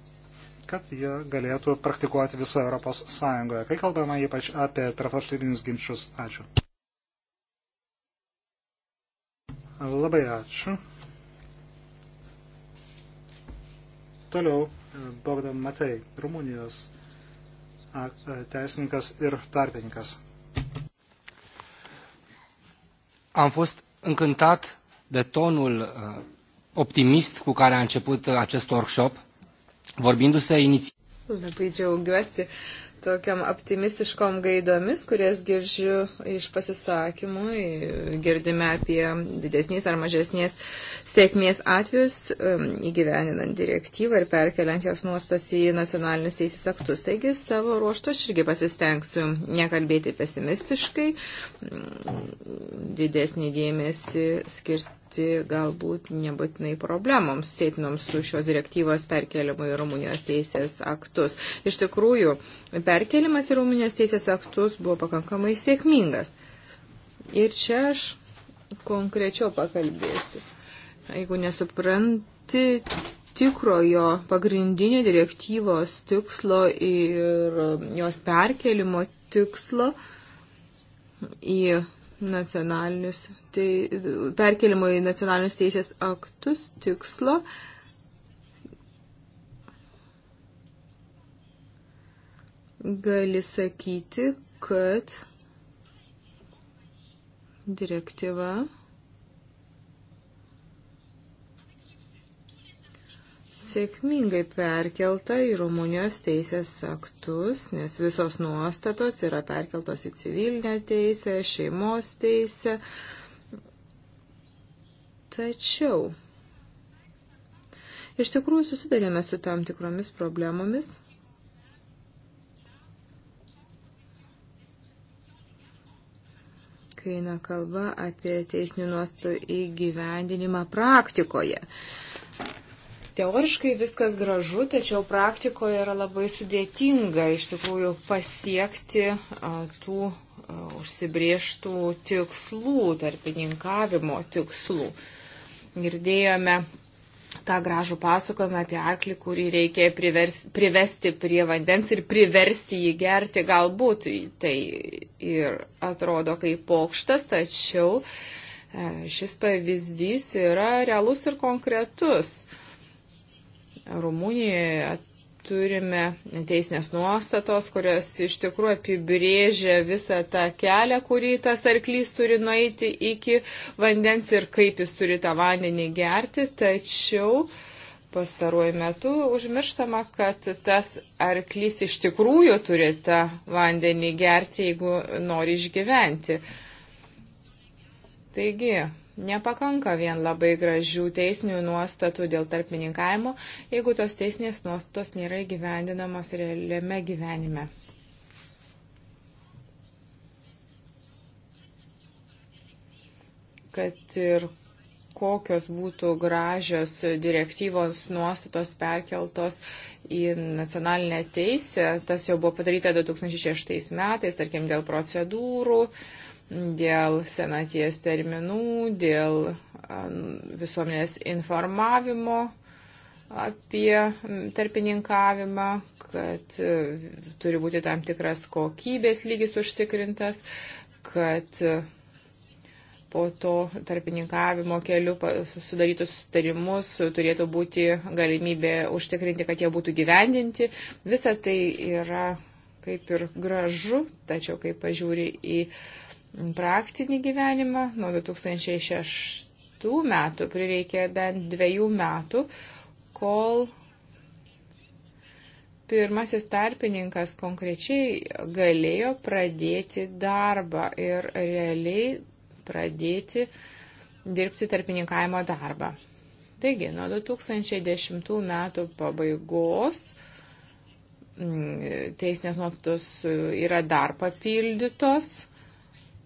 A: kad jie galėtų praktikuoti visą Europos Sąjungoje, kai kalbama ypač apie tarptautinius ginčius. Ačiū. Labai ačiū. Toliau e, Bogdan Matei, Rumunijos e, teisininkas ir tarpininkas. Am fost încântat de tonul e, optimist cu care a început acest workshop vorbinduose inicijai.
D: Labai džiaugiuosi tokiam optimistiškom gaidomis, kurias girdžiu iš pasisakymų, girdime apie didesnės ar mažesnės sėkmės atvejus um, įgyveninant direktyvą ir perkeliant jos nuostas į nacionalinius teisės aktus. Taigi savo ruoštų aš irgi pasistengsiu nekalbėti pesimistiškai, mm, didesnį dėmesį skirti spręsti galbūt nebūtinai problemoms, sėtinoms su šios direktyvos perkeliamu į Rumunijos teisės aktus. Iš tikrųjų, perkeliamas į Rumunijos teisės aktus buvo pakankamai sėkmingas. Ir čia aš konkrečiau pakalbėsiu. Jeigu nesupranti tikrojo pagrindinio direktyvos tikslo ir jos perkelimo tikslo į nacionalinius, tai perkelimo į nacionalinius teisės aktus tikslo. Gali sakyti, kad direktyva sėkmingai perkelta į Rumunijos teisės aktus, nes visos nuostatos yra perkeltos į civilinę teisę, šeimos teisę. Tačiau iš tikrųjų susidarėme su tam tikromis problemomis. kai eina kalba apie teisinių nuostatų įgyvendinimą praktikoje. Uh, Teoriškai viskas gražu, tačiau praktikoje yra labai sudėtinga iš tikrųjų pasiekti tų užsibrieštų tikslų, tarpininkavimo tikslų. Girdėjome tą gražų pasakojimą apie arklį, kurį reikia privers, privesti prie vandens ir priversti jį gerti galbūt. Tai ir atrodo kaip pokštas, tačiau e, šis pavyzdys yra realus ir konkretus. Rumunijoje turime teisinės nuostatos, kurios iš tikrųjų apibrėžia visą tą kelią, kurį tas arklys turi nueiti iki vandens ir kaip jis turi tą vandenį gerti. Tačiau pastaruoju metu užmirštama, kad tas arklys iš tikrųjų turi tą vandenį gerti, jeigu nori išgyventi. Taigi, Nepakanka vien labai gražių teisinių nuostatų dėl tarpininkavimo, jeigu tos teisinės nuostatos nėra įgyvendinamos realiame gyvenime. Kad ir kokios būtų gražios direktyvos nuostatos perkeltos į nacionalinę teisę, tas jau buvo padaryta 2006 metais, tarkim, dėl procedūrų. Uh, dėl senaties terminų, dėl visuomenės informavimo apie tarpininkavimą, kad e, turi būti tam tikras kokybės lygis užtikrintas, kad e, po to tarpininkavimo keliu sudarytus sutarimus turėtų būti galimybė užtikrinti, kad jie būtų gyvendinti. Visa tai yra kaip ir gražu, tačiau kai pažiūri į uh, praktinį gyvenimą. Nuo 2006 metų prireikė bent dviejų metų, kol pirmasis tarpininkas konkrečiai galėjo pradėti darbą ir realiai pradėti dirbti tarpininkavimo darbą. Taigi, nuo 2010 metų pabaigos mm, teisinės nuostatos yra dar papildytos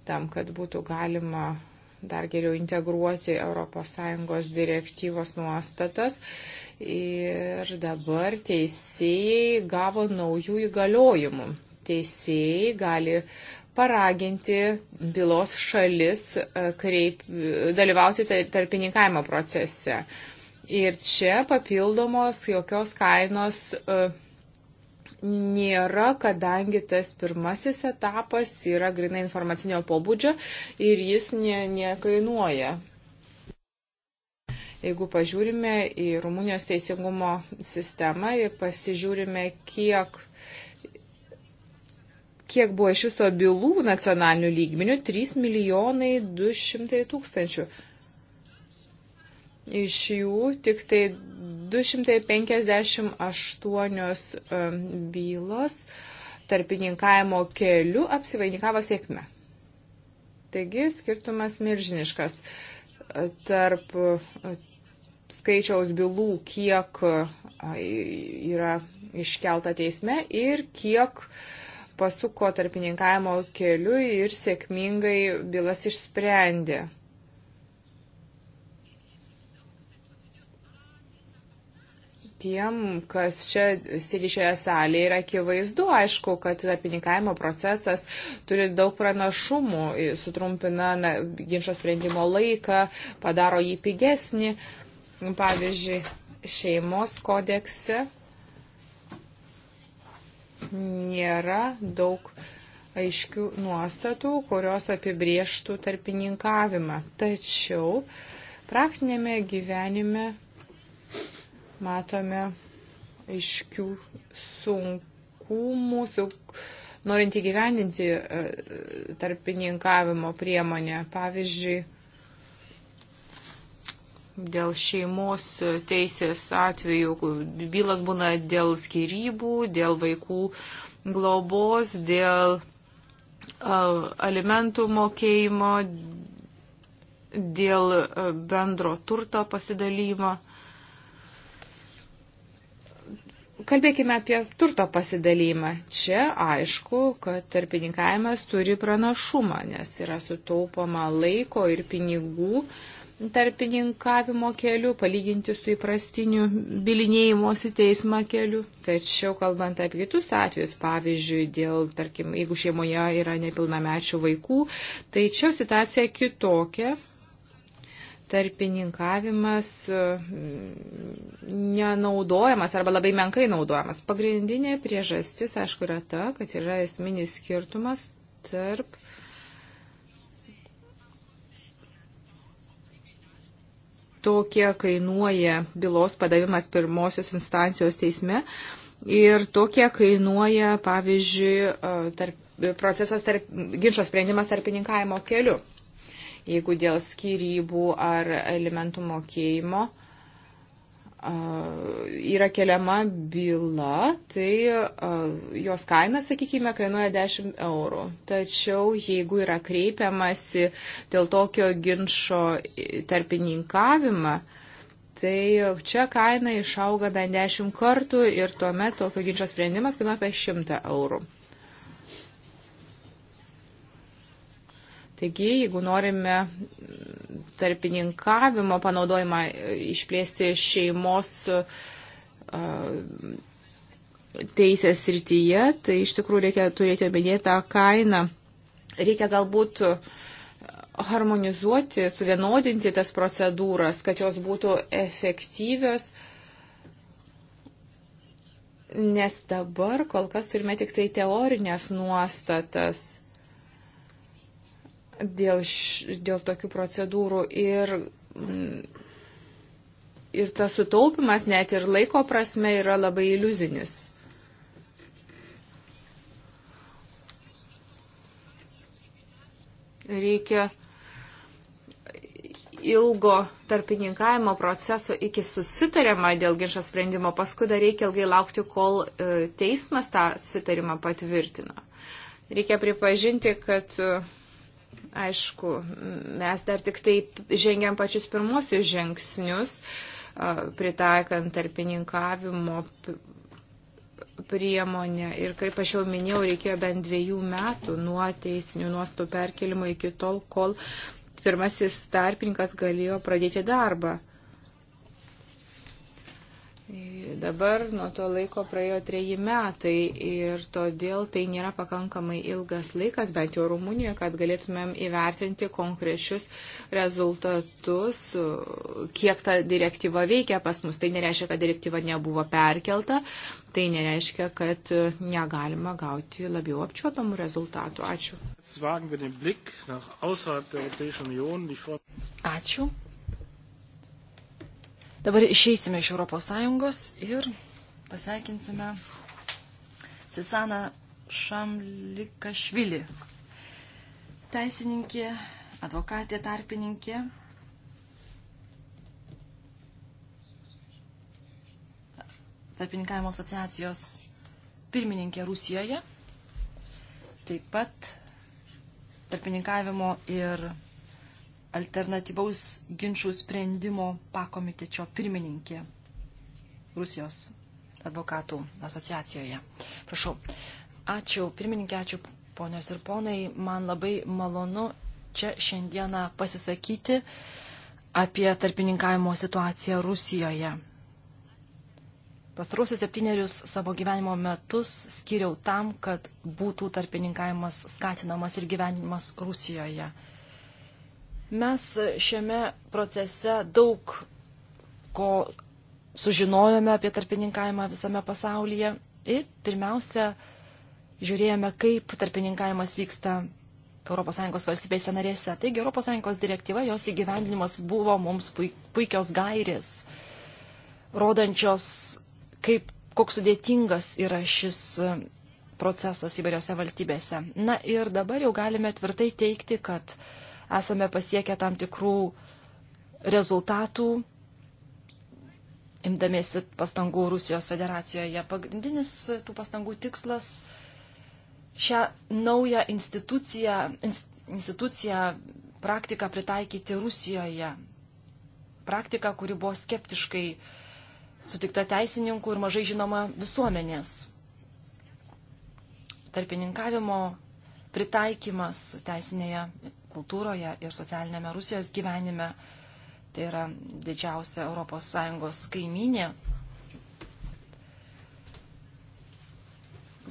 D: tam, kad būtų galima dar geriau integruoti ES direktyvos nuostatas. Ir dabar teisėjai gavo naujų įgaliojimų. Teisėjai gali paraginti bylos šalis e, kreip, dalyvauti tarpininkavimo procese. Ir čia papildomos jokios kainos e, nėra, kadangi tas pirmasis etapas yra grinai informacinio pobūdžio ir jis ne, nekainuoja. Jeigu pažiūrime į Rumunijos teisingumo sistemą ir pasižiūrime, kiek kiek buvo iš viso bylų nacionalinių lygminių - 3 milijonai 200 tūkstančių. Iš jų tik tai 258 bylos tarpininkavimo keliu apsivainikavo sėkme. Taigi skirtumas milžiniškas tarp e, skaičiaus bylų, kiek e, yra iškelta teisme ir kiek pasuko tarpininkavimo keliu ir sėkmingai bylas išsprendė. tiem, kas čia sėdi šioje salėje, yra akivaizdu, aišku, kad apininkavimo procesas turi daug pranašumų, sutrumpina na, ginčio sprendimo laiką, padaro jį pigesnį. Nu, pavyzdžiui, šeimos kodekse nėra daug aiškių nuostatų, kurios apibrieštų tarpininkavimą. Tačiau praktinėme gyvenime matome aiškių sunkumų, su, norint įgyvendinti e, tarpininkavimo priemonę. Pavyzdžiui, dėl šeimos teisės atveju bylas būna dėl skirybų, dėl vaikų globos, dėl alimentų mokėjimo, dėl e, bendro turto pasidalymo. Kalbėkime apie turto pasidalymą. Čia aišku, kad tarpininkavimas turi pranašumą, nes yra sutaupama laiko ir pinigų tarpininkavimo keliu, palyginti su įprastiniu bilinėjimuosi teismą keliu. Tačiau, kalbant apie kitus atvejus, pavyzdžiui, dėl, tarkim, jeigu šeimoje yra nepilnamečių vaikų, tai čia situacija kitokia, tarpininkavimas mm, nenaudojamas arba labai menkai naudojamas. Pagrindinė priežastis, aišku, yra ta, kad yra esminis skirtumas tarp to, kiek kainuoja bylos padavimas pirmosios instancijos teisme ir to, kiek kainuoja, pavyzdžiui, tarp, procesas tarp, ginčio sprendimas tarpininkavimo keliu jeigu dėl skirybų ar elementų mokėjimo yra keliama byla, tai jos kaina, sakykime, kainuoja 10 eurų. Tačiau jeigu yra kreipiamasi dėl tokio ginčio tarpininkavimą, tai čia kaina išauga bent 10 kartų ir tuomet tokio ginčio sprendimas kainuoja apie 100 eurų. Taigi, jeigu norime tarpininkavimo panaudojimą išplėsti šeimos teisės srityje, tai iš tikrųjų reikia turėti omenyje tą kainą. Reikia galbūt harmonizuoti, suvienodinti tas procedūras, kad jos būtų efektyvios, nes dabar kol kas turime tik tai teorinės nuostatas dėl, š, dėl tokių procedūrų ir, mm, ir tas sutaupimas net ir laiko prasme yra labai iliuzinis. Reikia ilgo tarpininkavimo proceso iki susitariama dėl ginčio sprendimo, paskui dar reikia ilgai laukti, kol e, teismas tą sitarimą patvirtina. Reikia pripažinti, kad uh, Aišku, mes dar tik taip žengiam pačius pirmosius žingsnius, pritaikant tarpininkavimo priemonė. Ir kaip aš jau minėjau, reikėjo bent dviejų metų nuo teisinių nuostų perkelimo iki tol, kol pirmasis tarpininkas galėjo pradėti darbą. Dabar nuo to laiko praėjo treji metai ir todėl tai nėra pakankamai ilgas laikas, bent jau Rumunijoje, kad galėtumėm įvertinti konkrečius rezultatus, kiek ta direktyva veikia pas mus. Tai nereiškia, kad direktyva nebuvo perkelta, tai nereiškia, kad negalima gauti labiau apčiuopiamų rezultatų. Ačiū.
C: Ačiū. Dabar išeisime iš ES ir pasveikinsime Sisaną Šamlikašvili. Teisininkė, advokatė, tarpininkė. Tarpininkavimo asociacijos pirmininkė Rusijoje. Taip pat tarpininkavimo ir alternatyvaus ginčių sprendimo pakomitečio pirmininkė Rusijos advokatų asociacijoje. Prašau. Ačiū, pirmininkė, ačiū ponios ir ponai. Man labai malonu čia šiandieną pasisakyti apie tarpininkavimo situaciją Rusijoje. Pastarusius septynerius savo gyvenimo metus skiriau tam, kad būtų tarpininkavimas skatinamas ir gyvenimas Rusijoje. Mes šiame procese daug ko sužinojome apie tarpininkavimą visame pasaulyje ir pirmiausia žiūrėjome, kaip tarpininkavimas vyksta ES valstybėse narėse. Taigi ES direktyva, jos įgyvendinimas buvo mums puikios gairės, rodančios, kaip, koks sudėtingas yra šis procesas įvairiose valstybėse. Na ir dabar jau galime tvirtai teikti, kad uh, esame pasiekę tam tikrų rezultatų, imdamiesi pastangų Rusijos federacijoje. Pagrindinis tų pastangų tikslas šią naują instituciją, instituciją praktiką pritaikyti Rusijoje. Praktika, kuri buvo skeptiškai sutikta teisininkų ir mažai žinoma visuomenės. Tarpininkavimo pritaikymas teisinėje kultūroje ir socialinėme Rusijos gyvenime. Tai yra didžiausia ES kaiminė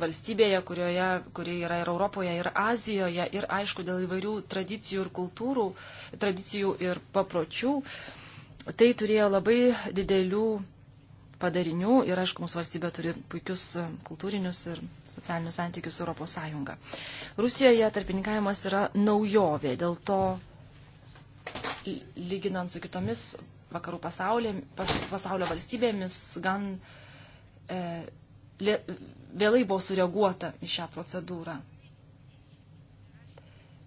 C: valstybėje, kurioje, kuri yra ir Europoje, ir Azijoje, ir aišku, dėl įvairių tradicijų ir kultūrų, tradicijų ir papročių, tai turėjo labai didelių padarinių ir, aišku, mūsų valstybė turi puikius e, kultūrinius ir socialinius santykius su Europos Sąjunga. Rusijoje tarpininkavimas yra naujovė, dėl to lyginant su kitomis vakarų pasaulio, pas, pasaulio valstybėmis gan e, lė, vėlai buvo sureaguota į šią procedūrą.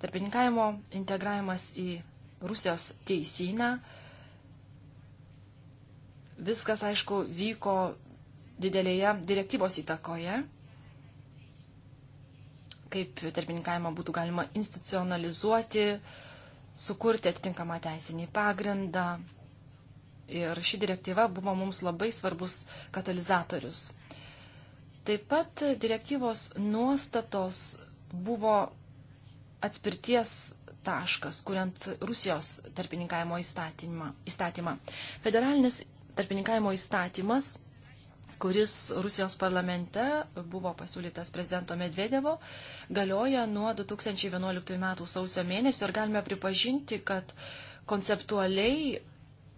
C: Tarpininkavimo integravimas į Rusijos teisinę Viskas, aišku, vyko didelėje direktyvos įtakoje, kaip tarpininkavimą būtų galima institucionalizuoti, sukurti atitinkamą teisinį pagrindą. Ir ši direktyva buvo mums labai svarbus katalizatorius. Taip pat direktyvos nuostatos buvo atspirties taškas, kuriant Rusijos tarpininkavimo įstatymą. įstatymą. Federalinis tarpininkavimo įstatymas, kuris Rusijos parlamente buvo pasiūlytas prezidento Medvedevo, galioja nuo 2011 m. sausio mėnesio ir galime pripažinti, kad konceptualiai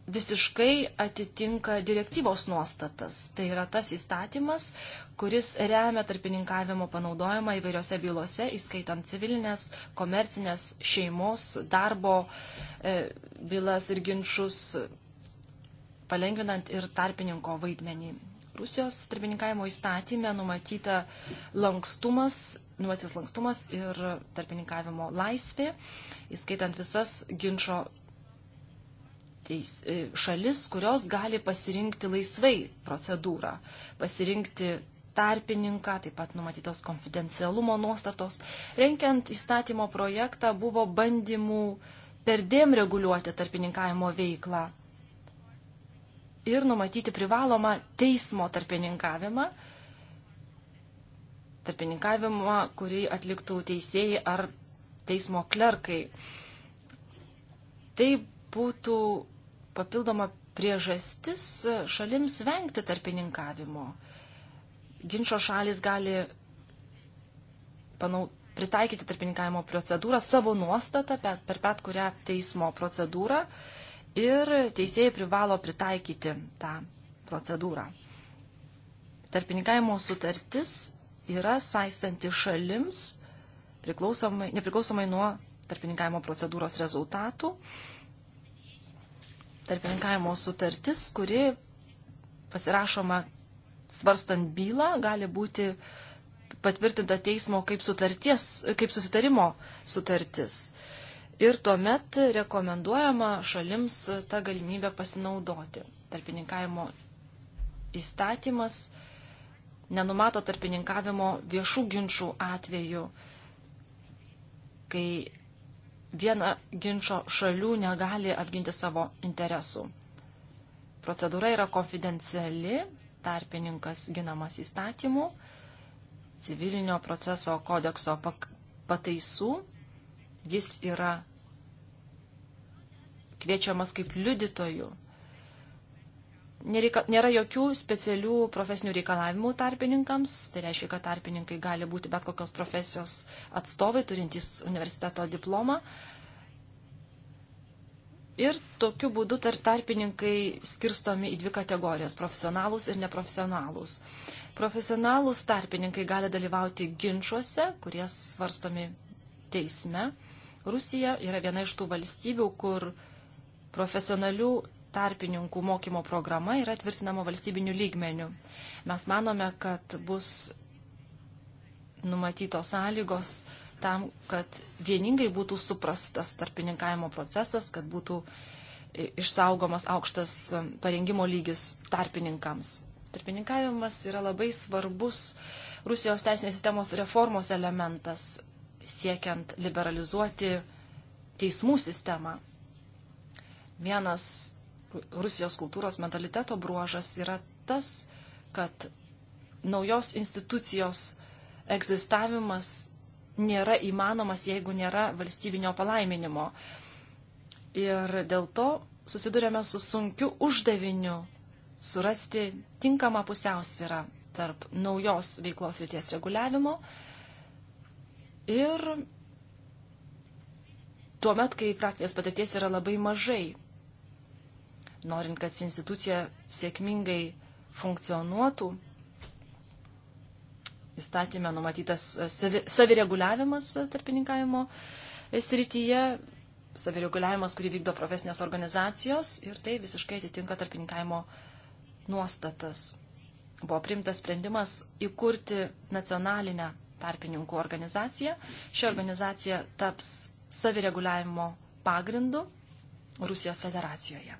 C: visiškai atitinka direktyvos nuostatas. Tai yra tas įstatymas, kuris remia tarpininkavimo panaudojimą įvairiose bylose, įskaitant civilinės, komercinės, šeimos, darbo e, bylas ir ginčius palengvinant ir tarpininko vaidmenį. Rusijos tarpininkavimo įstatymė numatyta lankstumas, numatytas lankstumas ir tarpininkavimo laisvė, įskaitant visas ginčio teis, e, šalis, kurios gali pasirinkti laisvai procedūrą, pasirinkti tarpininką, taip pat numatytos konfidencialumo nuostatos. Renkiant įstatymo projektą buvo bandymų perdėm reguliuoti tarpininkavimo veiklą ir numatyti privalomą teismo tarpininkavimą, tarpininkavimą, kurį atliktų teisėjai ar teismo klerkai. Tai būtų papildoma priežastis šalims vengti tarpininkavimo. Ginčio šalis gali panau, pritaikyti tarpininkavimo procedūrą savo nuostatą per, per pat kurią teismo procedūrą. Uh, ir teisėjai privalo pritaikyti tą procedūrą. Tarpininkavimo sutartis yra saistanti šalims priklausomai, nepriklausomai nuo tarpininkavimo procedūros rezultatų. Tarpininkavimo sutartis, kuri pasirašoma svarstant bylą, gali būti patvirtinta teismo kaip, kaip susitarimo sutartis ir tuomet rekomenduojama šalims tą galimybę pasinaudoti. Tarpininkavimo įstatymas nenumato tarpininkavimo viešų ginčių atveju, kai viena ginčio šalių negali apginti savo interesų. Procedūra yra konfidenciali, tarpininkas ginamas įstatymų, civilinio proceso kodekso pataisų jis yra kviečiamas kaip liudytojų. Nereika, nėra jokių specialių profesinių reikalavimų tarpininkams, tai reiškia, kad tarpininkai gali būti bet kokios profesijos atstovai, turintys universiteto diplomą. Ir tokiu būdu tarpininkai skirstomi į dvi kategorijas - profesionalus ir neprofesionalus. Profesionalus tarpininkai gali dalyvauti ginčiuose, kurie svarstomi teisme. Rusija yra viena iš tų valstybių, kur profesionalių tarpininkų mokymo programa yra tvirtinama valstybiniu lygmeniu. Mes manome, kad bus numatytos sąlygos tam, kad vieningai būtų suprastas tarpininkavimo procesas, kad būtų išsaugomas aukštas parengimo lygis tarpininkams. Tarpininkavimas yra labai svarbus Rusijos teisinės sistemos reformos elementas siekiant liberalizuoti teismų sistemą. Vienas Rusijos kultūros mentaliteto bruožas yra tas, kad naujos institucijos egzistavimas nėra įmanomas, jeigu nėra valstybinio palaiminimo. Ir dėl to susidurėme su sunkiu uždaviniu surasti tinkamą pusiausvyrą tarp naujos veiklos ryties reguliavimo Ir tuomet, kai praktinės patirties yra labai mažai, norint, kad institucija sėkmingai funkcionuotų, įstatymė numatytas savi, savireguliavimas tarpininkavimo srityje, savireguliavimas, kurį vykdo profesinės organizacijos ir tai visiškai atitinka tarpininkavimo nuostatas. Buvo priimtas sprendimas įkurti nacionalinę tarpininkų organizacija. Ši organizacija taps savireguliavimo pagrindu Rusijos federacijoje.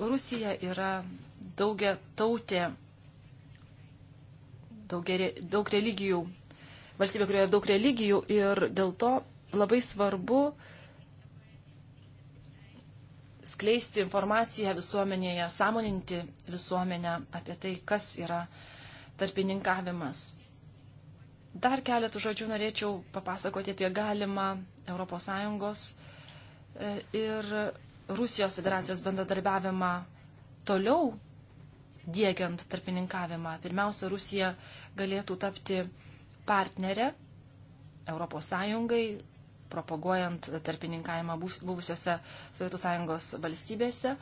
C: Rusija yra daugia tautė, daugia, daug religijų, valstybė, kurioje daug religijų ir dėl to labai svarbu uh, skleisti informaciją visuomenėje, sąmoninti visuomenę apie tai, kas yra tarpininkavimas. Dar keletų žodžių norėčiau papasakoti apie galimą ES e, ir Rusijos federacijos bendradarbiavimą toliau dėgiant tarpininkavimą. Pirmiausia, Rusija galėtų tapti partnerę ES, propaguojant tarpininkavimą buvusiose Sovietų Sąjungos valstybėse,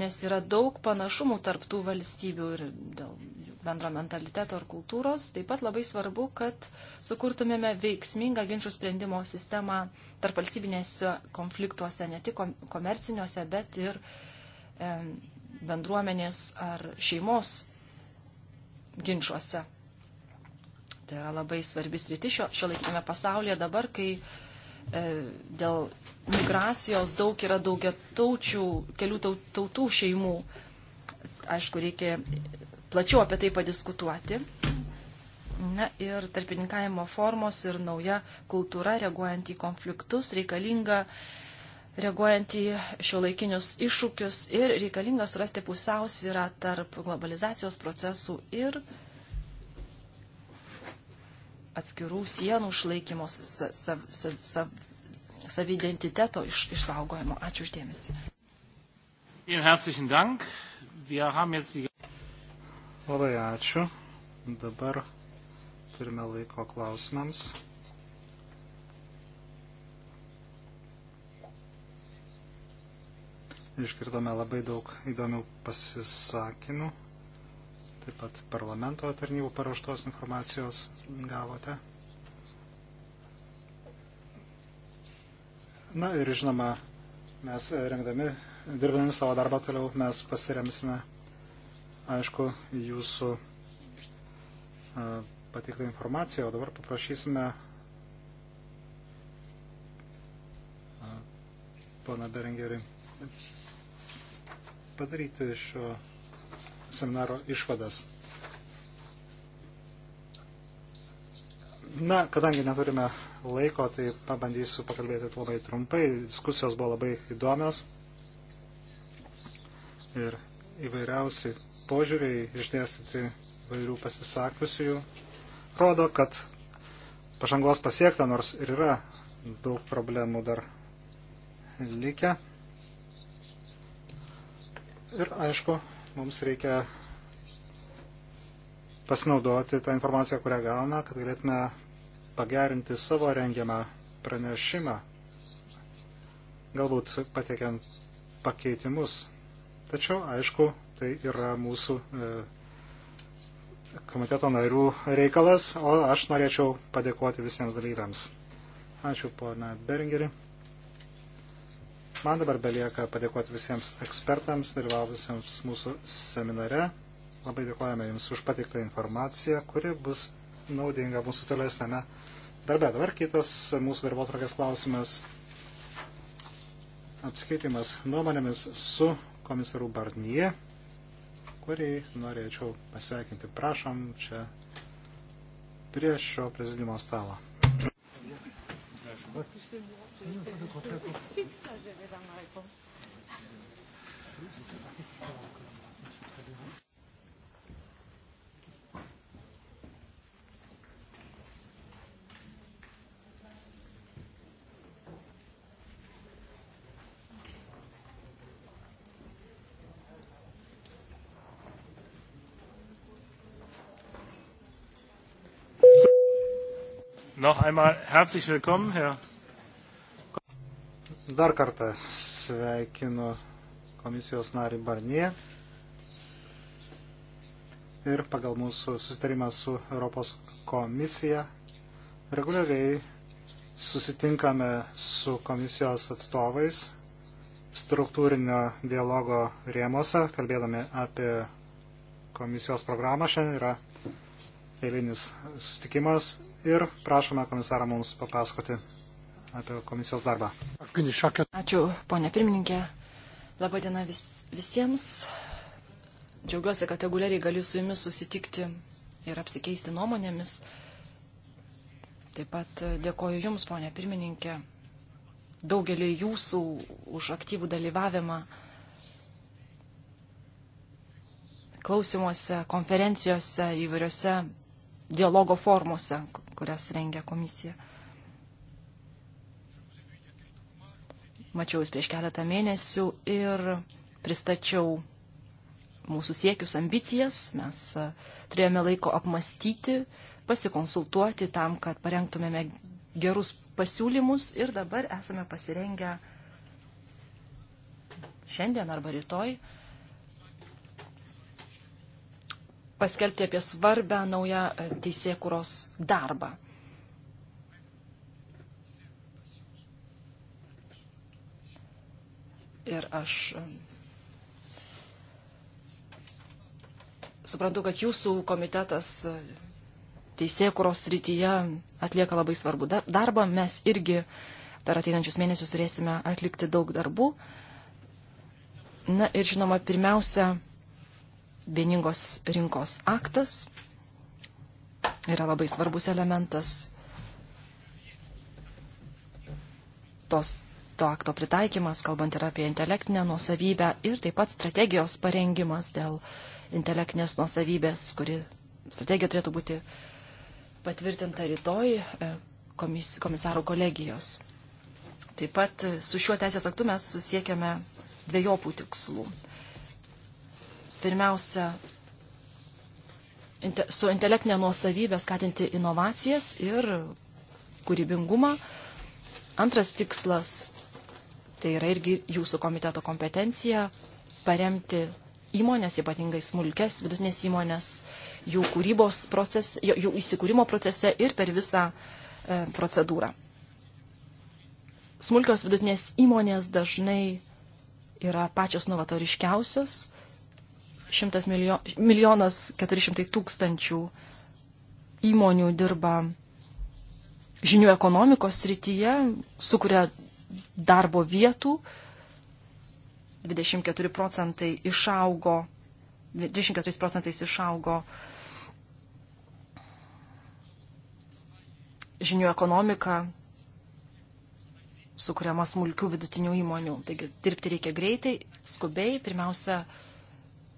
C: nes yra daug panašumų tarptų valstybių ir dėl bendro mentaliteto ar kultūros. Taip pat labai svarbu, kad sukurtumėme veiksmingą ginčių sprendimo sistemą tarp valstybinėse konfliktuose, ne tik komerciniuose, bet ir bendruomenės ar šeimos ginčiuose. Tai yra labai svarbis rytis šio, šio laikinėme pasaulyje dabar, kai E, dėl migracijos daug yra daugia taučių, kelių tautų šeimų. Aišku, reikia plačiau apie tai padiskutuoti. Na ir tarpininkavimo formos ir nauja kultūra reaguojant į konfliktus reikalinga, reaguojant į šiuolaikinius iššūkius ir reikalinga surasti pusiausvyrą tarp globalizacijos procesų ir atskirų sienų išlaikymo, sa, sa, sa, sa, savidentiteto iš, išsaugojimo. Ačiū uždėmesi.
A: Labai ačiū. Dabar turime laiko klausimams. Išgirdome labai daug įdomių pasisakymų taip pat parlamento tarnybų paruoštos informacijos gavote. Na ir žinoma, mes rengdami, dirbdami savo darbą toliau, mes pasiremsime, aišku, jūsų pateiktą informaciją, o dabar paprašysime pana Berengerį padaryti šio seminaro išvadas. Na, kadangi neturime laiko, tai pabandysiu pakalbėti labai trumpai. Diskusijos buvo labai įdomios ir įvairiausi požiūriai išdėstyti įvairių pasisakusių rodo, kad pažangos pasiekta, nors ir yra daug problemų dar likę. Ir aišku, mums reikia pasinaudoti tą informaciją, kurią gauna, kad galėtume pagerinti savo rengiamą pranešimą, galbūt pateikiant pakeitimus. Tačiau, aišku, tai yra mūsų e, komiteto narių reikalas, o aš norėčiau padėkoti visiems dalyviams. Ačiū, pona Beringeri. Man dabar belieka padėkoti visiems ekspertams, dalyvavusiems mūsų seminare. Labai dėkojame Jums už patiktą informaciją, kuri bus naudinga mūsų tolesnėme darbe. Dabar kitas mūsų darbo trukės klausimas - apskaitimas nuomonėmis su komisaru Barnie, kurį norėčiau pasveikinti. Prašom čia prie šio prezidimo stalo. What? Noch einmal herzlich willkommen, Herr Dar kartą sveikinu komisijos narį Barnie ir pagal mūsų susitarimą su Europos komisija reguliariai susitinkame su komisijos atstovais struktūrinio dialogo rėmose, kalbėdami apie komisijos programą. Šiandien yra eilinis susitikimas ir prašome komisarą mums papasakoti apie komisijos darbą. Ačiū,
C: ponė pirmininkė. Labadiena vis, visiems. Džiaugiuosi, kad reguliariai galiu su jumis susitikti ir apsikeisti nuomonėmis. Taip pat dėkoju Jums, ponė pirmininkė, daugeliu Jūsų už aktyvų dalyvavimą klausimuose, konferencijose, įvairiose dialogo formuose, kurias rengia komisija. mačiau jūs prieš keletą mėnesių ir pristačiau mūsų siekius, ambicijas. Mes e, turėjome laiko apmastyti, pasikonsultuoti tam, kad parengtumėme gerus pasiūlymus ir dabar esame pasirengę šiandien arba rytoj paskelbti apie svarbę naują e, teisėkuros darbą. Ir aš suprantu, kad jūsų komitetas e, teisėkuros srityje atlieka labai svarbu darbą. Mes irgi per ateinančius mėnesius turėsime atlikti daug darbų. Na ir žinoma, pirmiausia, vieningos rinkos aktas yra labai svarbus elementas tos to akto pritaikymas, kalbant ir apie intelektinę nuosavybę ir taip pat strategijos parengimas dėl intelektinės nuosavybės, kuri strategija turėtų būti patvirtinta rytoj e, komis, komisarų kolegijos. Taip pat e, su šiuo teisės aktu mes siekiame dviejopų tikslų. Pirmiausia, inte, su intelektinė nuosavybė skatinti inovacijas ir kūrybingumą. Antras tikslas tai yra irgi jūsų komiteto kompetencija paremti įmonės, ypatingai smulkes, vidutinės įmonės, jų kūrybos proces, jų įsikūrimo procese ir per visą e, procedūrą. Smulkios vidutinės įmonės dažnai yra pačios novatoriškiausios. 100 milijonas 400 tūkstančių įmonių dirba žinių ekonomikos srityje, sukuria darbo vietų, 24 procentai išaugo, 24 procentais išaugo žinių ekonomika, sukuriama smulkių vidutinių įmonių. Taigi dirbti reikia greitai, skubiai, pirmiausia,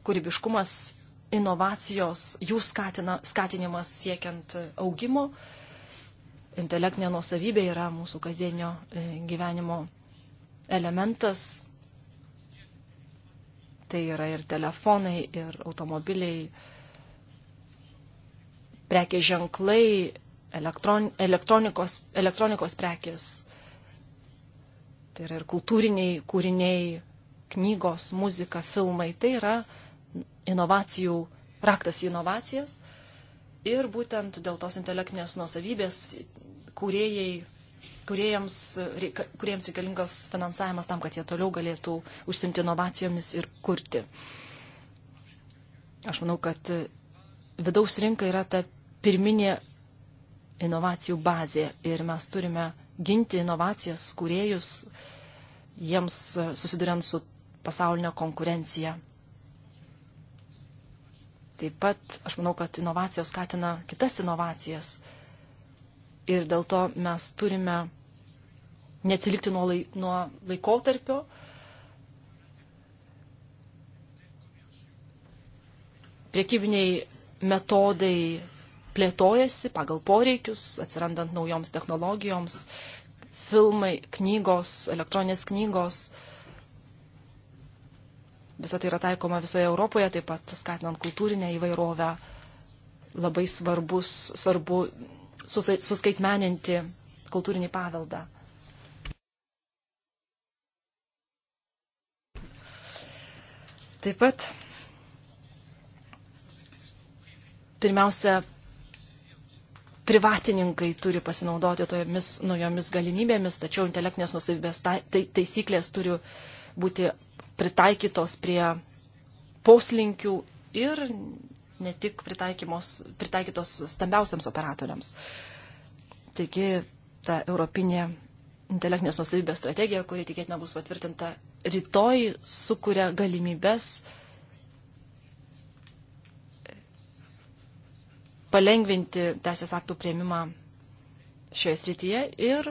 C: kūrybiškumas, inovacijos, jų skatina, skatinimas siekiant augimo intelektinė nuosavybė yra mūsų kasdienio e, gyvenimo elementas. Tai yra ir telefonai, ir automobiliai, prekės ženklai, elektron, elektronikos, elektronikos prekės. Tai yra ir kultūriniai kūriniai, knygos, muzika, filmai. Tai yra inovacijų, raktas į inovacijas. Ir būtent dėl tos intelektinės nuosavybės kūrėjai, kuriems, kuriems reikalingas finansavimas tam, kad jie toliau galėtų užsimti inovacijomis ir kurti. Aš manau, kad vidaus rinka yra ta pirminė inovacijų bazė ir mes turime ginti inovacijas, kuriejus, jiems susiduriant su pasaulinė konkurencija Taip pat aš manau, kad inovacijos skatina kitas inovacijas. Ir dėl to mes turime neatsilikti nuo, lai, nuo laikotarpio. Priekybiniai metodai plėtojasi pagal poreikius, atsirandant naujoms technologijoms, filmai, knygos, elektroninės knygos. Uh, Visą tai yra taikoma visoje Europoje, taip pat skatinant kultūrinę įvairovę. Labai svarbus, svarbu suskaitmeninti kultūrinį paveldą. Taip pat pirmiausia, privatininkai turi pasinaudoti tojomis naujomis galimybėmis, tačiau intelektinės nusavybės tai-, tai-, taisyklės turi būti pritaikytos prie poslinkių ir ne tik pritaikytos stambiausiams operatoriams. Taigi ta europinė intelektinės nusavybės strategija, kuri tikėtina bus patvirtinta rytoj, sukuria galimybės palengvinti teisės aktų prieimimą šioje srityje ir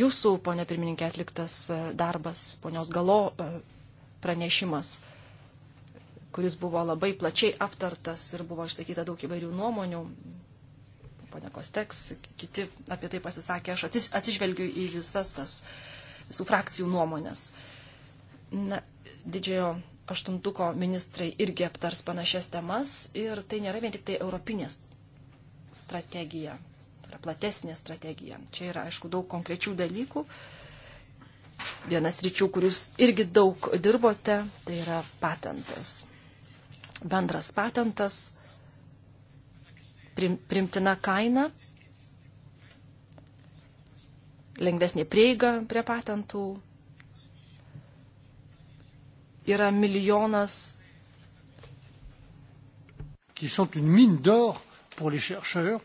C: jūsų, ponė pirmininkė, atliktas e, darbas, ponios galo e, pranešimas, kuris buvo labai plačiai aptartas ir buvo išsakyta daug įvairių nuomonių. Pone Kosteks, kiti apie tai pasisakė, aš atsis, atsižvelgiu į visas tas visų frakcijų nuomonės. Na, didžiojo aštuntuko ministrai irgi aptars panašias temas ir tai nėra vien tik tai europinės strategija platesnė strategija. Čia yra, aišku, daug konkrečių dalykų. Vienas ryčių, kurius irgi daug dirbote, tai yra patentas. Bendras patentas, prim, primtina kaina, lengvesnė prieiga prie patentų. Yra milijonas
A: qui sont une mine d'or pour les
C: chercheurs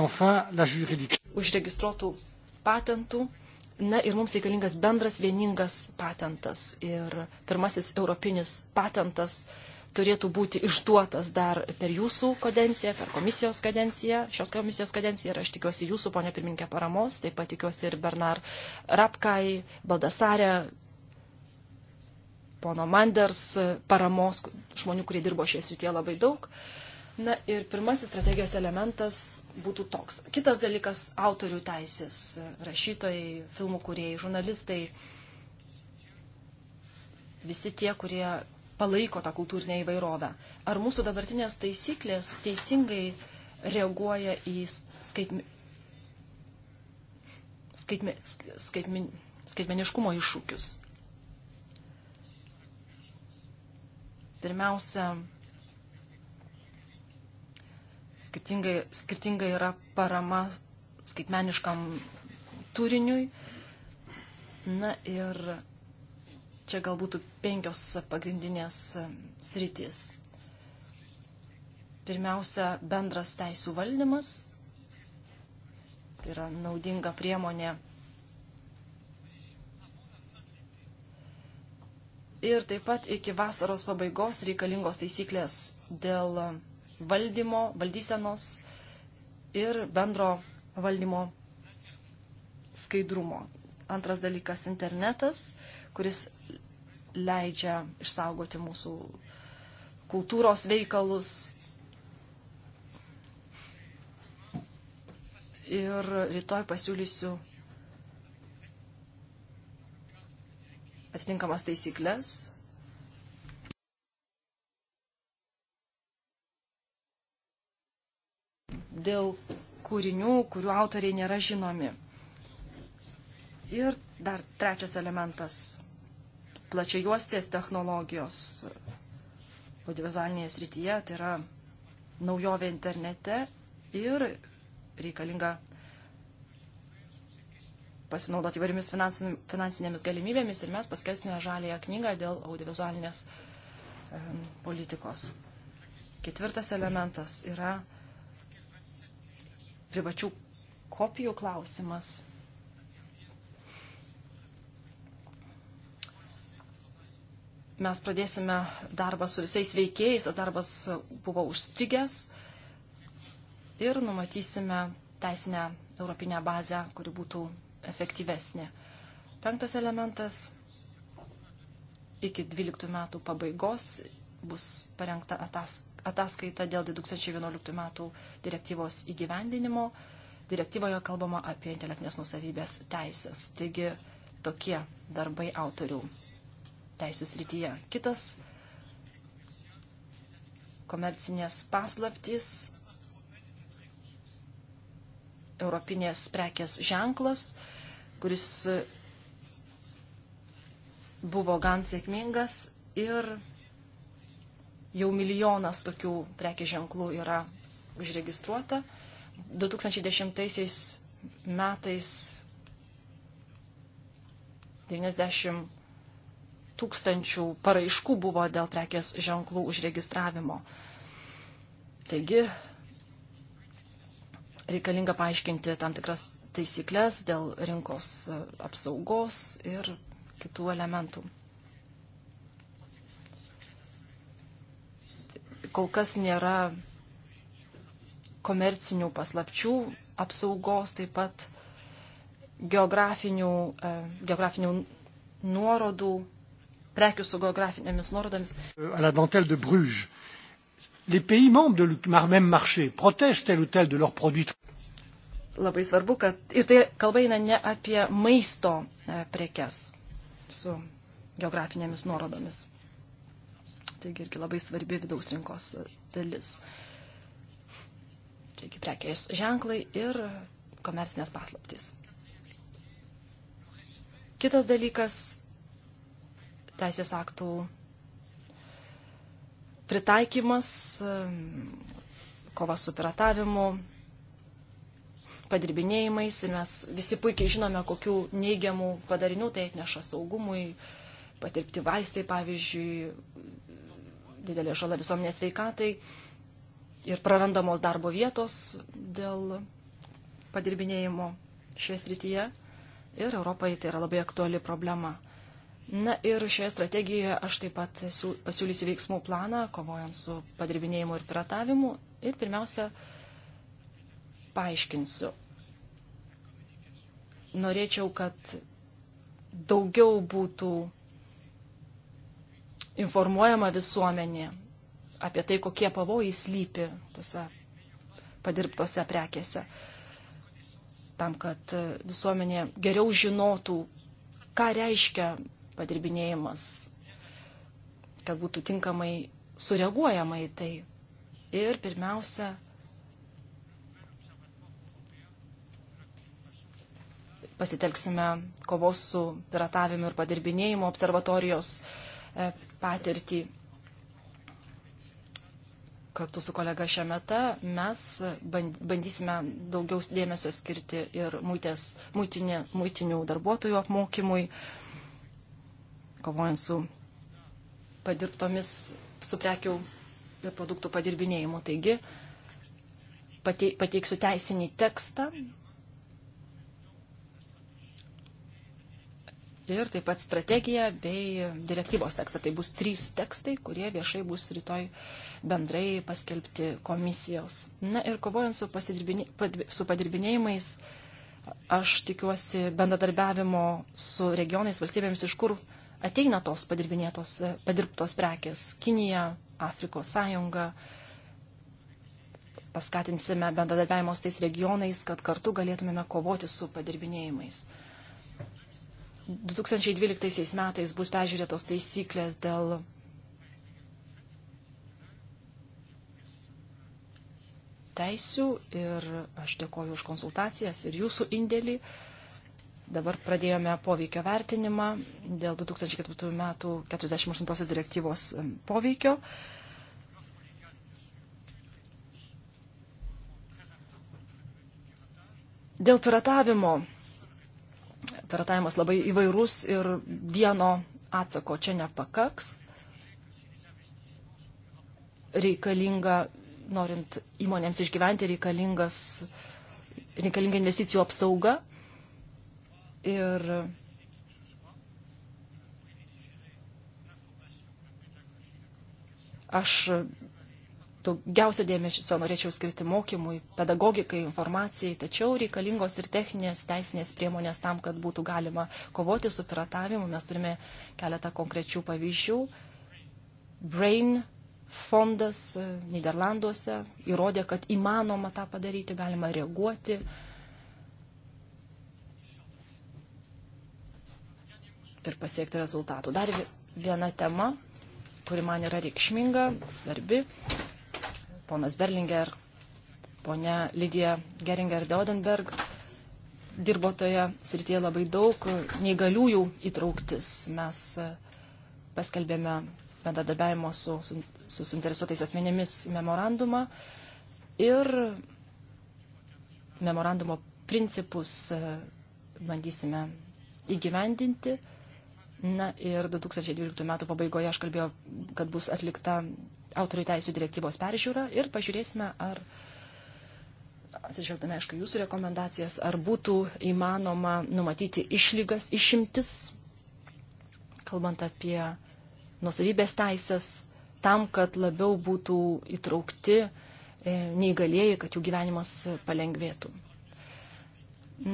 A: užregistruotų
C: patentų. Na ir mums reikalingas bendras vieningas patentas. Ir pirmasis europinis patentas turėtų būti išduotas dar per jūsų kadenciją, per komisijos kadenciją, šios komisijos kadenciją. Ir aš tikiuosi jūsų, ponė pirminkė, paramos. Taip pat tikiuosi ir Bernard Rapkai, Baldasarė, pono Manders paramos žmonių, kurie dirbo šioje srityje labai daug. Uh, Na ir pirmasis strategijos elementas būtų toks. Kitas dalykas - autorių teisės. Rašytojai, filmų kuriejai, žurnalistai, visi tie, kurie palaiko tą kultūrinę įvairovę. Ar mūsų dabartinės taisyklės teisingai reaguoja į skaitmi... Skaitmi... Skaitmi... skaitmeniškumo iššūkius? Pirmiausia, skirtingai, skirtingai yra parama skaitmeniškam turiniui. Na ir čia gal būtų penkios pagrindinės sritys. Pirmiausia, bendras teisų valdymas. Tai yra naudinga priemonė. Ir taip pat iki vasaros pabaigos reikalingos taisyklės dėl valdymo, valdysenos ir bendro valdymo skaidrumo. Antras dalykas - internetas, kuris leidžia išsaugoti mūsų kultūros veikalus. Ir rytoj pasiūlysiu atitinkamas taisyklės, dėl kūrinių, kurių autoriai nėra žinomi. Ir dar trečias elementas - plačiajuostės technologijos audiovizualinėje srityje, tai yra naujovė internete ir reikalinga pasinaudoti įvairiomis finansinėmis galimybėmis ir mes paskesime žalėją knygą dėl audiovizualinės politikos. Ketvirtas elementas yra privačių kopijų klausimas. Mes pradėsime darbą su visais veikėjais, tas darbas buvo užstrigęs ir numatysime teisinę europinę bazę, kuri būtų efektyvesnė. Penktas elementas iki 12 metų pabaigos bus parengta ataskaita ataskaitą dėl 2011 metų direktyvos įgyvendinimo. Direktyvoje kalbama apie intelektinės nusavybės teisės. Taigi tokie darbai autorių teisų srityje. Kitas komercinės paslaptys, europinės prekės ženklas, kuris buvo gan sėkmingas ir jau milijonas tokių prekės ženklų yra užregistruota. 2010 metais 90 tūkstančių paraiškų buvo dėl prekės ženklų užregistravimo. Taigi reikalinga paaiškinti tam tikras taisyklės dėl rinkos apsaugos ir kitų elementų. kol kas nėra komercinių paslapčių apsaugos, taip pat geografinių, e, geografinių nuorodų, prekių su geografinėmis nuorodomis.
A: Les pays membres de même marché protègent tel ou tel de leurs produits.
C: Labai svarbu, kad ir tai kalba eina ne apie maisto e, prekes su geografinėmis nuorodomis taigi irgi labai svarbi vidaus rinkos dalis. Taigi prekės ženklai ir komercinės paslaptys. Kitas dalykas - teisės aktų pritaikymas, kova su piratavimu, padirbinėjimais ir mes visi puikiai žinome, kokių neigiamų padarinių tai atneša saugumui, patirpti vaistai, pavyzdžiui, didelė žala visuomenės veikatai ir prarandamos darbo vietos dėl padirbinėjimo šioje srityje. Ir Europai tai yra labai aktuali problema. Na ir šioje strategijoje aš taip pat pasiūlysiu veiksmų planą, kovojant su padirbinėjimu ir piratavimu. Ir pirmiausia, paaiškinsiu. Norėčiau, kad daugiau būtų informuojama visuomenė apie tai, kokie pavojai slypi tose padirbtose prekėse, tam, kad e, visuomenė geriau žinotų, ką reiškia padirbinėjimas, kad būtų tinkamai sureaguojama į tai. Ir pirmiausia, pasitelksime kovos su piratavimu ir padirbinėjimu observatorijos e, patirtį. Kartu su kolega Šemeta mes bandysime daugiau dėmesio skirti ir mūtės, mūtinė, mūtinių darbuotojų apmokymui, kovojant su padirbtomis, su prekių ir produktų padirbinėjimu. Taigi pateiksiu teisinį tekstą ir taip pat strategiją bei direktyvos tekstą. Tai bus trys tekstai, kurie viešai bus rytoj bendrai paskelbti komisijos. Na ir kovojant su, su padirbinėjimais, aš tikiuosi bendradarbiavimo su regionais valstybėmis, iš kur ateina tos padirbtos prekės - Kinija, Afrikos sąjunga paskatinsime bendradarbiavimo su tais regionais, kad kartu galėtumėme kovoti su padirbinėjimais. 2012 metais bus peržiūrėtos taisyklės dėl teisių ir aš dėkoju už konsultacijas ir jūsų indėlį. Dabar pradėjome poveikio vertinimą dėl 2004 metų 48 direktyvos poveikio. Dėl piratavimo Piratavimas labai įvairus ir vieno atsako čia nepakaks. Reikalinga, norint įmonėms išgyventi, reikalingas, reikalinga investicijų apsauga. Ir aš daugiausia dėmesio norėčiau skirti mokymui, pedagogikai, informacijai, tačiau reikalingos ir techninės teisinės priemonės tam, kad būtų galima kovoti su piratavimu. Mes turime keletą konkrečių pavyzdžių. Brain fondas e, Niderlanduose įrodė, kad įmanoma tą padaryti, galima reaguoti. Ir pasiekti rezultatų. Dar viena tema, kuri man yra reikšminga, svarbi ponas Berlinger, ponia Lydija Geringer de Odenberg dirbo toje srityje labai daug, neįgaliųjų įtrauktis. Mes e, paskelbėme bendradarbiavimo su, su, su suinteresuotais asmenėmis memorandumą ir memorandumo principus e, bandysime įgyvendinti. Na ir 2012 metų pabaigoje aš kalbėjau, kad bus atlikta autorių teisų direktyvos peržiūrą ir pažiūrėsime, ar atsižvelgdami, aišku, jūsų rekomendacijas, ar būtų įmanoma numatyti išlygas, išimtis, kalbant apie nusavybės teisės, tam, kad labiau būtų įtraukti e, neįgalėjai, kad jų gyvenimas palengvėtų.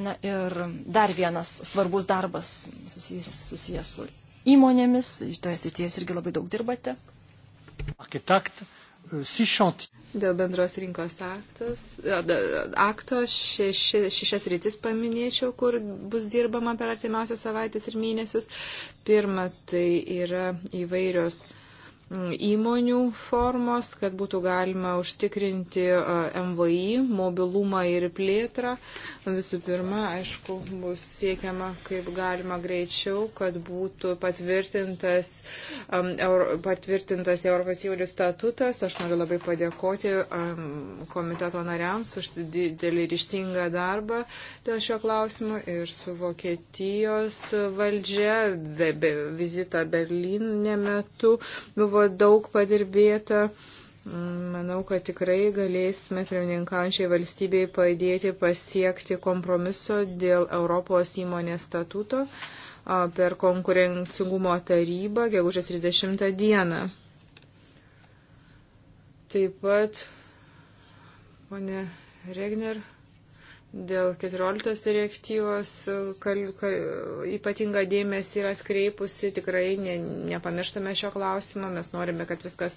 C: Na ir dar vienas svarbus darbas susijęs, susijęs su įmonėmis, toje srityje irgi labai daug dirbate.
A: Euh,
D: Dėl bendros rinkos aktas, akto šeši, šešias rytis paminėčiau, kur bus dirbama per artimiausias savaitės ir mėnesius. Pirma, tai yra įvairios uh, Mm, įmonių formos, kad būtų galima užtikrinti MVI mobilumą ir plėtrą. Visų pirma, aišku, bus siekiama kaip galima greičiau, kad būtų patvirtintas, um, Euro, patvirtintas Europos jaunių statutas. Aš noriu labai padėkoti um, komiteto nariams už didelį ryštingą darbą dėl šio klausimo ir su Vokietijos valdžia be, be, vizita Berlyne metu buvo buvo daug padirbėta. Mm, Manau, kad tikrai galėsime pirmininkaujančiai valstybei padėti pasiekti kompromiso dėl Europos įmonės statuto per konkurencingumo tarybą gegužės 30 dieną. Taip pat, ponė Regner, dėl 14 direktyvos kal, kal, ypatinga dėmesį yra skreipusi, tikrai ne, nepamirštame šio klausimo, mes norime, kad viskas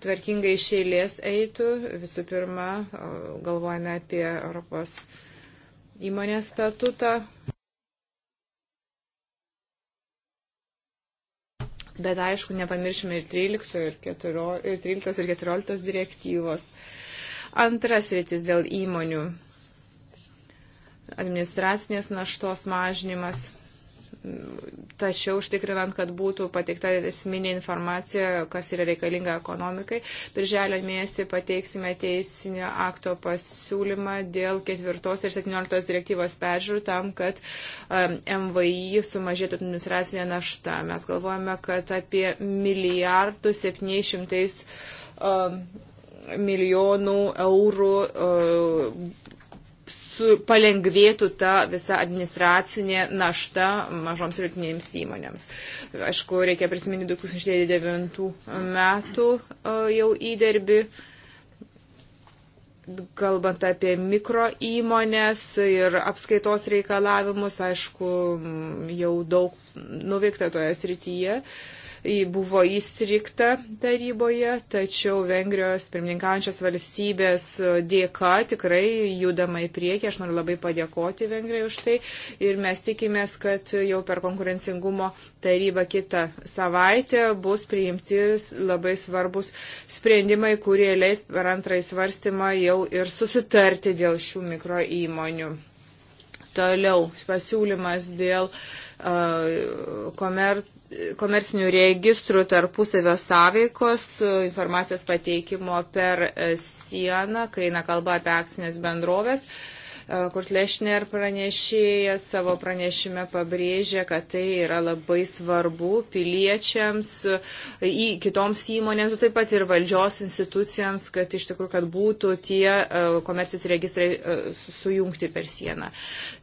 D: tvarkingai iš eilės eitų. Visų pirma, galvojame apie Europos įmonės statutą. Bet aišku, nepamiršime ir 13, ir, 14, ir 13 ir 14 direktyvos. Antras rytis dėl įmonių administracinės naštos mažinimas tačiau užtikrinant, kad būtų pateikta esminė informacija, kas yra reikalinga ekonomikai. Birželio mėnesį pateiksime teisinio akto pasiūlymą dėl 4 ir 17 direktyvos peržiūrų tam, kad MVI um, sumažėtų administracinė našta. Mes galvojame, kad apie milijardų 700 um, milijonų eurų uh, su, palengvėtų ta visa administracinė našta mažoms ir vidutinėms įmonėms. Aišku, reikia prisiminti 2009 metų e, jau įderbi kalbant apie mikro įmonės ir apskaitos reikalavimus, aišku, jau daug nuveikta toje srityje. Uh, buvo įstrikta taryboje, tačiau Vengrijos pirmininkaujančios valstybės dėka tikrai judama į priekį. Aš noriu labai padėkoti Vengrijai už tai ir mes tikimės, kad jau per konkurencingumo tarybą kitą savaitę bus priimti labai svarbus sprendimai, kurie leis per antrąjį svarstymą jau ir susitarti dėl šių mikro įmonių. Toliau pasiūlymas dėl uh, komer, komercinių registrų tarpusavio sąveikos informacijos pateikimo per e, sieną, kai eina kalba apie akcinės bendrovės. Uh, E, Kurt Lešner pranešėjas savo pranešime pabrėžė, kad tai yra labai svarbu piliečiams, e, į, kitoms įmonėms, taip pat ir valdžios institucijoms, kad iš tikrųjų, kad būtų tie e, komercijos registrai sujungti per sieną.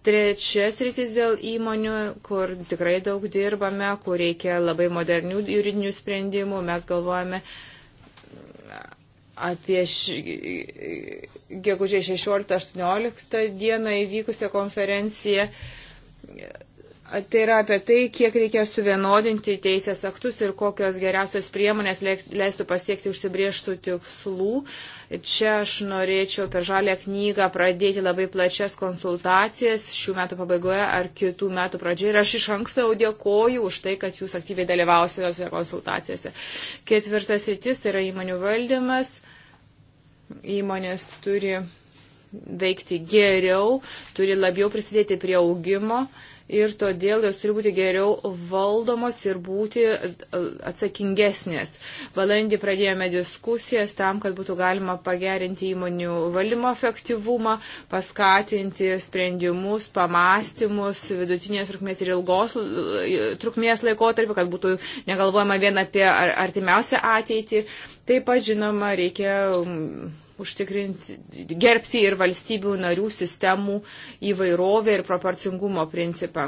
D: Trečias rytis dėl įmonių, kur tikrai daug dirbame, kur reikia labai modernių juridinių sprendimų, mes galvojame, apie gegužė 16-18 dieną įvykusią konferenciją. Tai yra apie tai, kiek reikia suvienodinti teisės aktus ir kokios geriausios priemonės leistų pasiekti užsibrieštų tikslų. Čia aš norėčiau per žalę knygą pradėti labai plačias konsultacijas šių metų pabaigoje ar kitų metų pradžioje. Ir aš iš anksto jau dėkoju už tai, kad jūs aktyviai dalyvausite tose konsultacijose. Ketvirtas rytis tai yra įmonių valdymas Įmonės turi veikti geriau, turi labiau prisidėti prie augimo ir todėl jos turi būti geriau valdomos ir būti e, atsakingesnės. Valandį pradėjome diskusijas tam, kad būtų galima pagerinti įmonių valdymo efektyvumą, paskatinti sprendimus, pamastymus vidutinės trukmės ir ilgos e, trukmės laikotarpį, kad būtų negalvojama vien apie artimiausią ateitį. Taip pat, žinoma, reikia užtikrinti, gerbti ir valstybių narių sistemų įvairovę ir proporcingumo principą.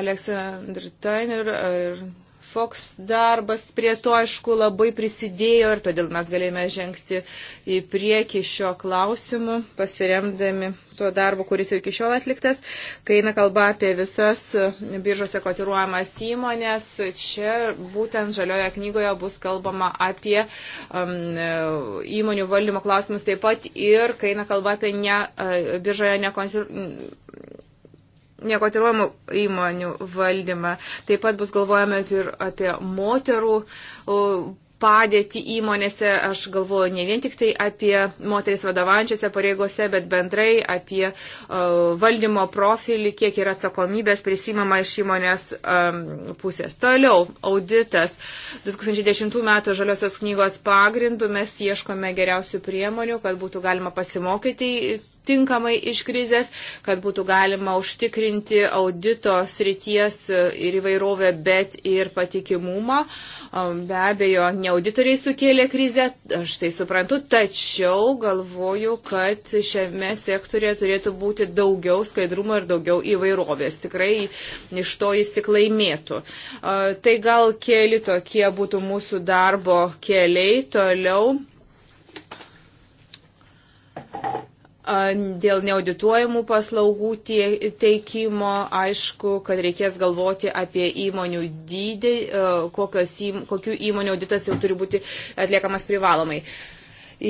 D: Aleksandr Tainer ir Fox darbas prie to, aišku, labai prisidėjo ir todėl mes galėjome žengti į priekį šio klausimu, pasiremdami tuo darbu, kuris jau iki šiol atliktas. Kai eina kalba apie visas biržose kotiruojamas įmonės, čia būtent žalioje knygoje bus kalbama apie um, įmonių valdymo klausimus taip pat ir kai eina kalba apie ne, uh, biržoje nekonsiruojamas nekotiruojamų įmonių valdymą. Taip pat bus galvojama ir apie moterų padėti įmonėse. Aš galvoju ne vien tik tai apie moteris vadovančiose pareigose, bet bendrai apie valdymo profilį, kiek yra atsakomybės prisimama iš įmonės pusės. Toliau, auditas. 2010 m. žaliosios knygos pagrindų mes ieškome geriausių priemonių, kad būtų galima pasimokyti tinkamai iš krizės, kad būtų galima užtikrinti audito srities e, ir įvairovę, bet ir patikimumą. E, be abejo, ne auditoriai sukėlė krizę, aš tai suprantu, tačiau galvoju, kad šiame sektorė turėtų būti daugiau skaidrumo ir daugiau įvairovės. Tikrai iš to jis tik laimėtų. E, tai gal keli tokie būtų mūsų darbo keliai toliau Dėl neaudituojamų paslaugų teikimo, aišku, kad reikės galvoti apie įmonių dydį, kokių įmonių auditas jau turi būti atliekamas privalomai.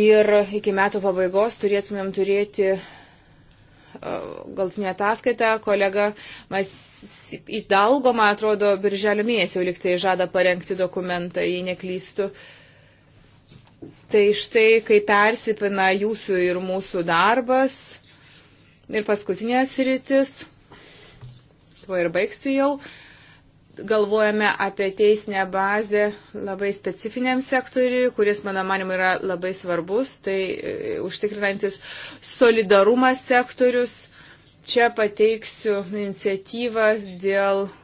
D: Ir iki metų pabaigos turėtumėm turėti galtinė ataskaita, kolega mes įdalgo, man atrodo, birželio mėnesį jau liktai žada parengti dokumentą, jei neklystu. Uh, Tai štai, kai persipina jūsų ir mūsų darbas. Ir paskutinės rytis, tuo ir baigsiu jau, galvojame apie teisinę bazę labai specifiniam sektoriui, kuris, mano manimu, yra labai svarbus, tai e, užtikrinantis solidarumas sektorius. Čia pateiksiu iniciatyvą dėl e,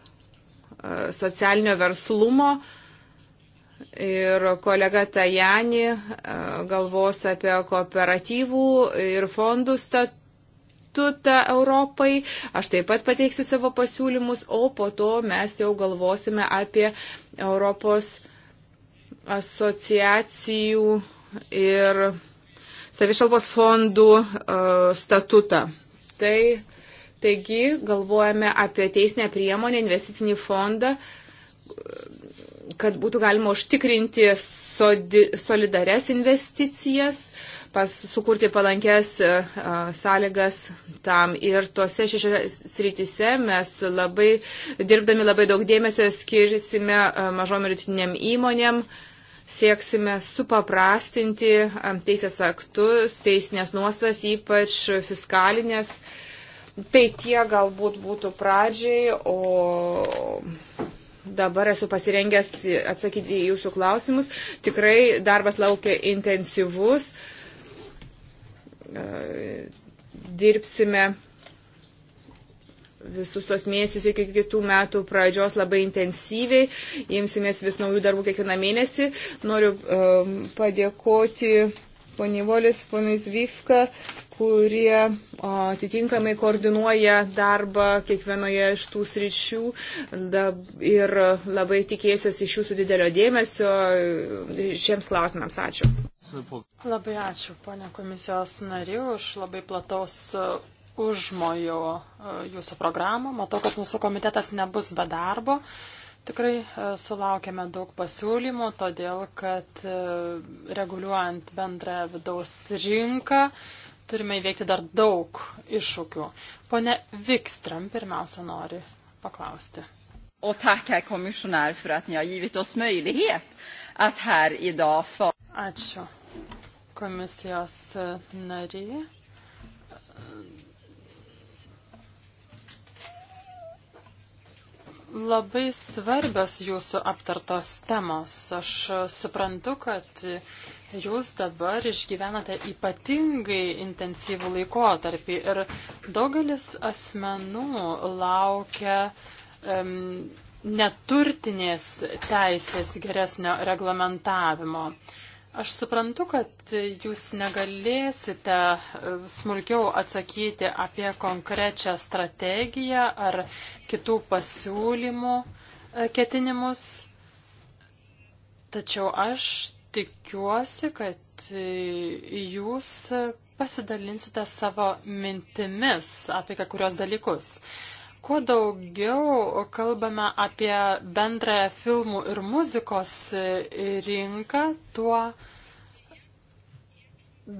D: socialinio verslumo. Uh, Ir kolega Tajani e, galvos apie kooperatyvų ir fondų statutą statutą Europai. Aš taip pat pateiksiu savo pasiūlymus, o po to mes jau galvosime apie Europos asociacijų ir savišalvos fondų uh, statutą. Tai, taigi galvojame apie teisinę priemonę, investicinį fondą kad būtų galima užtikrinti sodi, solidarias investicijas, pas, sukurti palankės e, e, sąlygas tam. Ir tose šešiose srityse mes labai, dirbdami labai daug dėmesio skirsime e, mažom ir rytiniam įmonėm sieksime supaprastinti teisės aktus, teisinės nuostas, ypač fiskalinės. Tai tie galbūt būtų pradžiai, o Dabar esu pasirengęs atsakyti į jūsų klausimus. Tikrai darbas laukia intensyvus. E, dirbsime visus tos mėnesius iki kitų metų pradžios labai intensyviai, imsimės vis naujų darbų kiekvieną mėnesį. Noriu um, padėkoti ponivolis, ponui Zvifka, kurie atitinkamai koordinuoja darbą kiekvienoje iš tų sričių ir labai tikėsiuosi iš jūsų didelio dėmesio šiems klausimams. Ačiū. Labai
B: ačiū, ponia komisijos nariu, už labai plataus e, užmojo e, jūsų programą. Matau, kad mūsų komitetas nebus be darbo. Tikrai e, sulaukėme daug pasiūlymų, todėl kad reguliuojant bendrą vidaus rinką, turime įveikti dar daug iššūkių. Pone Vikstram pirmiausia nori paklausti. O tack, herr kommissionär, för att ni har givit oss möjlighet att här idag få... Ačiū. Komisijos e, nariai. Labai svarbios jūsų aptartos temos. Aš suprantu, kad Jūs dabar išgyvenate ypatingai intensyvų laikotarpį ir daugelis asmenų laukia um, neturtinės teisės geresnio reglamentavimo. Aš suprantu, kad jūs negalėsite smulkiau atsakyti apie konkrečią strategiją ar kitų pasiūlymų e, ketinimus, tačiau aš tikiuosi, kad jūs pasidalinsite savo mintimis apie kai kurios dalykus. Kuo daugiau kalbame apie bendrąją filmų ir muzikos rinką, tuo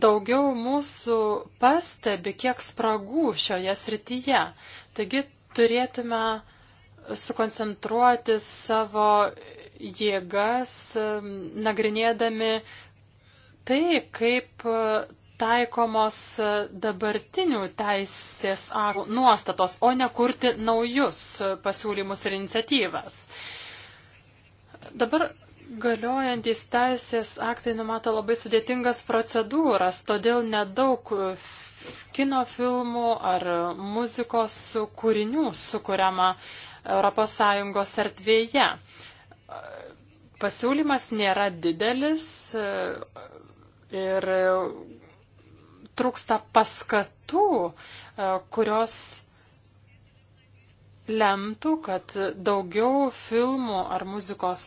B: daugiau mūsų pastebi, kiek spragų šioje srityje. Taigi turėtume sukoncentruoti savo jėgas, nagrinėdami tai, kaip e, taikomos e, dabartinių teisės aktų nuostatos, o ne kurti naujus e, pasiūlymus ir iniciatyvas. Dabar galiojantys teisės aktai numato labai sudėtingas procedūras, todėl nedaug kino filmų ar muzikos kūrinių sukuriama ES erdvėje. Pasiūlymas nėra didelis e, ir trūksta paskatų, e, kurios lemtų, kad daugiau filmų ar muzikos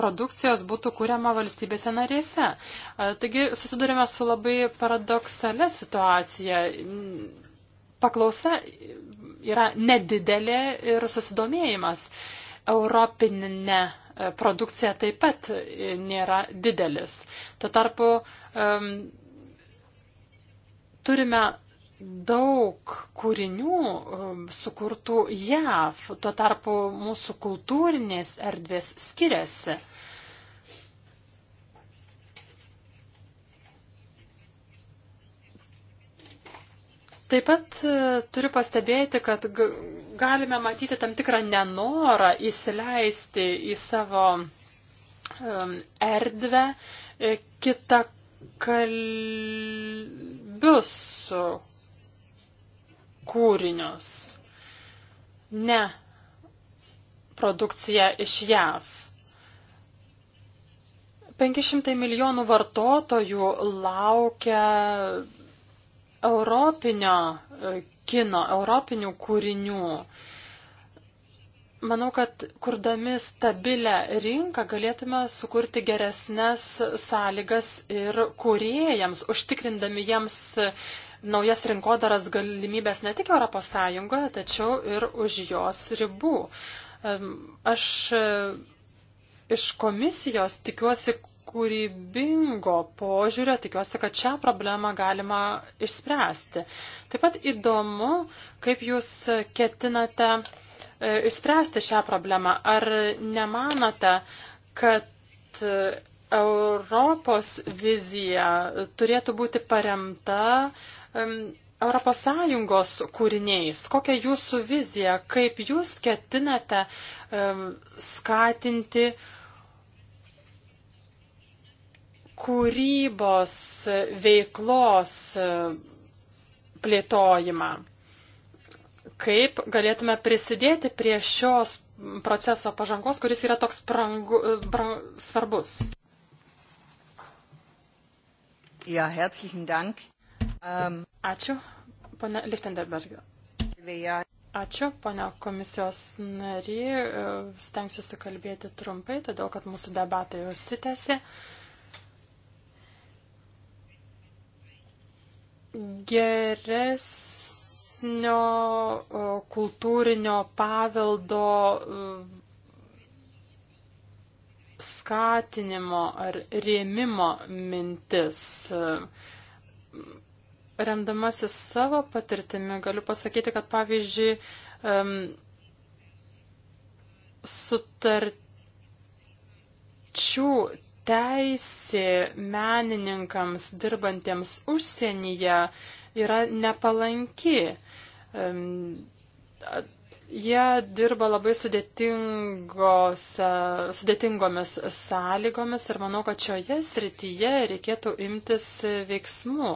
B: produkcijos būtų kuriama valstybėse narėse. E, taigi susidurime su labai paradoksale situacija. Paklausa yra nedidelė ir susidomėjimas europinė produkcija taip pat e, nėra didelis. Tuo tarpu um, turime daug kūrinių um, sukurtų JAV, tuo tarpu mūsų kultūrinės erdvės skiriasi. Taip pat e, turiu pastebėti, kad galime matyti tam tikrą nenorą įsileisti į savo erdvę e, kitą kalbius kūrinius, ne produkciją iš JAV. 500 milijonų vartotojų laukia europinio e, kino, europinių kūrinių. Manau, kad kurdami stabilę rinką galėtume sukurti geresnės sąlygas ir kūrėjams, užtikrindami jiems naujas rinkodaras galimybės ne tik ES, tačiau ir už jos ribų. Aš e, iš komisijos tikiuosi kūrybingo požiūrio tikiuosi, kad šią problemą galima išspręsti. Taip pat įdomu, kaip jūs ketinate e, išspręsti šią problemą. Ar nemanote, kad e, Europos vizija turėtų būti paremta ES kūriniais. Kokia jūsų vizija, kaip jūs ketinate um, skatinti kūrybos veiklos plėtojimą. Kaip galėtume prisidėti prie šios proceso pažangos, kuris yra toks prangu, prang, svarbus?
D: Ja, herzlichen
B: Dank. Um, Ačiū, pana Lichtenberg. Ačiū, pana komisijos nary. Stengsiuosi kalbėti trumpai, todėl kad mūsų debatai užsitęsė. Uh, geresnio kultūrinio paveldo skatinimo ar rėmimo mintis. Remdamasis savo patirtimi galiu pasakyti, kad pavyzdžiui, sutarčių teisė menininkams dirbantiems užsienyje yra nepalanki. Jie dirba labai sudėtingomis sąlygomis ir manau, kad šioje srityje reikėtų imtis veiksmų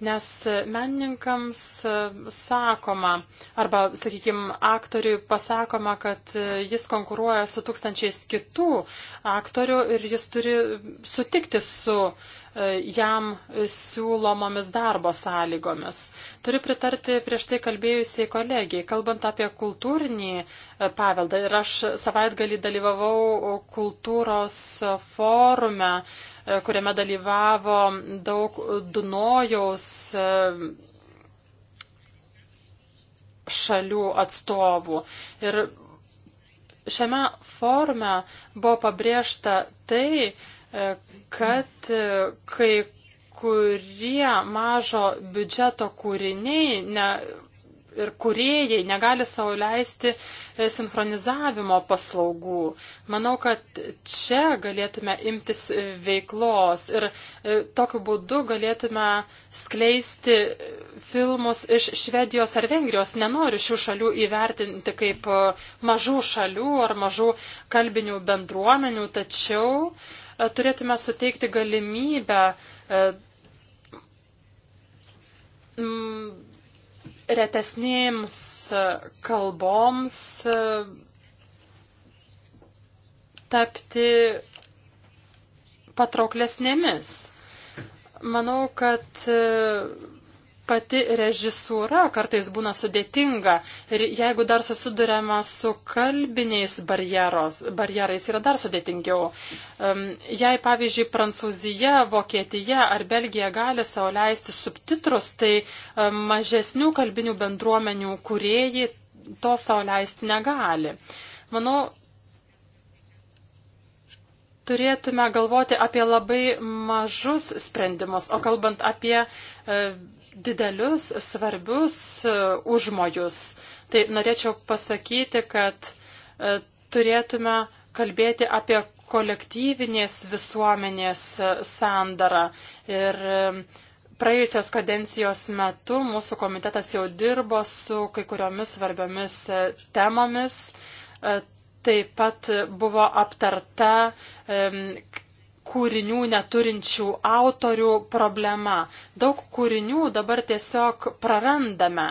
B: nes menininkams e, sakoma, arba, sakykime, aktoriui pasakoma, kad e, jis konkuruoja su tūkstančiais kitų aktorių ir jis turi sutikti su e, jam siūlomomis darbo sąlygomis. Turiu pritarti prieš tai kalbėjusiai kolegijai, kalbant apie kultūrinį paveldą. Ir aš savaitgalį dalyvavau kultūros forume E, kuriame dalyvavo daug Dunojaus e, šalių atstovų. Ir šiame forme buvo pabrėžta tai, e, kad kai kurie mažo biudžeto kūriniai ne, ir kuriejai negali savo leisti e, sinchronizavimo paslaugų. Manau, kad čia galėtume imtis e, veiklos ir e, tokiu būdu galėtume skleisti filmus iš Švedijos ar Vengrijos. Nenoriu šių šalių įvertinti kaip mažų šalių ar mažų kalbinių bendruomenių, tačiau turėtume suteikti galimybę retesnėms e, kalboms e, tapti patrauklesnėmis. Manau, kad e, pati režisūra kartais būna sudėtinga ir jeigu dar susidurėme su kalbiniais barjerais, yra dar sudėtingiau. Jei, pavyzdžiui, Prancūzija, Vokietija ar Belgija gali savo leisti subtitrus, tai mažesnių kalbinių bendruomenių kuriejai to savo leisti negali. Manau, turėtume galvoti apie labai mažus sprendimus, o kalbant apie uh, E, didelius, svarbius e, užmojus. Tai norėčiau pasakyti, kad e, turėtume kalbėti apie kolektyvinės visuomenės sandarą. Ir praėjusios kadencijos metu mūsų komitetas jau dirbo su kai kuriomis svarbiomis temomis. Taip pat buvo aptarta kūrinių neturinčių autorių problema. Daug kūrinių dabar tiesiog prarandame.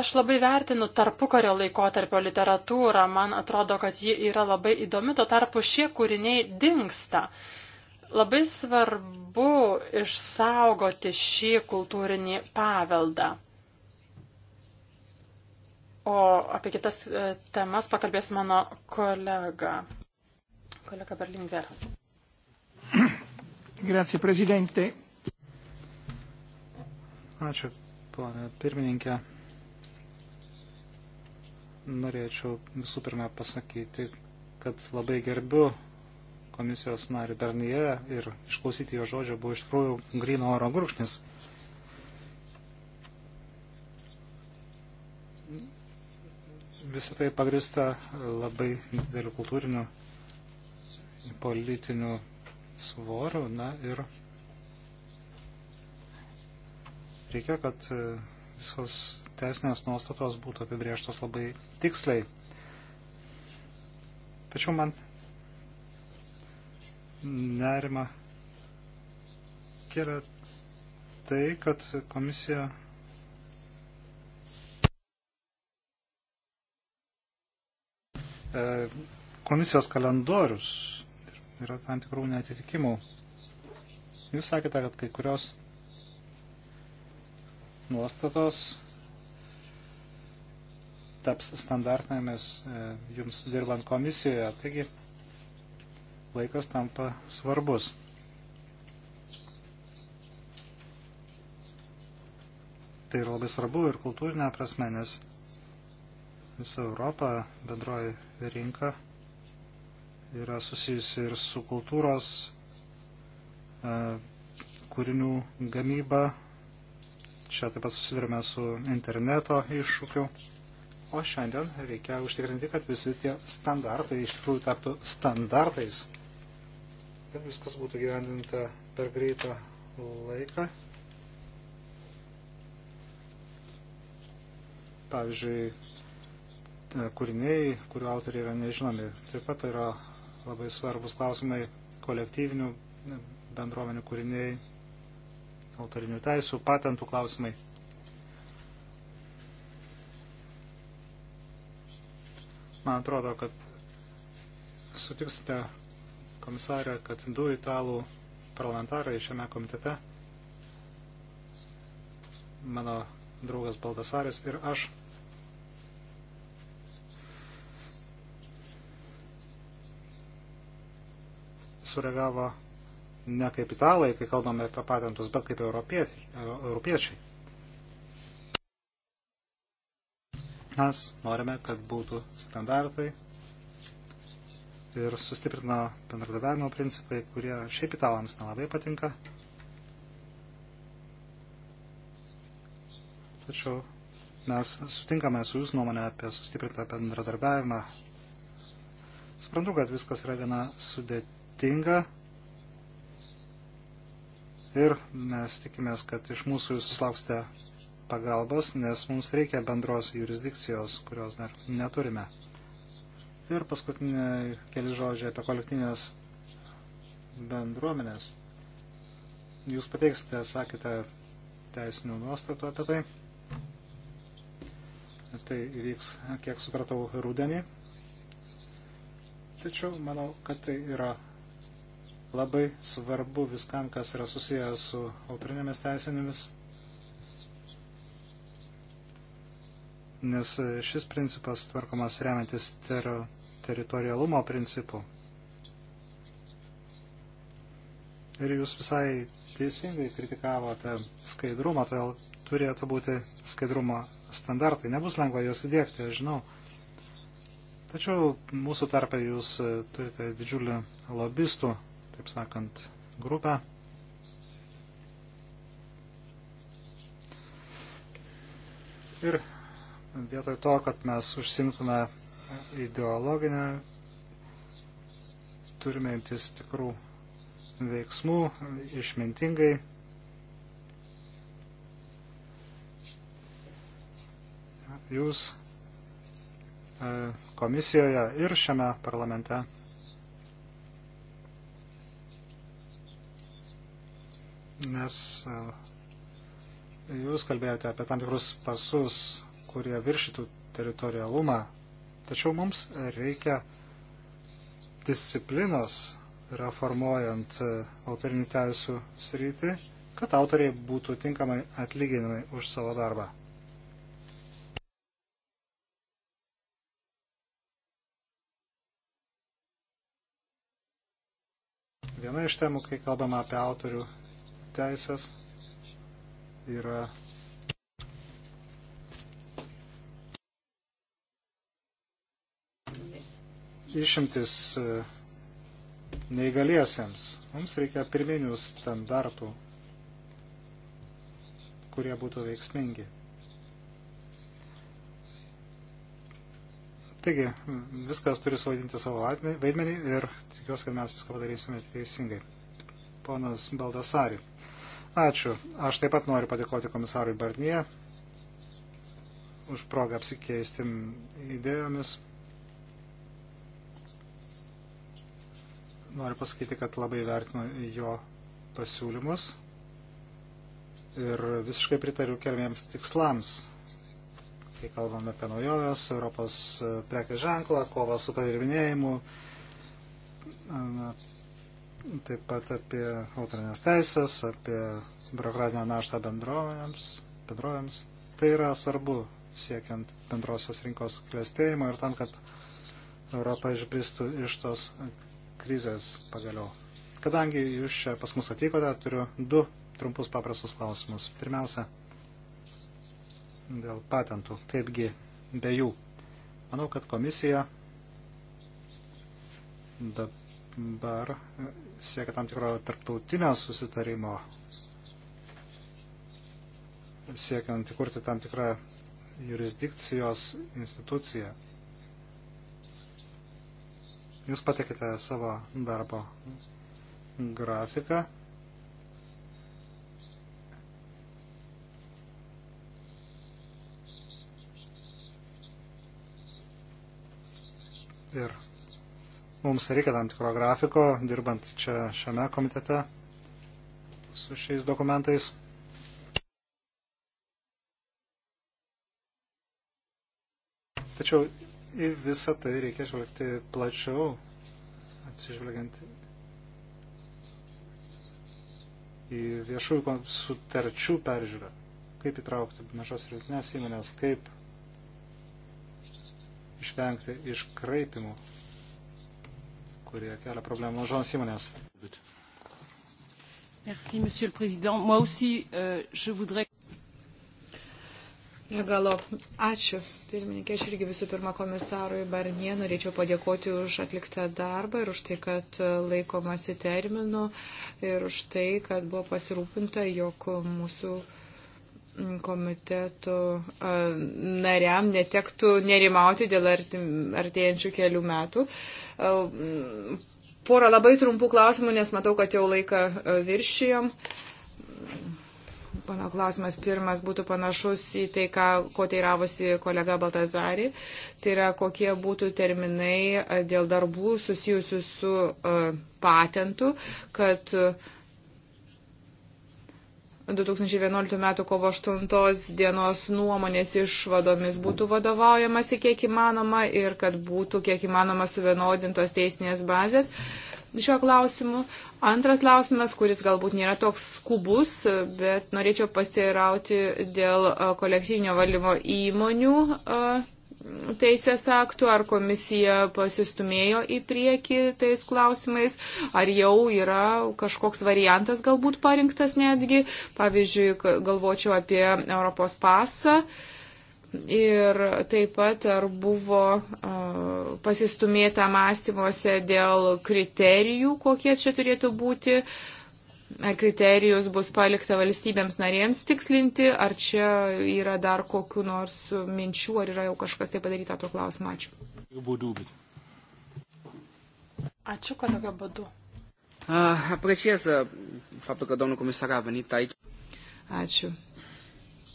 B: Aš labai vertinu tarpukario laikotarpio literatūrą, man atrodo, kad ji yra labai įdomi, tuo tarpu šie kūriniai dinksta. Labai svarbu išsaugoti šį kultūrinį paveldą. O apie kitas e, temas pakalbės mano kolega. Kolega Berlingver.
A: Grazie, prezidente. Ačiū, ponė pirmininkė. Norėčiau visų pirma pasakyti, kad labai gerbiu komisijos narį Darnyje ir išklausyti jo žodžio buvo iš tikrųjų grino oro grūkšnis. Visą tai pagrista labai dideliu kultūriniu politiniu svoriu. Na ir reikia, kad e, visos teisinės nuostatos būtų apibrieštos labai tiksliai. Tačiau man nerima yra tai, kad komisija e, komisijos kalendorius yra tam tikrų netitikimų. Jūs sakėte, kad kai kurios nuostatos taps standartinėmis e, jums dirbant komisijoje, taigi laikas tampa svarbus. Tai yra labai svarbu ir kultūrinė prasme, nes visą Europą bendroji rinka yra susijusi ir su kultūros e, kūrinių gamyba. Čia taip pat susidurime su interneto iššūkiu. O šiandien reikia užtikrinti, kad visi tie standartai iš tikrųjų taptų standartais. Kad viskas būtų gyvendinta per greitą laiką. Pavyzdžiui, e, kūriniai, kurių autoriai yra nežinomi. Taip pat yra labai svarbus klausimai kolektyvinių bendruomenių kūriniai, autorinių teisų, patentų klausimai. Man atrodo, kad sutiksite komisarę, kad du italų parlamentarai šiame komitete, mano draugas Baldasaris ir aš sureagavo ne kaip italai, kai kalbame apie patentus, bet kaip europiečiai. Mes norime, kad būtų standartai ir sustiprino bendradavimo principai, kurie šiaip italams nelabai patinka. Tačiau mes sutinkame su jūsų nuomonė apie sustiprintą bendradarbiavimą. Sprantu, kad viskas yra gana sudėtinga protinga. Ir mes tikimės, kad iš mūsų jūs susilauksite pagalbos, nes mums reikia bendros jurisdikcijos, kurios dar neturime. Ir paskutinė keli žodžiai apie kolektyvinės bendruomenės. Jūs pateiksite, sakėte, teisinių nuostatų apie tai. Tai įvyks, kiek supratau, rūdienį. Tačiau manau, kad tai yra labai svarbu viskam, kas yra susijęs su autorinėmis teisinėmis, nes šis principas tvarkomas remiantis ter teritorialumo principu. Ir jūs visai teisingai kritikavote skaidrumą, todėl turėtų būti skaidrumo standartai. Nebus lengva juos įdėkti, aš žinau. Tačiau mūsų tarpe jūs turite didžiulį lobistų taip sakant, grupę. Ir vietoj to, kad mes užsimtume ideologinę, turime imtis tikrų veiksmų išmintingai. Jūs e, komisijoje ir šiame parlamente nes e, jūs kalbėjote apie tam tikrus pasus, kurie viršytų teritorialumą. Tačiau mums reikia disciplinos reformuojant e, autorinių teisų sritį, kad autoriai būtų tinkamai atlyginimai už savo darbą. Viena iš temų, kai kalbama apie autorių teisės yra išimtis e, neįgaliesiems. Mums reikia pirminių standartų, kurie būtų veiksmingi. Taigi, viskas turi suvaidinti savo vaidmenį ir tikiuosi, kad mes viską padarysime teisingai. Ponas Baldasari. Ačiū. Aš taip pat noriu padėkoti komisarui Barnie už progą apsikeisti idėjomis. Noriu pasakyti, kad labai vertinu jo pasiūlymus ir visiškai pritariu kelmiems tikslams. Kai kalbame apie naujoves, Europos prekės ženklą, kovą su padirbinėjimu, taip pat apie autorinės teisės, apie biurokratinę naštą bendrovėms, bendrovėms. Tai yra svarbu siekiant bendrosios rinkos klėstėjimo ir tam, kad Europa išbristų iš tos krizės pagaliau. Kadangi jūs čia pas mus atvykote, turiu du trumpus paprastus klausimus. Pirmiausia, dėl patentų, kaipgi be jų. Manau, kad komisija dar siekia tam tikro tarptautinio susitarimo, siekiant įkurti tam tikrą jurisdikcijos instituciją. Jūs patikite savo darbo grafiką. Ir Mums reikia tam tikro grafiko, dirbant čia šiame komitete su šiais dokumentais. Tačiau į visą tai reikia žvelgti plačiau, atsižvelgiant į viešųjų sutarčių peržiūrą, kaip įtraukti mažas ir vidutinės įmonės, kaip išvengti iškraipimų kurie kelia problemų mažoms įmonėms.
C: Merci, Monsieur
D: le Président. Moi aussi, euh, je voudrais. Negalo, ačiū. Pirmininkė, aš irgi visų pirma komisarui Barnie norėčiau padėkoti už atliktą darbą ir už tai, kad e, laikomasi terminų ir už tai, kad buvo pasirūpinta, jog mūsų uh, komitetų nariam netektų nerimauti dėl artėjančių kelių metų. Porą labai trumpų klausimų, nes matau, kad jau laiką viršijom. Mano klausimas pirmas būtų panašus į tai, ką, ko teiravosi kolega Baltazari. Tai yra, kokie būtų terminai dėl darbų susijusių su uh, patentu, kad uh, 2011 m. kovo 8 dienos nuomonės išvadomis būtų vadovaujamasi kiek įmanoma ir kad būtų kiek įmanoma suvienodintos teisinės bazės šiuo klausimu. Antras klausimas, kuris galbūt nėra toks skubus, bet norėčiau pasirauti dėl e, kolektyvinio valdymo įmonių e, teisės aktų, ar komisija pasistumėjo į priekį tais klausimais, ar jau yra kažkoks variantas galbūt parinktas netgi. Pavyzdžiui, galvočiau apie Europos pasą. Ir taip pat ar buvo uh, pasistumėta mąstymuose dėl kriterijų, kokie čia turėtų būti uh, ar kriterijus bus palikta valstybėms narėms tikslinti, ar čia yra dar kokiu nors minčių, ar yra jau kažkas tai padaryta tuo klausimu.
A: Ačiū.
D: Ačiū, kolega Badu.
A: Apreciez faptul că domnul comisar a venit aici.
D: Ačiū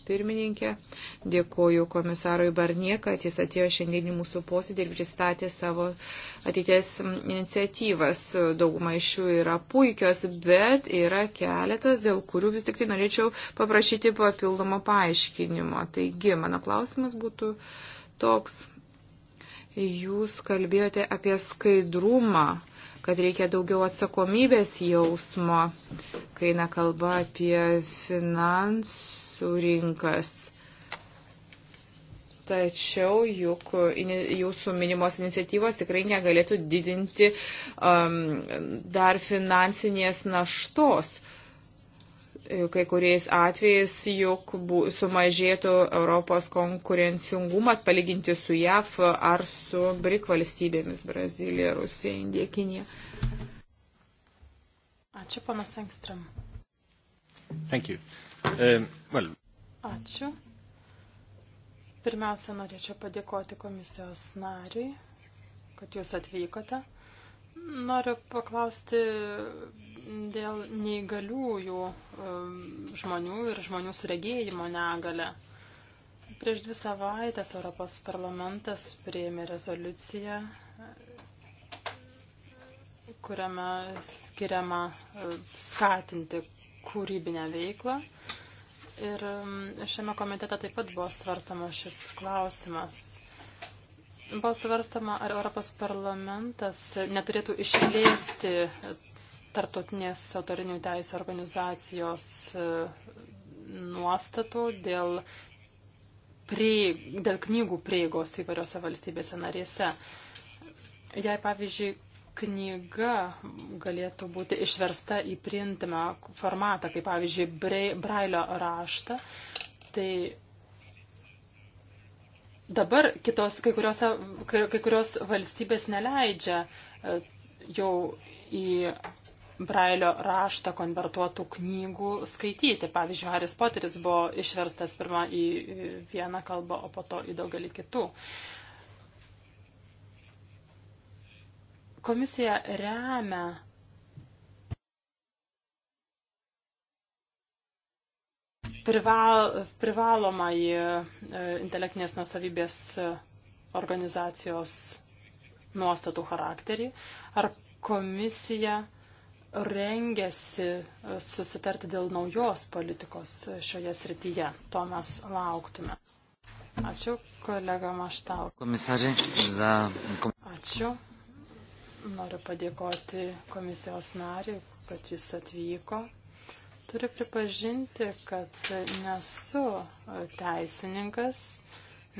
D: pirmininkė. Dėkuoju komisarui Barnie, kad jis atėjo šiandien į mūsų posėdį ir pristatė savo ateities iniciatyvas. Dauguma iš jų yra puikios, bet yra keletas, dėl kurių vis tik tai norėčiau paprašyti papildomą paaiškinimo. Taigi, mano klausimas būtų toks. Jūs kalbėjote apie skaidrumą, kad reikia daugiau atsakomybės jausmo, kai nekalba apie finansų finansų rinkas. Tačiau juk jūsų minimos iniciatyvos tikrai negalėtų didinti um, dar finansinės naštos. Kai kuriais atvejais juk sumažėtų Europos konkurencingumas palyginti su JAV ar su BRIC valstybėmis - Brazilija, Rusija, Indija, Kinija.
B: Ačiū, panas Engstram.
D: Thank you. Um, well.
B: Ačiū. Pirmiausia, norėčiau padėkoti komisijos nariui, kad jūs atvykote. Noriu paklausti dėl neįgaliųjų e, žmonių ir žmonių suregėjimo negalę. Prieš dvi savaitės Europos parlamentas prieėmė rezoliuciją, kuriame skiriama e, skatinti kūrybinę veiklą ir um, šiame komitete taip pat buvo svarstama šis klausimas. Buvo svarstama, ar Europos parlamentas neturėtų išplėsti tarptautinės autorinių teisų organizacijos e, nuostatų dėl, prie, dėl knygų prieigos įvairiose valstybėse narėse. Jei, pavyzdžiui, knyga galėtų būti išversta į printimą formatą, kaip pavyzdžiui, brailio raštą, tai dabar kitos, kai, kuriuose, kai, kai kurios valstybės neleidžia e, jau į brailio raštą konvertuotų knygų skaityti. Pavyzdžiui, Haris Poteris buvo išverstas pirmą į vieną kalbą, o po to į daugelį kitų. Komisija remia prival, privalomą į e, intelektinės nusavybės e, organizacijos nuostatų charakterį. Ar komisija rengiasi e, susitarti dėl naujos politikos šioje srityje? To mes lauktume. Ačiū, kolega Maštau.
A: Komisarė, za.
B: Ačiū, Noriu padėkoti komisijos nariui, kad jis atvyko. Turiu pripažinti, kad nesu teisininkas,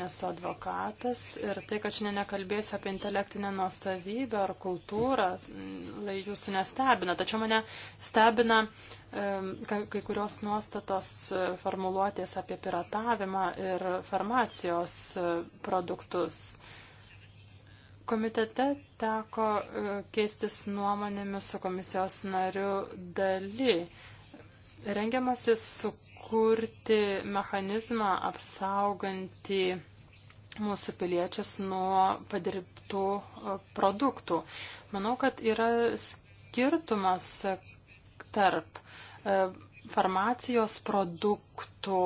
B: nesu advokatas ir tai, kad šiandien nekalbėsiu apie intelektinę nuostavybę ar kultūrą, lai jūsų nestebina. Tačiau mane stebina kai kurios nuostatos formuluotės apie piratavimą ir farmacijos e, produktus. Komitete teko e, keistis nuomonėmis su komisijos nariu daly. Rengiamasi sukurti mechanizmą apsaugantį mūsų piliečius nuo padirbtų e, produktų. Manau, kad yra skirtumas tarp e, farmacijos produktų,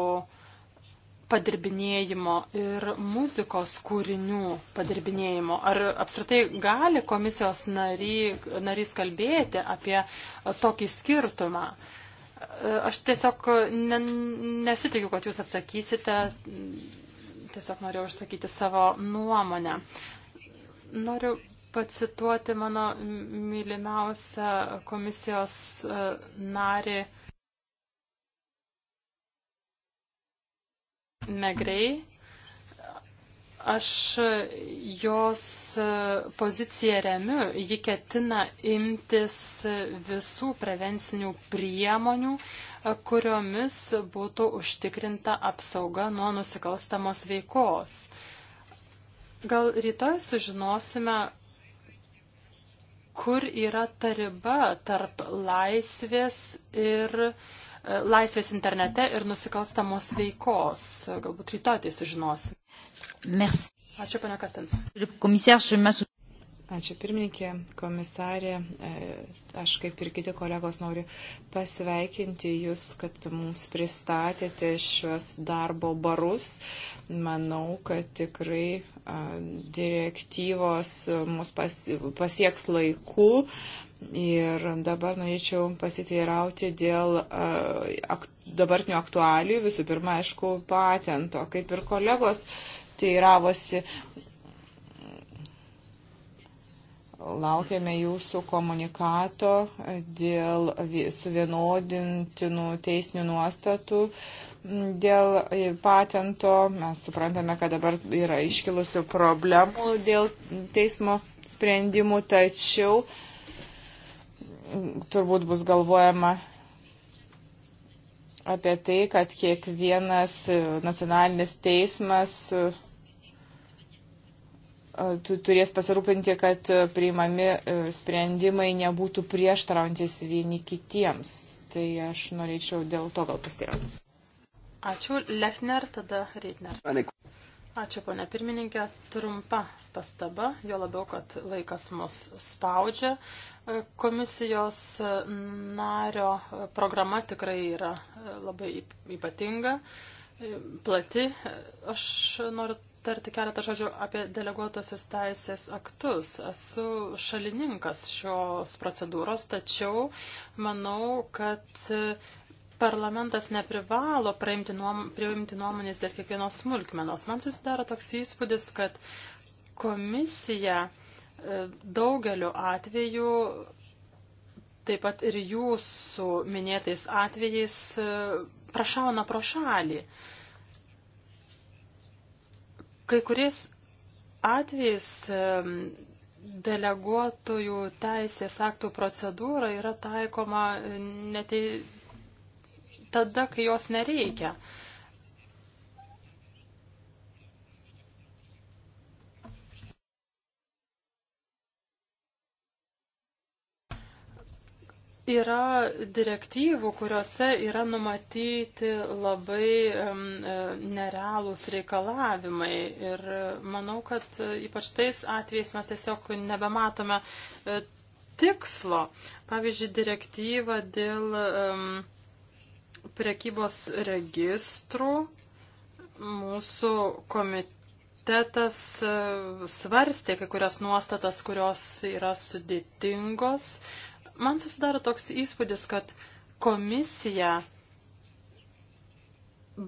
B: padirbinėjimo ir muzikos kūrinių padirbinėjimo. Ar apskritai gali komisijos nary, narys kalbėti apie tokį skirtumą? Aš tiesiog ne, nesitikiu, kad jūs atsakysite, tiesiog norėjau išsakyti savo nuomonę. Noriu pacituoti mano mylimiausią komisijos e, narį. Uh, Megrei. Aš jos poziciją remiu, ji ketina imtis visų prevencinių priemonių, kuriomis būtų užtikrinta apsauga nuo nusikalstamos veikos. Gal rytoj sužinosime, kur yra ta riba tarp laisvės ir uh, E, laisvės internete ir nusikalstamos veikos. Galbūt rytoj tai sužinosim.
D: Merci. Ačiū, pane Kastens. Ačiū pirmininkė, komisarė. E, aš kaip ir kiti kolegos noriu pasveikinti Jūs, kad mums pristatėte šios darbo barus. Manau, kad tikrai e, direktyvos mus pasieks laiku Ir dabar norėčiau pasiteirauti dėl e, ak, dabartinių aktualijų, visų pirma, aišku, patento, kaip ir kolegos teiravosi. Laukiame jūsų komunikato dėl suvienodintinų teisinių nuostatų dėl patento. Mes suprantame, kad dabar yra iškilusių problemų dėl teismo sprendimų, tačiau uh, turbūt bus galvojama apie tai, kad kiekvienas e, nacionalinis teismas e, e, turės pasirūpinti, kad priimami sprendimai nebūtų prieštaraujantis vieni kitiems. Tai aš norėčiau dėl to gal pastirauti.
B: Ačiū, Lechner, tada Reitner. Ačiū, ponė pirmininkė. Trumpa pastaba, jo labiau, kad laikas mus spaudžia. Komisijos nario programa tikrai yra e, labai ypatinga, e, plati. Aš noriu tarti keletą žodžių apie deleguotosios teisės aktus. Esu šalininkas šios procedūros, tačiau manau, kad e, parlamentas neprivalo priimti, nuom, priimti nuomonės dėl kiekvienos smulkmenos. Man susidaro toks įspūdis, kad komisija Daugeliu atveju, taip pat ir jūsų minėtais atvejais, e, prašauna pro šalį. Kai kuriais atvejais e, deleguotojų teisės aktų procedūra yra taikoma e, netei... tada, kai jos nereikia. Mm. Yra direktyvų, kuriuose yra numatyti labai um, nerealūs reikalavimai ir manau, kad ypač tais atvejais mes tiesiog nebematome e, tikslo. Pavyzdžiui, direktyva dėl um, prekybos registrų mūsų komitė komitetas e, svarstė kai kurias nuostatas, kurios yra sudėtingos. Man susidaro toks įspūdis, kad komisija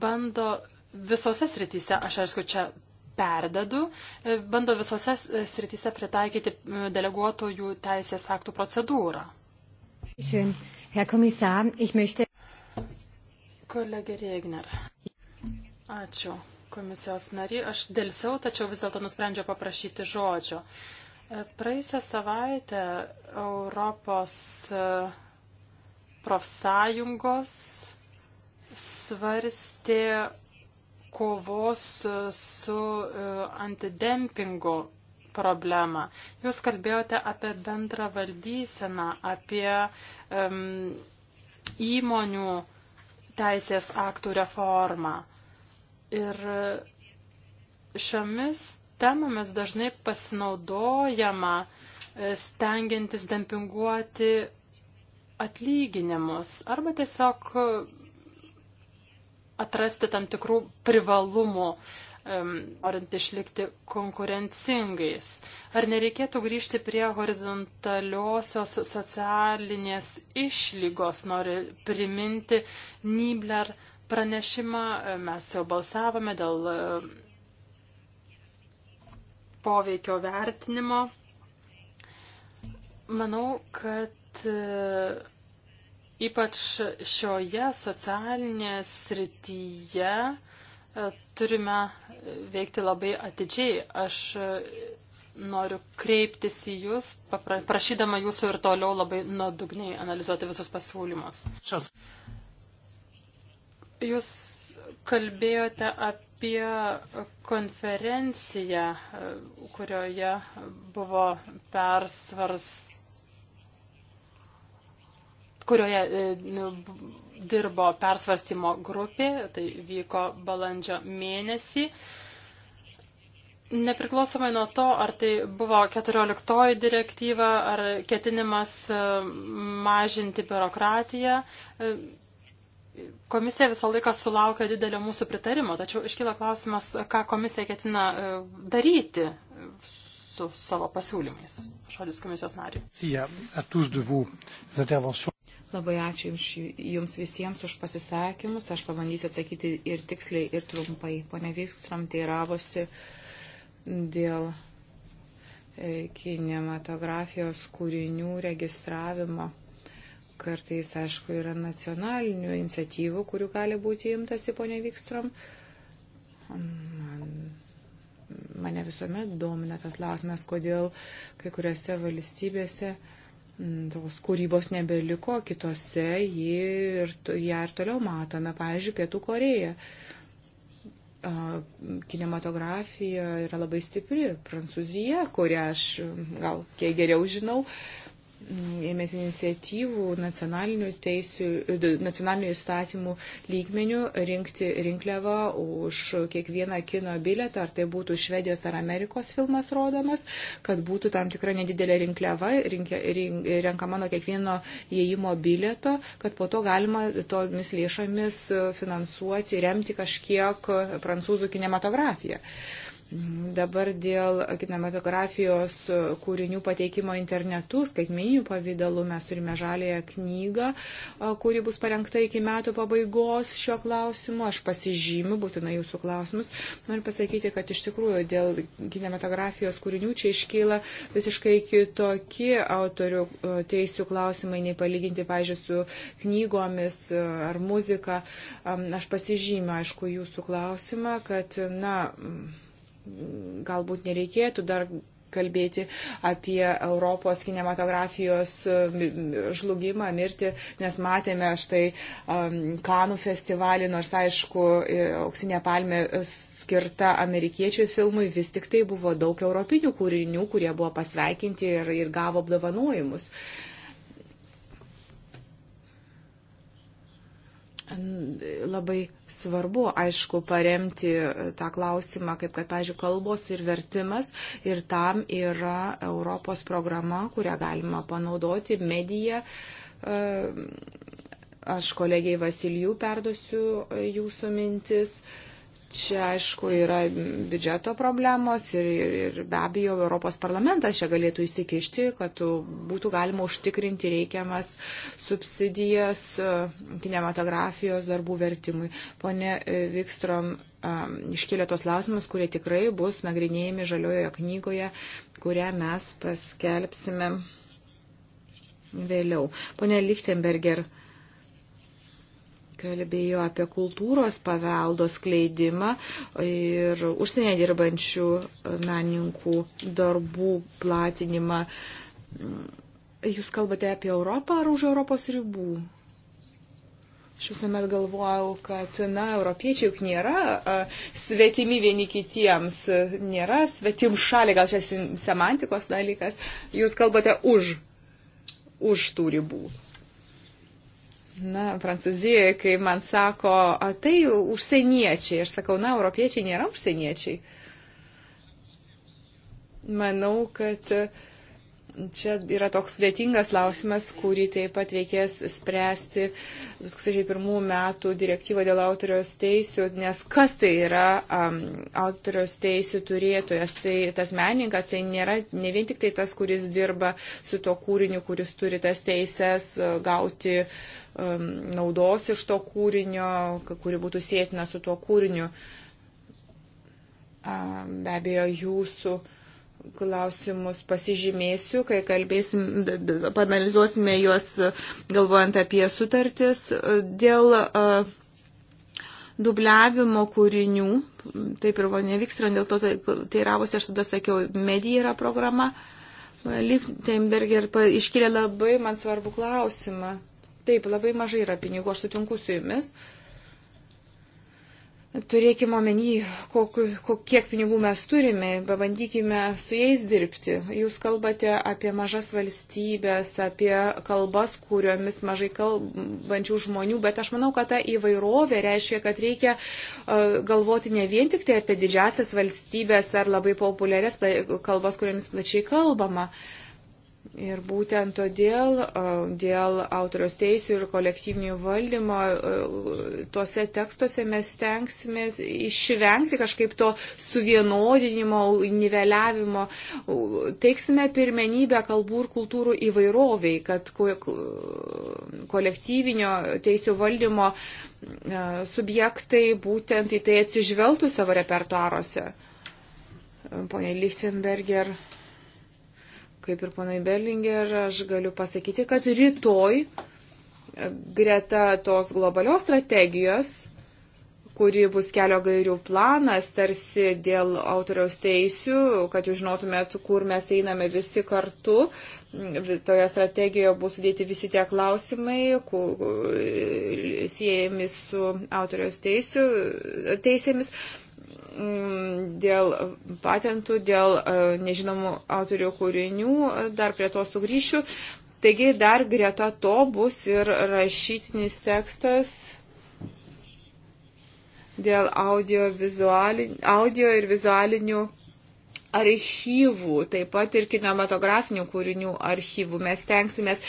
B: bando visose srityse, aš aišku, čia perdedu, e, bando visose e, srityse pritaikyti deleguotojų teisės aktų procedūrą. Schön. Herr Kommissar, ich möchte. Kolegė Regner. Ačiū, komisijos nariai. Aš dėlsiau, tačiau vis dėlto nusprendžiau paprašyti žodžio. Uh, Praėjusią savaitę Europos e, profsąjungos svarstė kovos su e, antidempingu problemą. Jūs kalbėjote apie bendrą valdyseną, apie um, įmonių teisės aktų reformą. Ir e, šiomis temomis dažnai pasinaudojama e, stengiantis dempinguoti atlyginimus arba tiesiog e, atrasti tam tikrų privalumų, norint išlikti konkurencingais. Ar nereikėtų grįžti prie horizontaliosios socialinės išlygos, nori priminti Nibler pranešimą, mes jau balsavome dėl poveikio vertinimo. Manau, kad e, ypač šioje socialinėje srityje e, turime veikti labai atidžiai. Aš e, noriu kreiptis į Jūs, prašydama Jūsų ir toliau labai nuodugniai analizuoti visus pasiūlymus. Šios. Jūs kalbėjote apie apie konferenciją, kurioje buvo persvars kurioje e, dirbo persvarstymo grupė, tai vyko balandžio mėnesį. Nepriklausomai nuo to, ar tai buvo 14 direktyva, ar ketinimas e, mažinti biurokratiją, e, Komisija visą laiką sulaukia didelio mūsų pritarimo, tačiau iškyla klausimas, ką komisija ketina e, daryti e, su savo pasiūlymais. Žodis komisijos nariui.
D: Labai ačiū Jums visiems už pasisakymus. Aš pabandysiu atsakyti ir tiksliai, ir trumpai. Pone Vykstrom teiravosi dėl e, kinematografijos kūrinių registravimo Kartais, aišku, yra nacionalinių iniciatyvų, kurių gali būti imtasi, ponia Vikstrom. Man, mane visuomet domina tas lausmas, kodėl kai kuriuose valstybėse mm, tos kūrybos nebeliko, kitose jį ir, ją ir toliau matome, pavyzdžiui, Pietų Koreja kinematografija yra labai stipri. Prancūzija, kurią aš gal kiek geriau žinau, ėmėsi iniciatyvų nacionalinių teisių, nacionalinių įstatymų lygmenių rinkti rinkliavą už kiekvieną kino biletą, ar tai būtų Švedijos ar Amerikos filmas rodomas, kad būtų tam tikra nedidelė rinkliava rinkia, rink, renkama nuo kiekvieno įėjimo bileto, kad po to galima tomis lėšomis finansuoti, remti kažkiek prancūzų kinematografiją. Uh, Dabar dėl kinematografijos kūrinių pateikimo internetu, skaitmeninių pavydalų, mes turime žalėją knygą, kuri bus parengta iki metų pabaigos šio klausimu. Aš pasižymiu būtinai jūsų klausimus. Noriu pasakyti, kad iš tikrųjų dėl kinematografijos kūrinių čia iškyla visiškai kitokie autorių teisų klausimai, nei palyginti, pažiūrėjau, su knygomis ar muzika. Aš pasižymiu, aišku, jūsų klausimą, kad, na, galbūt nereikėtų dar kalbėti apie Europos kinematografijos žlugimą, mirtį, nes matėme štai Kanų festivalį, nors aišku, e, auksinė palmė skirta amerikiečių filmui, vis tik tai buvo daug europinių kūrinių, kurie buvo pasveikinti ir, ir gavo apdovanojimus. Uh, Labai svarbu, aišku, paremti tą klausimą, kaip kad, pažiūrėjau, kalbos ir vertimas. Ir tam yra Europos programa, kurią galima panaudoti, medija. E, aš kolegiai Vasilijų perduosiu e, jūsų mintis. Uh, Čia, aišku, yra biudžeto problemos ir, ir, ir be abejo Europos parlamentas čia galėtų įsikišti, kad būtų galima užtikrinti reikiamas subsidijas e, kinematografijos darbų vertimui. Pone e, Vikstrom e, iškėlė tos lausimus, kurie tikrai bus nagrinėjami žaliojoje knygoje, kurią mes paskelbsime vėliau. Pone Lichtenberger, kalbėjo apie kultūros paveldo skleidimą ir užsienė dirbančių menininkų darbų platinimą. Jūs kalbate apie Europą ar už Europos ribų? Aš visuomet galvojau, kad, na, europiečiai juk nėra a, svetimi vieni kitiems, nėra svetim šalia, gal čia semantikos dalykas, jūs kalbate už, už tų ribų. Na, Prancūzijoje, kai man sako, a, tai užsieniečiai, aš sakau, na, europiečiai nėra užsieniečiai. Manau, kad uh, Čia yra toks sudėtingas klausimas, kurį taip pat reikės spręsti 2001 metų direktyvą dėl autoriaus teisių, nes kas tai yra um, autoriaus teisių turėtojas, tai tas meninkas, tai nėra ne vien tik tai tas, kuris dirba su to kūriniu, kuris turi tas teises e, gauti um, naudos iš to kūrinio, kuri būtų sėtina su tuo kūriniu. Um, be abejo, jūsų. Uh, klausimus pasižymėsiu, kai kalbėsim, panalizuosime juos galvojant apie sutartis. Dėl dubliavimo kūrinių, taip ir vonė Vikstron, dėl to teiravosi, tai, tai aš tada sakiau, medija yra programa. Lichtenberger iškėlė labai man svarbų klausimą. Taip, labai mažai yra pinigų, aš sutinku su jumis. Uh, Turėkime omeny, kiek pinigų mes turime, pabandykime su jais dirbti. Jūs kalbate apie mažas valstybės, apie kalbas, kuriomis mažai kalbančių žmonių, bet aš manau, kad ta įvairovė reiškia, kad reikia e, galvoti ne vien tik tai apie didžiasias valstybės ar labai populiarias kalbas, kuriomis plačiai kalbama. Uh, Ir būtent todėl dėl autoriaus teisų ir kolektyvinio valdymo tuose tekstuose mes tenksimės išvengti kažkaip to suvienodinimo, niveliavimo. Teiksime pirmenybę kalbų ir kultūrų įvairoviai, kad kolektyvinio teisų valdymo subjektai būtent į tai atsižvelgtų savo repertuaruose. Pone Lichtenberger kaip ir ponai Berlinger, aš galiu pasakyti, kad rytoj e, greta tos globalios strategijos, kuri bus kelio gairių planas, tarsi dėl autoriaus teisių, kad jūs žinotumėt, kur mes einame visi kartu. Toje strategijoje bus sudėti visi tie klausimai, e, siejami su autoriaus teisių, teisėmis. Mm, dėl patentų, dėl e, nežinomų autorių kūrinių, e, dar prie to sugrįšiu. Taigi dar greta to bus ir rašytinis tekstas dėl audio, audio ir vizualinių archyvų, taip pat ir kinematografinių kūrinių archyvų. Mes tenksimės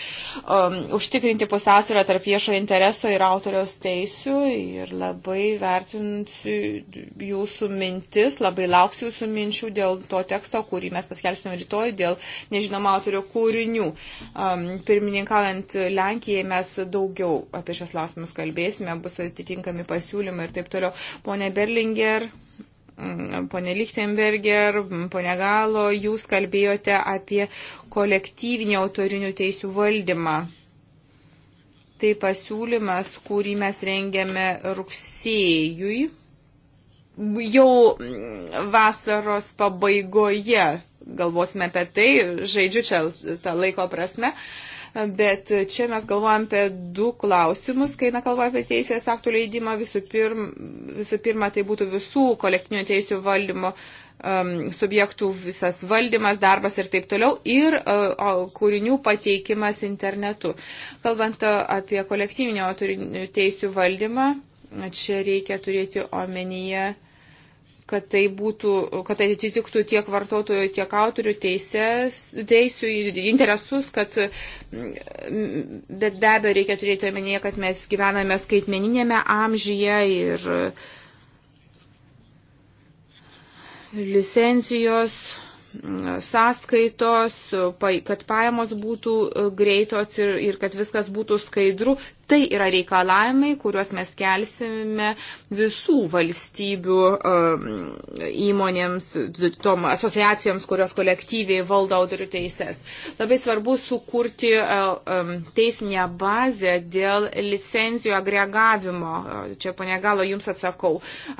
D: um, užtikrinti pusiausvyrą tarp viešo intereso ir autoriaus teisių ir labai vertinsiu jūsų mintis, labai lauksiu jūsų minčių dėl to teksto, kurį mes paskelbsime rytoj, dėl nežinoma autorio kūrinių. Um, pirmininkaujant Lenkijai mes daugiau apie šios lausimus kalbėsime, bus atitinkami pasiūlymai ir taip toliau. Pone Berlinger. Mm, pone Lichtenberger, mm, pone Galo, jūs kalbėjote apie kolektyvinį autorinių teisių valdymą. Tai pasiūlymas, kurį mes rengėme rugsėjui, jau mm, vasaros pabaigoje, galvosime apie tai, žaidžiu čia tą laiko prasme. Uh, bet čia mes galvojam apie du klausimus, kai nekalba apie teisės aktų leidimą. Visų, pirm, visų pirma, tai būtų visų kolektyvinio teisų valdymo um, subjektų visas valdymas, darbas ir taip toliau, ir uh, kūrinių pateikimas internetu. Kalbant uh, apie kolektyvinio teisų valdymą, čia reikia turėti omenyje uh, kad tai, būtų, kad tai atitiktų tiek vartotojų, tiek autorių teisės, teisų interesus, kad, mm, bet be abejo reikia turėti omenyje, kad mes gyvename skaitmeninėme amžyje ir licencijos sąskaitos, kad pajamos būtų greitos ir, ir kad viskas būtų skaidru, Tai yra reikalavimai, kuriuos mes kelsime visų valstybių um, įmonėms, tom asociacijoms, kurios kolektyviai valdo autorių teises. Labai svarbu sukurti e, um, teisinę bazę dėl licenzijų agregavimo. Čia, ponė Galo, jums atsakau.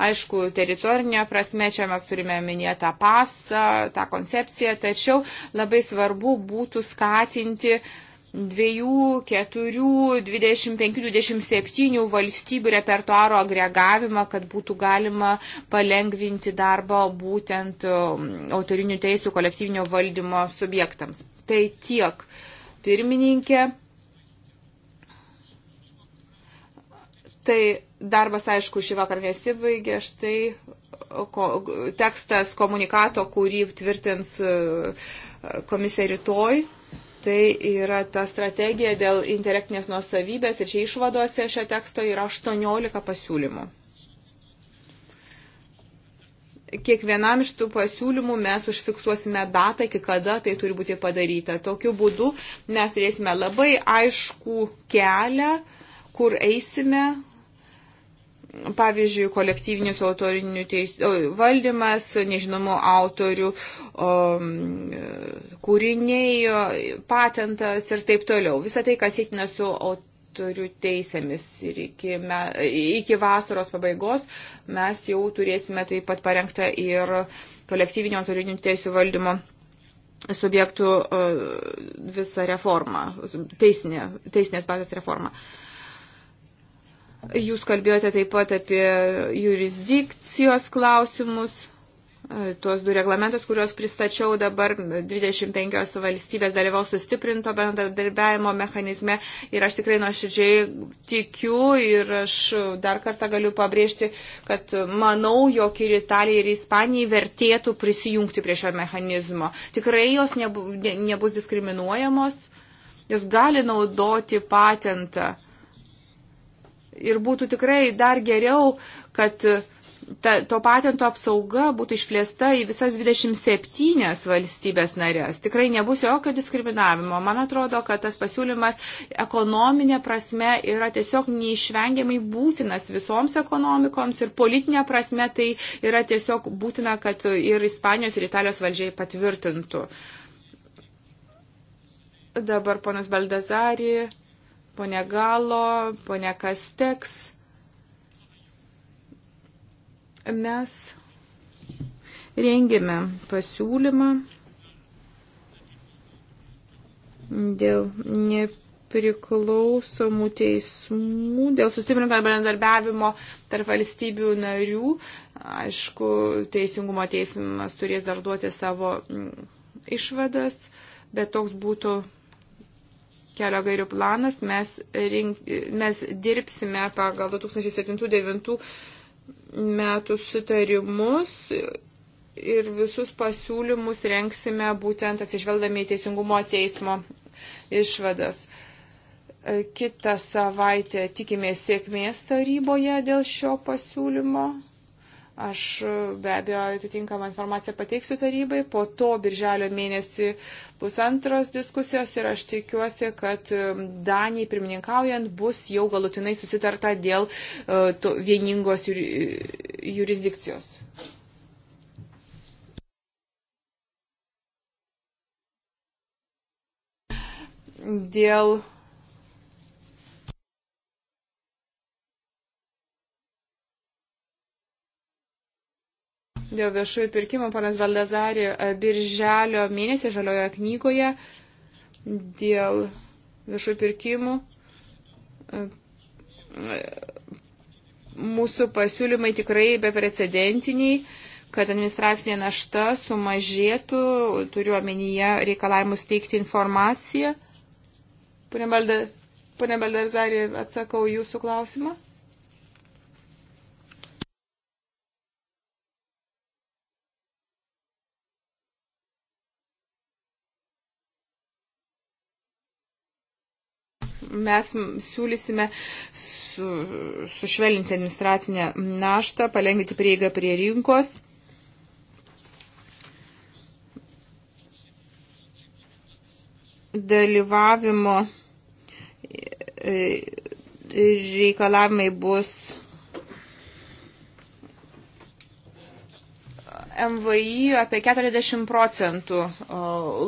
D: Aišku, teritorinė prasme čia mes turime minėtą pasą, tą koncepciją, tačiau labai svarbu būtų skatinti uh, dviejų, keturių, 25, 27 valstybių repertuaro agregavimą, kad būtų galima palengvinti darbą būtent um, autorinių teisų kolektyvinio valdymo subjektams. Tai tiek, pirmininkė. Tai darbas, aišku, šį vakar nesibaigė, štai ko, tekstas komunikato, kurį tvirtins uh, komisija rytoj tai yra ta strategija dėl intelektinės nuosavybės ir čia išvadose šio teksto yra 18 pasiūlymų. Kiekvienam iš tų pasiūlymų mes užfiksuosime datą, iki kada tai turi būti padaryta. Tokiu būdu mes turėsime labai aišku kelią, kur eisime, pavyzdžiui, kolektyvinis autorinių teis, valdymas, nežinomų autorių um, o, kūriniai, patentas ir taip toliau. Visą tai, kas įtina su autorių teisėmis ir iki, me, iki vasaros pabaigos mes jau turėsime taip pat parengtą ir kolektyvinio autorinių teisų valdymo subjektų visą reformą, teisinė, teisinės bazės reformą. Uh, Jūs kalbėjote taip pat apie jurisdikcijos klausimus, e, tuos du reglamentus, kuriuos pristačiau dabar, 25 valstybės dalyvaus sustiprinto bendradarbiavimo mechanizme ir aš tikrai nuoširdžiai tikiu ir aš dar kartą galiu pabrėžti, kad manau, jog ir Italijai ir Ispanijai vertėtų prisijungti prie šio mechanizmo. Tikrai jos nebu, ne, nebus diskriminuojamos, jos gali naudoti patentą Ir būtų tikrai dar geriau, kad ta, to patento apsauga būtų išplėsta į visas 27 valstybės narės. Tikrai nebus jokio diskriminavimo. Man atrodo, kad tas pasiūlymas ekonominė prasme yra tiesiog neišvengiamai būtinas visoms ekonomikoms ir politinė prasme tai yra tiesiog būtina, kad ir Ispanijos ir Italijos valdžiai patvirtintų. Dabar ponas Baldazari ponė Galo, ponė Kasteks. Mes rengėme pasiūlymą dėl nepriklausomų teismų, dėl sustiprinto bendradarbiavimo tarp valstybių narių. Aišku, teisingumo teismas turės dar duoti savo mm, išvadas, bet toks būtų kelio gairių planas. Mes, rink, mes dirbsime pagal 2007-2009 metų sutarimus ir visus pasiūlymus renksime būtent atsižvelgdami į Teisingumo teismo išvadas. Kita savaitė tikimės sėkmės taryboje dėl šio pasiūlymo. Aš e, be abejo atitinkamą informaciją pateiksiu tarybai, po to birželio mėnesį bus antros diskusijos ir aš tikiuosi, kad e, Danijai pirmininkaujant bus jau galutinai susitarta dėl uh, vieningos juri, jurisdikcijos. Dėl dėl viešųjų pirkimų. Panas Valdazari e, birželio mėnesį žaliojoje knygoje dėl viešųjų pirkimų e, e, mūsų pasiūlymai tikrai beprecedentiniai kad administracinė našta sumažėtų, turiu omenyje reikalavimus teikti informaciją. Pone Baldarzarė, atsakau jūsų klausimą. mes siūlysime su, sušvelninti administracinę naštą, palengvinti prieigą prie rinkos. Dalyvavimo e, e, reikalavimai bus MVI apie 40 procentų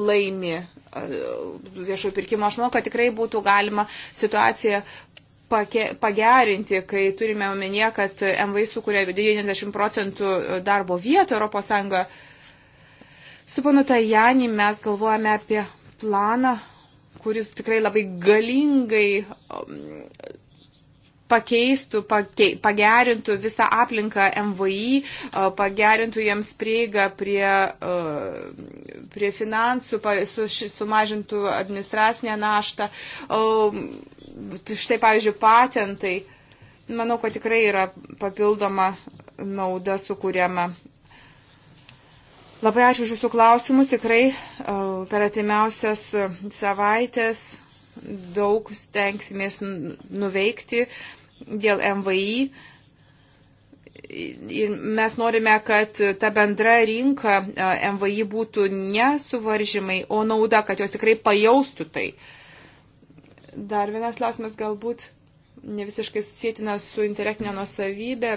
D: laimi viešųjų pirkimų. Aš manau, kad tikrai būtų galima situaciją pagerinti, kai turime omenyje, kad MVI sukuria 90 procentų darbo vietų ES. Su panu Tajani mes galvojame apie planą, kuris tikrai labai galingai pakeistų, pakei, pagerintų visą aplinką MVI, e, pagerintų jiems prieigą prie, e, prie finansų, sumažintų administracinę naštą. E, štai, pavyzdžiui, patentai. Manau, kad tikrai yra papildoma nauda sukūriama. Labai ačiū už Jūsų klausimus. Tikrai per atimiausias savaitės daug stengsimės nuveikti dėl MVI. Ir mes norime, kad ta bendra rinka MVI būtų ne suvaržymai, o nauda, kad jos tikrai pajaustų tai. Dar vienas klausimas galbūt nevisiškai susijėtina su intelektinė nusavybė,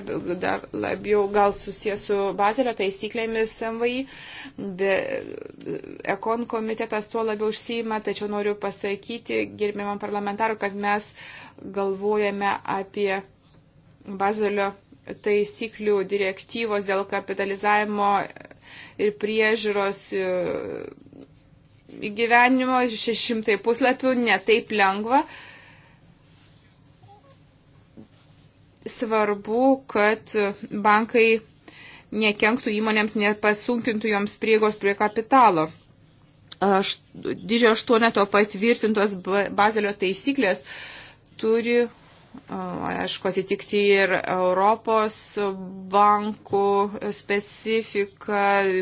D: dar labiau gal susijęs su bazelio taisyklėmis MVI, bet ekon komitetas tuo labiau užsijima, tačiau noriu pasakyti gerbiamam parlamentarui, kad mes galvojame apie bazelio taisyklių direktyvos dėl kapitalizavimo ir priežiūros e, gyvenimo 600 puslapių, netaip lengva. svarbu, kad bankai nekenktų įmonėms, nepasunkintų joms priegos prie kapitalo. Aš, didžio aštuoneto patvirtintos bazelio taisyklės turi, aišku, atitikti ir Europos bankų specifiką,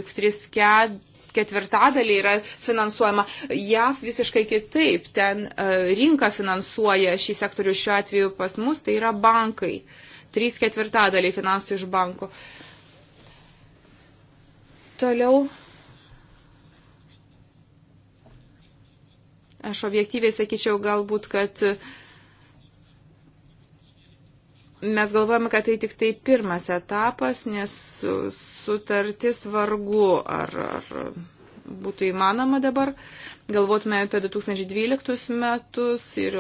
D: 3 ketvirtadalį yra finansuojama. JAV visiškai kitaip, ten e, rinka finansuoja šį sektorių, šiuo atveju pas mus tai yra bankai. Trys ketvirtadaliai finansų iš banko. Toliau. Aš objektyviai sakyčiau galbūt, kad uh, mes galvojame, kad tai tik tai pirmas etapas, nes sutartis vargu ar, ar būtų įmanoma dabar. Galvotume apie 2012 metus ir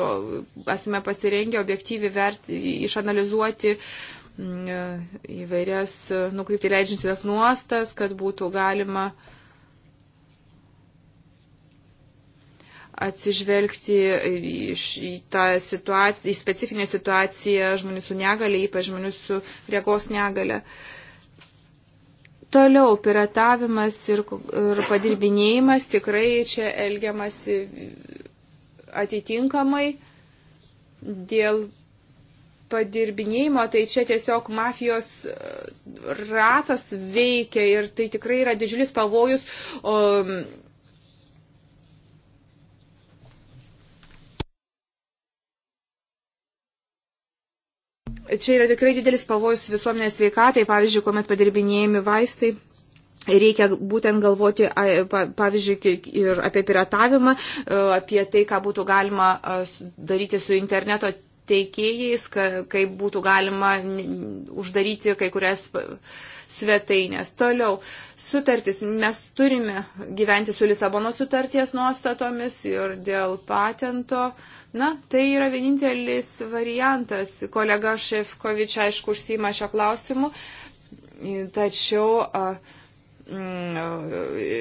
D: esame pasirengę objektyviai verti, išanalizuoti mm, įvairias nukrypti leidžiančias nuostas, kad būtų galima atsižvelgti iš, į, tą situaciją, į specifinę situaciją žmonių su negale, ypač žmonių su regos negale. Uh, Toliau piratavimas ir, ir padirbinėjimas tikrai čia elgiamasi atitinkamai dėl padirbinėjimo, tai čia tiesiog mafijos e, ratas veikia ir tai tikrai yra didžiulis pavojus o, Čia yra tikrai didelis pavojus visuomenės sveikatai, pavyzdžiui, kuomet padirbinėjami vaistai. Reikia būtent galvoti, pavyzdžiui, ir apie piratavimą, e, apie tai, ką būtų galima daryti su interneto teikėjais, kaip būtų galima uždaryti kai kurias e, svetainės. Toliau, sutartis. Mes turime gyventi su Lisabono sutarties nuostatomis ir dėl patento. Na, tai yra vienintelis variantas. Kolega Šefkovič, aišku, užsima šio klausimu. Tačiau a, mm,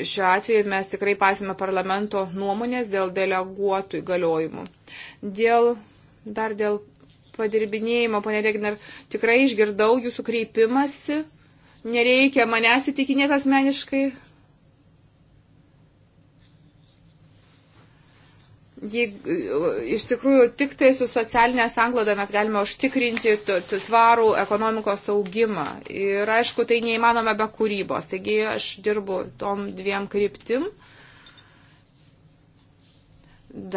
D: šiuo atveju mes tikrai pasime parlamento nuomonės dėl deleguotų įgaliojimų. Dėl, dar dėl padirbinėjimo, ponė Regner, tikrai išgirdau jūsų kreipimasi Nereikia manęs įtikinėti asmeniškai. jeigu iš tikrųjų tik tai su socialinė sangloda mes galime užtikrinti tvarų ekonomikos augimą. Ir aišku, tai neįmanoma be kūrybos. Taigi aš dirbu tom dviem kryptim.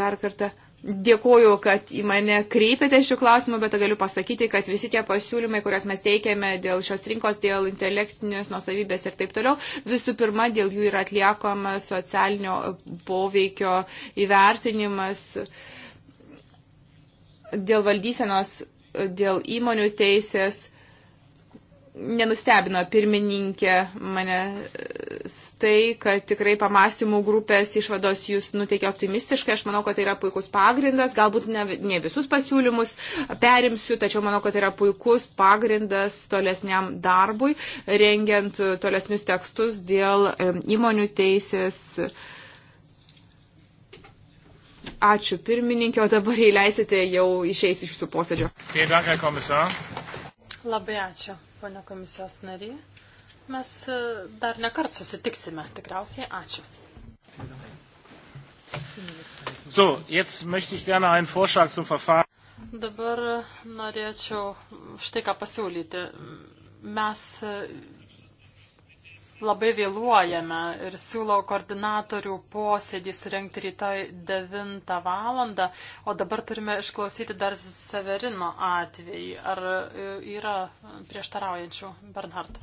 D: Dar kartą Dėkuoju, kad į mane kreipėte šių klausimų, bet galiu pasakyti, kad visi tie pasiūlymai, kuriuos mes teikėme dėl šios rinkos, dėl intelektinės nusavybės ir taip toliau, visų pirma, dėl jų yra atliekama socialinio poveikio įvertinimas dėl valdysenos, dėl įmonių teisės nenustebino pirmininkė mane e, tai, kad tikrai pamastymų grupės išvados jūs nuteikia optimistiškai. Aš manau, kad tai yra puikus pagrindas. Galbūt ne, ne visus pasiūlymus perimsiu, tačiau manau, kad tai yra puikus pagrindas tolesniam darbui, rengiant tolesnius tekstus dėl e, įmonių teisės. Ačiū pirmininkė, o dabar jei leisite, jau išeisiu iš jūsų posėdžio.
A: Vielen Dank, Herr Kommissar.
B: Labai ačiū, ponia komisijos nariai. Mes e, dar nekart susitiksime, tikriausiai. Ačiū.
A: So, jetzt möchte ich gerne einen Vorschlag zum Verfahren.
B: Dabar norėčiau štai ką pasiūlyti. Mes e, labai vėluojame ir siūlau koordinatorių posėdį surenkti rytoj 9 valandą, o dabar turime išklausyti dar Severino atvejį. Ar e, yra prieštaraujančių, Bernhard?